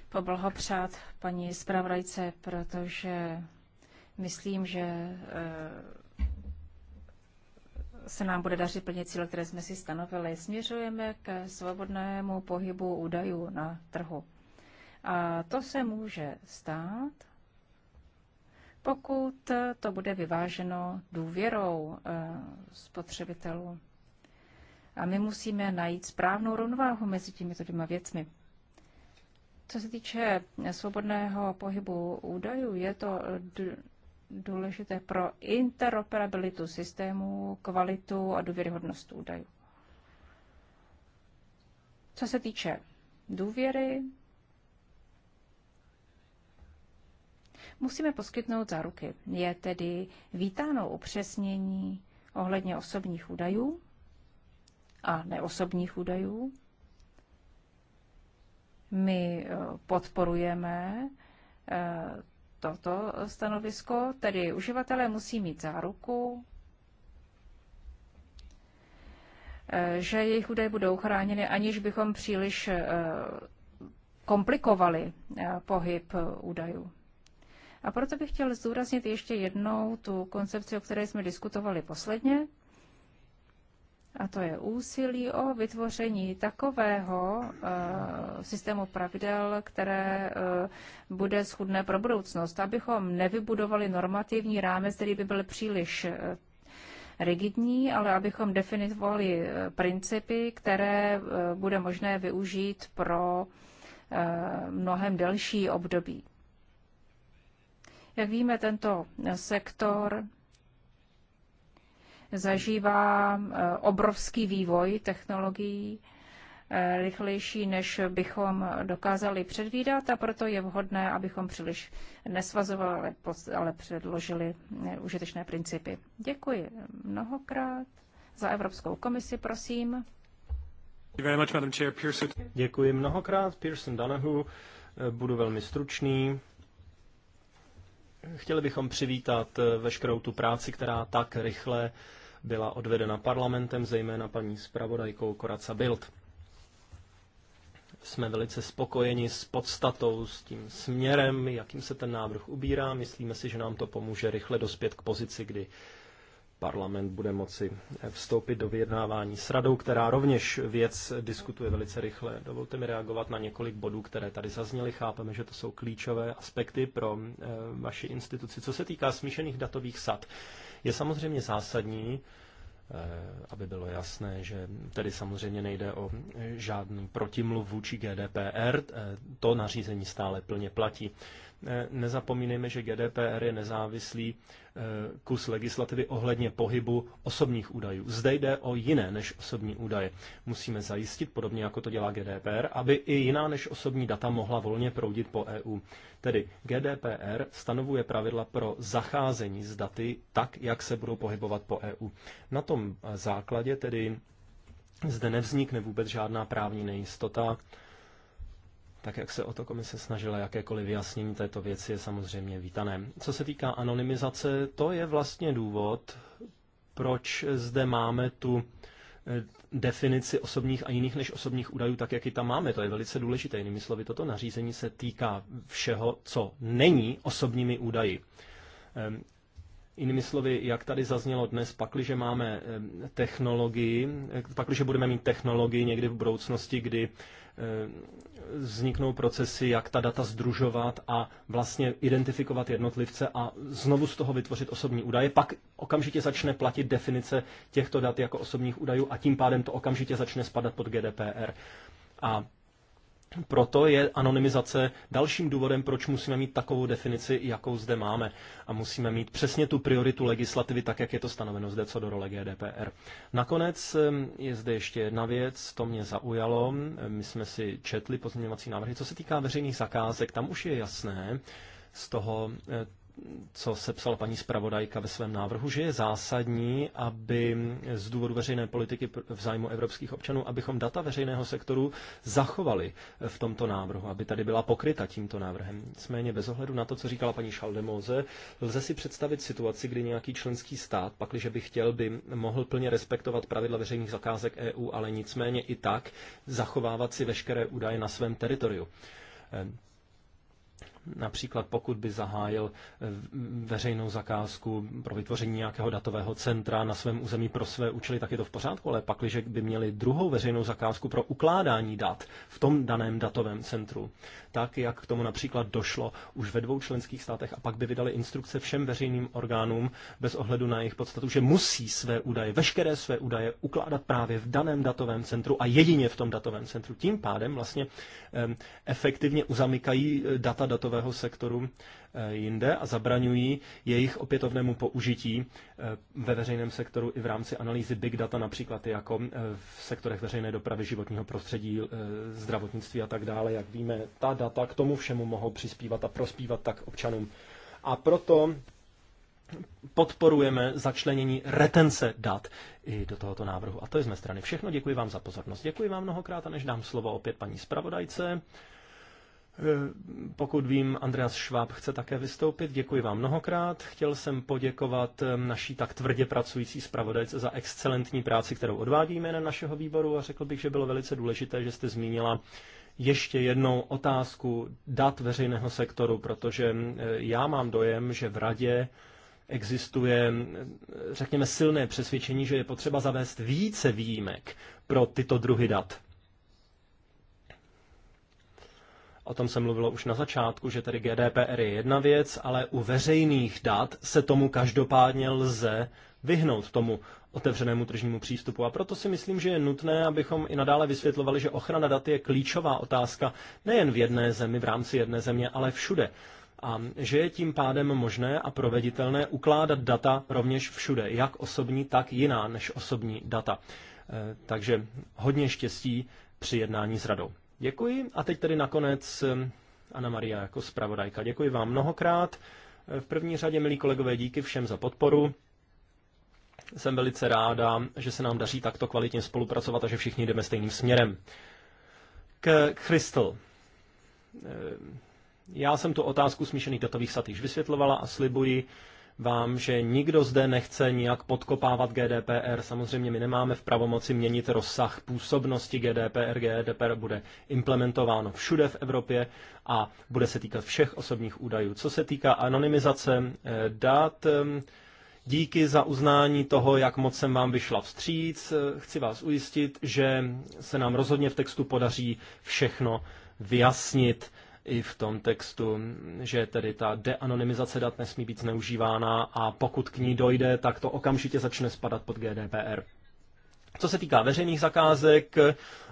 poblhopřát paní zpravodajce, protože myslím, že eh, se nám bude dařit plnit cíle, které jsme si stanovili. Směřujeme k svobodnému pohybu údajů na trhu. A to se může stát, pokud to bude vyváženo důvěrou eh, spotřebitelů. A my musíme najít správnou rovnováhu mezi těmito dvěma věcmi. Co se týče svobodného pohybu údajů, je to důležité pro interoperabilitu systému, kvalitu a důvěryhodnost údajů. Co se týče důvěry, musíme poskytnout záruky. Je tedy vítáno upřesnění ohledně osobních údajů a neosobních údajů my eh, podporujeme eh, toto stanovisko, tedy uživatelé musí mít záruku, eh, že jejich údaje budou chráněny, aniž bychom příliš komplikovali pohyb údajů. A proto bych chtěl zdůraznit ještě jednou tu koncepci, o které jsme diskutovali posledně, a to je úsilí o vytvoření takového uh, systému pravidel, které uh, bude schudné pro budoucnost, abychom nevybudovali normativní rámec, který by byl příliš eh, rigidní, ale abychom definovali principy, které bude možné využít pro mnohem delší období. Jak víme, tento sektor zažívá eh, obrovský vývoj technologií, eh, rychlejší, než bychom dokázali předvídat a proto je vhodné, abychom příliš nesvazovali, ale předložili eh, užitečné principy. Děkuji mnohokrát. Za Evropskou komisi, prosím. Děkuji mnohokrát, Pearson Danahu. Budu velmi stručný. Chtěli bychom přivítat veškerou tu práci, která tak rychle byla odvedena parlamentem, zejména paní zpravodajkou Koraca Bild. Jsme velice spokojeni s podstatou, s tím směrem, jakým se ten návrh ubírá. Myslíme si, že nám to pomůže rychle dospět k pozici, kdy parlament bude moci vstoupit do vyjednávání s radou, která rovněž věc diskutuje velice rychle. Dovolte mi reagovat na několik bodů, které tady zazněly. Chápeme, že to jsou klíčové aspekty pro eh, vaši instituci. Co se týká smíšených datových sad, je samozřejmě zásadní, eh, aby bylo jasné, že tedy samozřejmě nejde o eh, žádný protimluv vůči GDPR, eh, to nařízení stále plně platí. Eh, nezapomínejme, že GDPR je nezávislý eh, kus legislativy ohledně pohybu osobních údajů. Zde jde o jiné než osobní údaje. Musíme zajistit, podobně jako to dělá GDPR, aby i jiná než osobní data mohla volně proudit po EU. Tedy GDPR stanovuje pravidla pro zacházení s daty tak, jak se budou pohybovat po EU. Na tom základě tedy zde nevznikne vůbec žádná právní nejistota tak jak se o to komise snažila, jakékoliv vyjasnění této věci je samozřejmě vítané. Co se týká anonymizace, to je vlastně důvod, proč zde máme tu eh, definici osobních a jiných než osobních údajů, tak jak ji tam máme. To je velice důležité. Jinými slovy, toto nařízení se týká všeho, co není osobními údaji. Ehm, jinými slovy, jak tady zaznělo dnes, pakliže máme ehm, technologii, eh, pakliže budeme mít technologii někdy v budoucnosti, kdy Eh, vzniknou procesy, jak ta data združovat a vlastně identifikovat jednotlivce a znovu z toho vytvořit osobní údaje. Pak okamžitě začne platit definice těchto dat jako osobních údajů a tím pádem to okamžitě začne spadat pod GDPR. A proto je anonymizace dalším důvodem, proč musíme mít takovou definici, jakou zde máme. A musíme mít přesně tu prioritu legislativy, tak jak je to stanoveno zde co do role GDPR. Nakonec je zde ještě jedna věc, to mě zaujalo. My jsme si četli pozměňovací návrhy. Co se týká veřejných zakázek, tam už je jasné z toho eh, co se psala paní zpravodajka ve svém návrhu, že je zásadní, aby z důvodu veřejné politiky v zájmu evropských občanů, abychom data veřejného sektoru zachovali v tomto návrhu, aby tady byla pokryta tímto návrhem. Nicméně bez ohledu na to, co říkala paní Šaldemoze, lze si představit situaci, kdy nějaký členský stát, pakliže by chtěl, by mohl plně respektovat pravidla veřejných zakázek EU, ale nicméně i tak zachovávat si veškeré údaje na svém teritoriu. Například pokud by zahájil eh, veřejnou zakázku pro vytvoření nějakého datového centra na svém území pro své účely, tak je to v pořádku, ale že by měli druhou veřejnou zakázku pro ukládání dat v tom daném datovém centru, tak jak k tomu například došlo už ve dvou členských státech a pak by vydali instrukce všem veřejným orgánům bez ohledu na jejich podstatu, že musí své údaje, veškeré své údaje ukládat právě v daném datovém centru a jedině v tom datovém centru. Tím pádem vlastně eh, efektivně uzamykají eh, data datového průmyslového sektoru eh, jinde a zabraňují jejich opětovnému použití eh, ve veřejném sektoru i v rámci analýzy big data, například jako eh, v sektorech veřejné dopravy, životního prostředí, zdravotnictví a tak dále. Jak víme, ta data k tomu všemu mohou přispívat a prospívat tak občanům. A proto podporujeme začlenění retence dat i do tohoto návrhu. A to je z mé strany všechno. Děkuji vám za pozornost. Děkuji vám mnohokrát a než dám slovo opět paní zpravodajce, Eh, pokud vím, Andreas Schwab chce také vystoupit. Děkuji vám mnohokrát. Chtěl jsem poděkovat eh, naší tak tvrdě pracující zpravodajce za excelentní práci, kterou odvádíme na našeho výboru a řekl bych, že bylo velice důležité, že jste zmínila ještě jednou otázku dat veřejného sektoru, protože eh, já mám dojem, že v radě existuje, řekněme, silné přesvědčení, že je potřeba zavést více výjimek pro tyto druhy dat. O tom se mluvilo už na začátku, že tedy GDPR je jedna věc, ale u veřejných dat se tomu každopádně lze vyhnout tomu otevřenému tržnímu přístupu. A proto si myslím, že je nutné, abychom i nadále vysvětlovali, že ochrana dat je klíčová otázka nejen v jedné zemi, v rámci jedné země, ale všude. A že je tím pádem možné a proveditelné ukládat data rovněž všude, jak osobní, tak jiná než osobní data. Eh, takže hodně štěstí při jednání s radou. Děkuji a teď tedy nakonec ehm, Ana Maria jako zpravodajka. Děkuji vám mnohokrát. V první řadě, milí kolegové, díky všem za podporu. Jsem velice ráda, že se nám daří takto kvalitně spolupracovat a že všichni jdeme stejným směrem. K Crystal. Ehm, já jsem tu otázku smíšených datových sat již vysvětlovala a slibuji, vám, že nikdo zde nechce nijak podkopávat GDPR. Samozřejmě my nemáme v pravomoci měnit rozsah působnosti GDPR. GDPR bude implementováno všude v Evropě a bude se týkat všech osobních údajů. Co se týká anonymizace eh, dat, ehm, Díky za uznání toho, jak moc jsem vám vyšla vstříc. Eh, chci vás ujistit, že se nám rozhodně v textu podaří všechno vyjasnit i v tom textu, že tedy ta deanonymizace dat nesmí být zneužívána a pokud k ní dojde, tak to okamžitě začne spadat pod GDPR. Co se týká veřejných zakázek,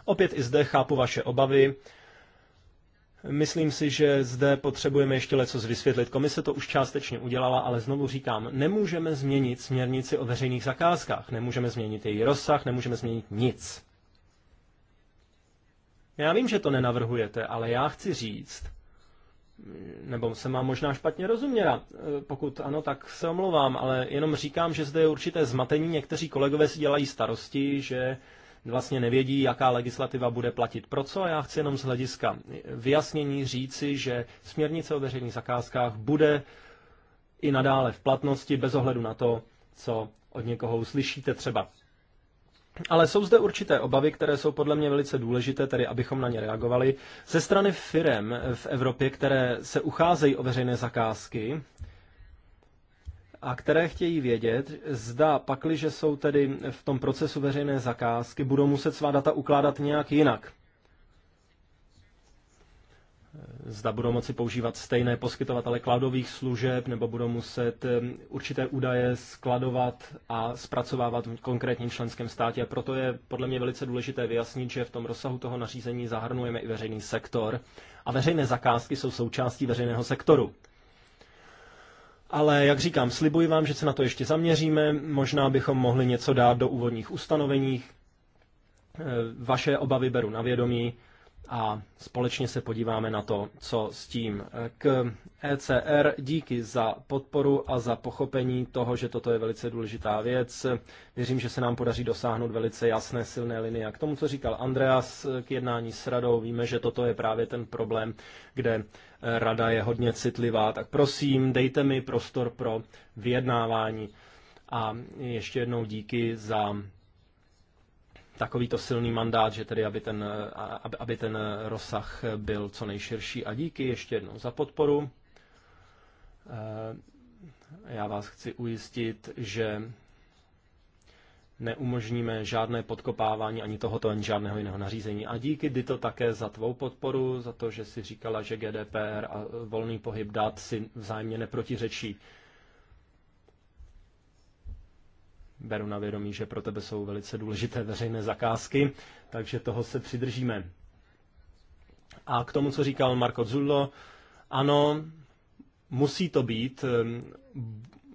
opět i zde chápu vaše obavy. Myslím si, že zde potřebujeme ještě leco vysvětlit. Komise to už částečně udělala, ale znovu říkám, nemůžeme změnit směrnici o veřejných zakázkách, nemůžeme změnit její rozsah, nemůžeme změnit nic. Já vím, že to nenavrhujete, ale já chci říct, nebo se mám možná špatně rozuměla. Eh, pokud ano, tak se omlouvám, ale jenom říkám, že zde je určité zmatení. Někteří kolegové si dělají starosti, že vlastně nevědí, jaká legislativa bude platit pro co a já chci jenom z hlediska vyjasnění říci, že směrnice o veřejných zakázkách bude i nadále v platnosti bez ohledu na to, co od někoho uslyšíte třeba. Ale jsou zde určité obavy, které jsou podle mě velice důležité, tedy abychom na ně reagovali. Ze strany firm v Evropě, které se ucházejí o veřejné zakázky a které chtějí vědět, zda pakliže jsou tedy v tom procesu veřejné zakázky, budou muset svá data ukládat nějak jinak zda budou moci používat stejné poskytovatele cloudových služeb, nebo budou muset eh, určité údaje skladovat a zpracovávat v konkrétním členském státě. Proto je podle mě velice důležité vyjasnit, že v tom rozsahu toho nařízení zahrnujeme i veřejný sektor a veřejné zakázky jsou součástí veřejného sektoru. Ale jak říkám, slibuji vám, že se na to ještě zaměříme, možná bychom mohli něco dát do úvodních ustanovení. Eh, vaše obavy beru na vědomí a společně se podíváme na to, co s tím. K ECR díky za podporu a za pochopení toho, že toto je velice důležitá věc. Věřím, že se nám podaří dosáhnout velice jasné, silné linie. A k tomu, co říkal Andreas k jednání s radou, víme, že toto je právě ten problém, kde rada je hodně citlivá. Tak prosím, dejte mi prostor pro vyjednávání. A ještě jednou díky za takovýto silný mandát, že tedy aby ten, aby ten rozsah byl co nejširší. A díky ještě jednou za podporu. Eh, já vás chci ujistit, že neumožníme žádné podkopávání ani tohoto, ani žádného jiného nařízení. A díky Dito také za tvou podporu, za to, že si říkala, že GDPR a volný pohyb dat si vzájemně neprotiřečí. beru na vědomí, že pro tebe jsou velice důležité veřejné zakázky, takže toho se přidržíme. A k tomu, co říkal Marco Zullo, ano, musí to být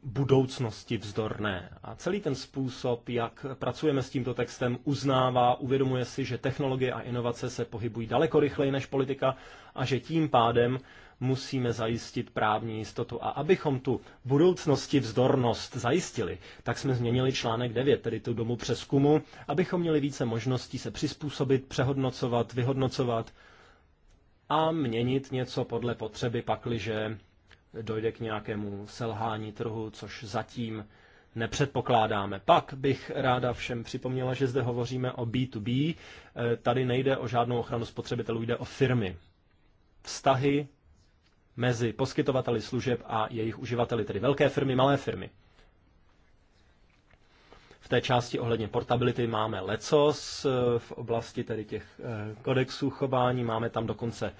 budoucnosti vzdorné. A celý ten způsob, jak pracujeme s tímto textem, uznává, uvědomuje si, že technologie a inovace se pohybují daleko rychleji než politika a že tím pádem musíme zajistit právní jistotu. A abychom tu budoucnosti vzdornost zajistili, tak jsme změnili článek 9, tedy tu domu přeskumu, abychom měli více možností se přizpůsobit, přehodnocovat, vyhodnocovat a měnit něco podle potřeby, pakliže dojde k nějakému selhání trhu, což zatím nepředpokládáme. Pak bych ráda všem připomněla, že zde hovoříme o B2B. E, tady nejde o žádnou ochranu spotřebitelů, jde o firmy. Vztahy mezi poskytovateli služeb a jejich uživateli, tedy velké firmy, malé firmy. V té části ohledně portability máme lecos, eh, v oblasti tedy těch eh, kodexů chování máme tam dokonce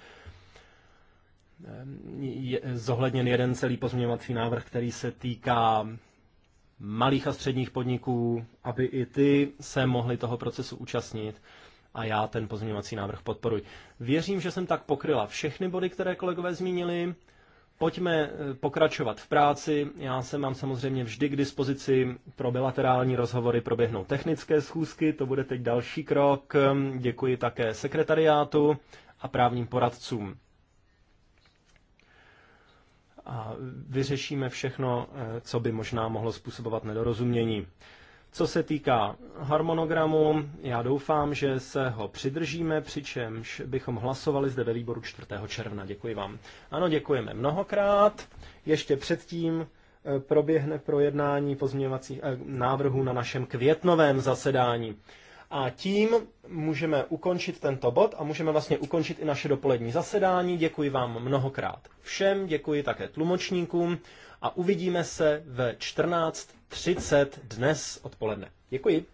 eh, je zohledněn jeden celý pozměňovací návrh, který se týká malých a středních podniků, aby i ty se mohly toho procesu účastnit a já ten pozměňovací návrh podporuji. Věřím, že jsem tak pokryla všechny body, které kolegové zmínili. Pojďme eh, pokračovat v práci. Já se mám samozřejmě vždy k dispozici pro bilaterální rozhovory, proběhnou technické schůzky, to bude teď další krok. Děkuji také sekretariátu a právním poradcům. A vyřešíme všechno, eh, co by možná mohlo způsobovat nedorozumění. Co se týká harmonogramu, já doufám, že se ho přidržíme, přičemž bychom hlasovali zde ve výboru 4. června. Děkuji vám. Ano, děkujeme mnohokrát. Ještě předtím eh, proběhne projednání pozměňovacích eh, návrhů na našem květnovém zasedání. A tím můžeme ukončit tento bod a můžeme vlastně ukončit i naše dopolední zasedání. Děkuji vám mnohokrát všem, děkuji také tlumočníkům a uvidíme se ve 14.30 dnes odpoledne. Děkuji.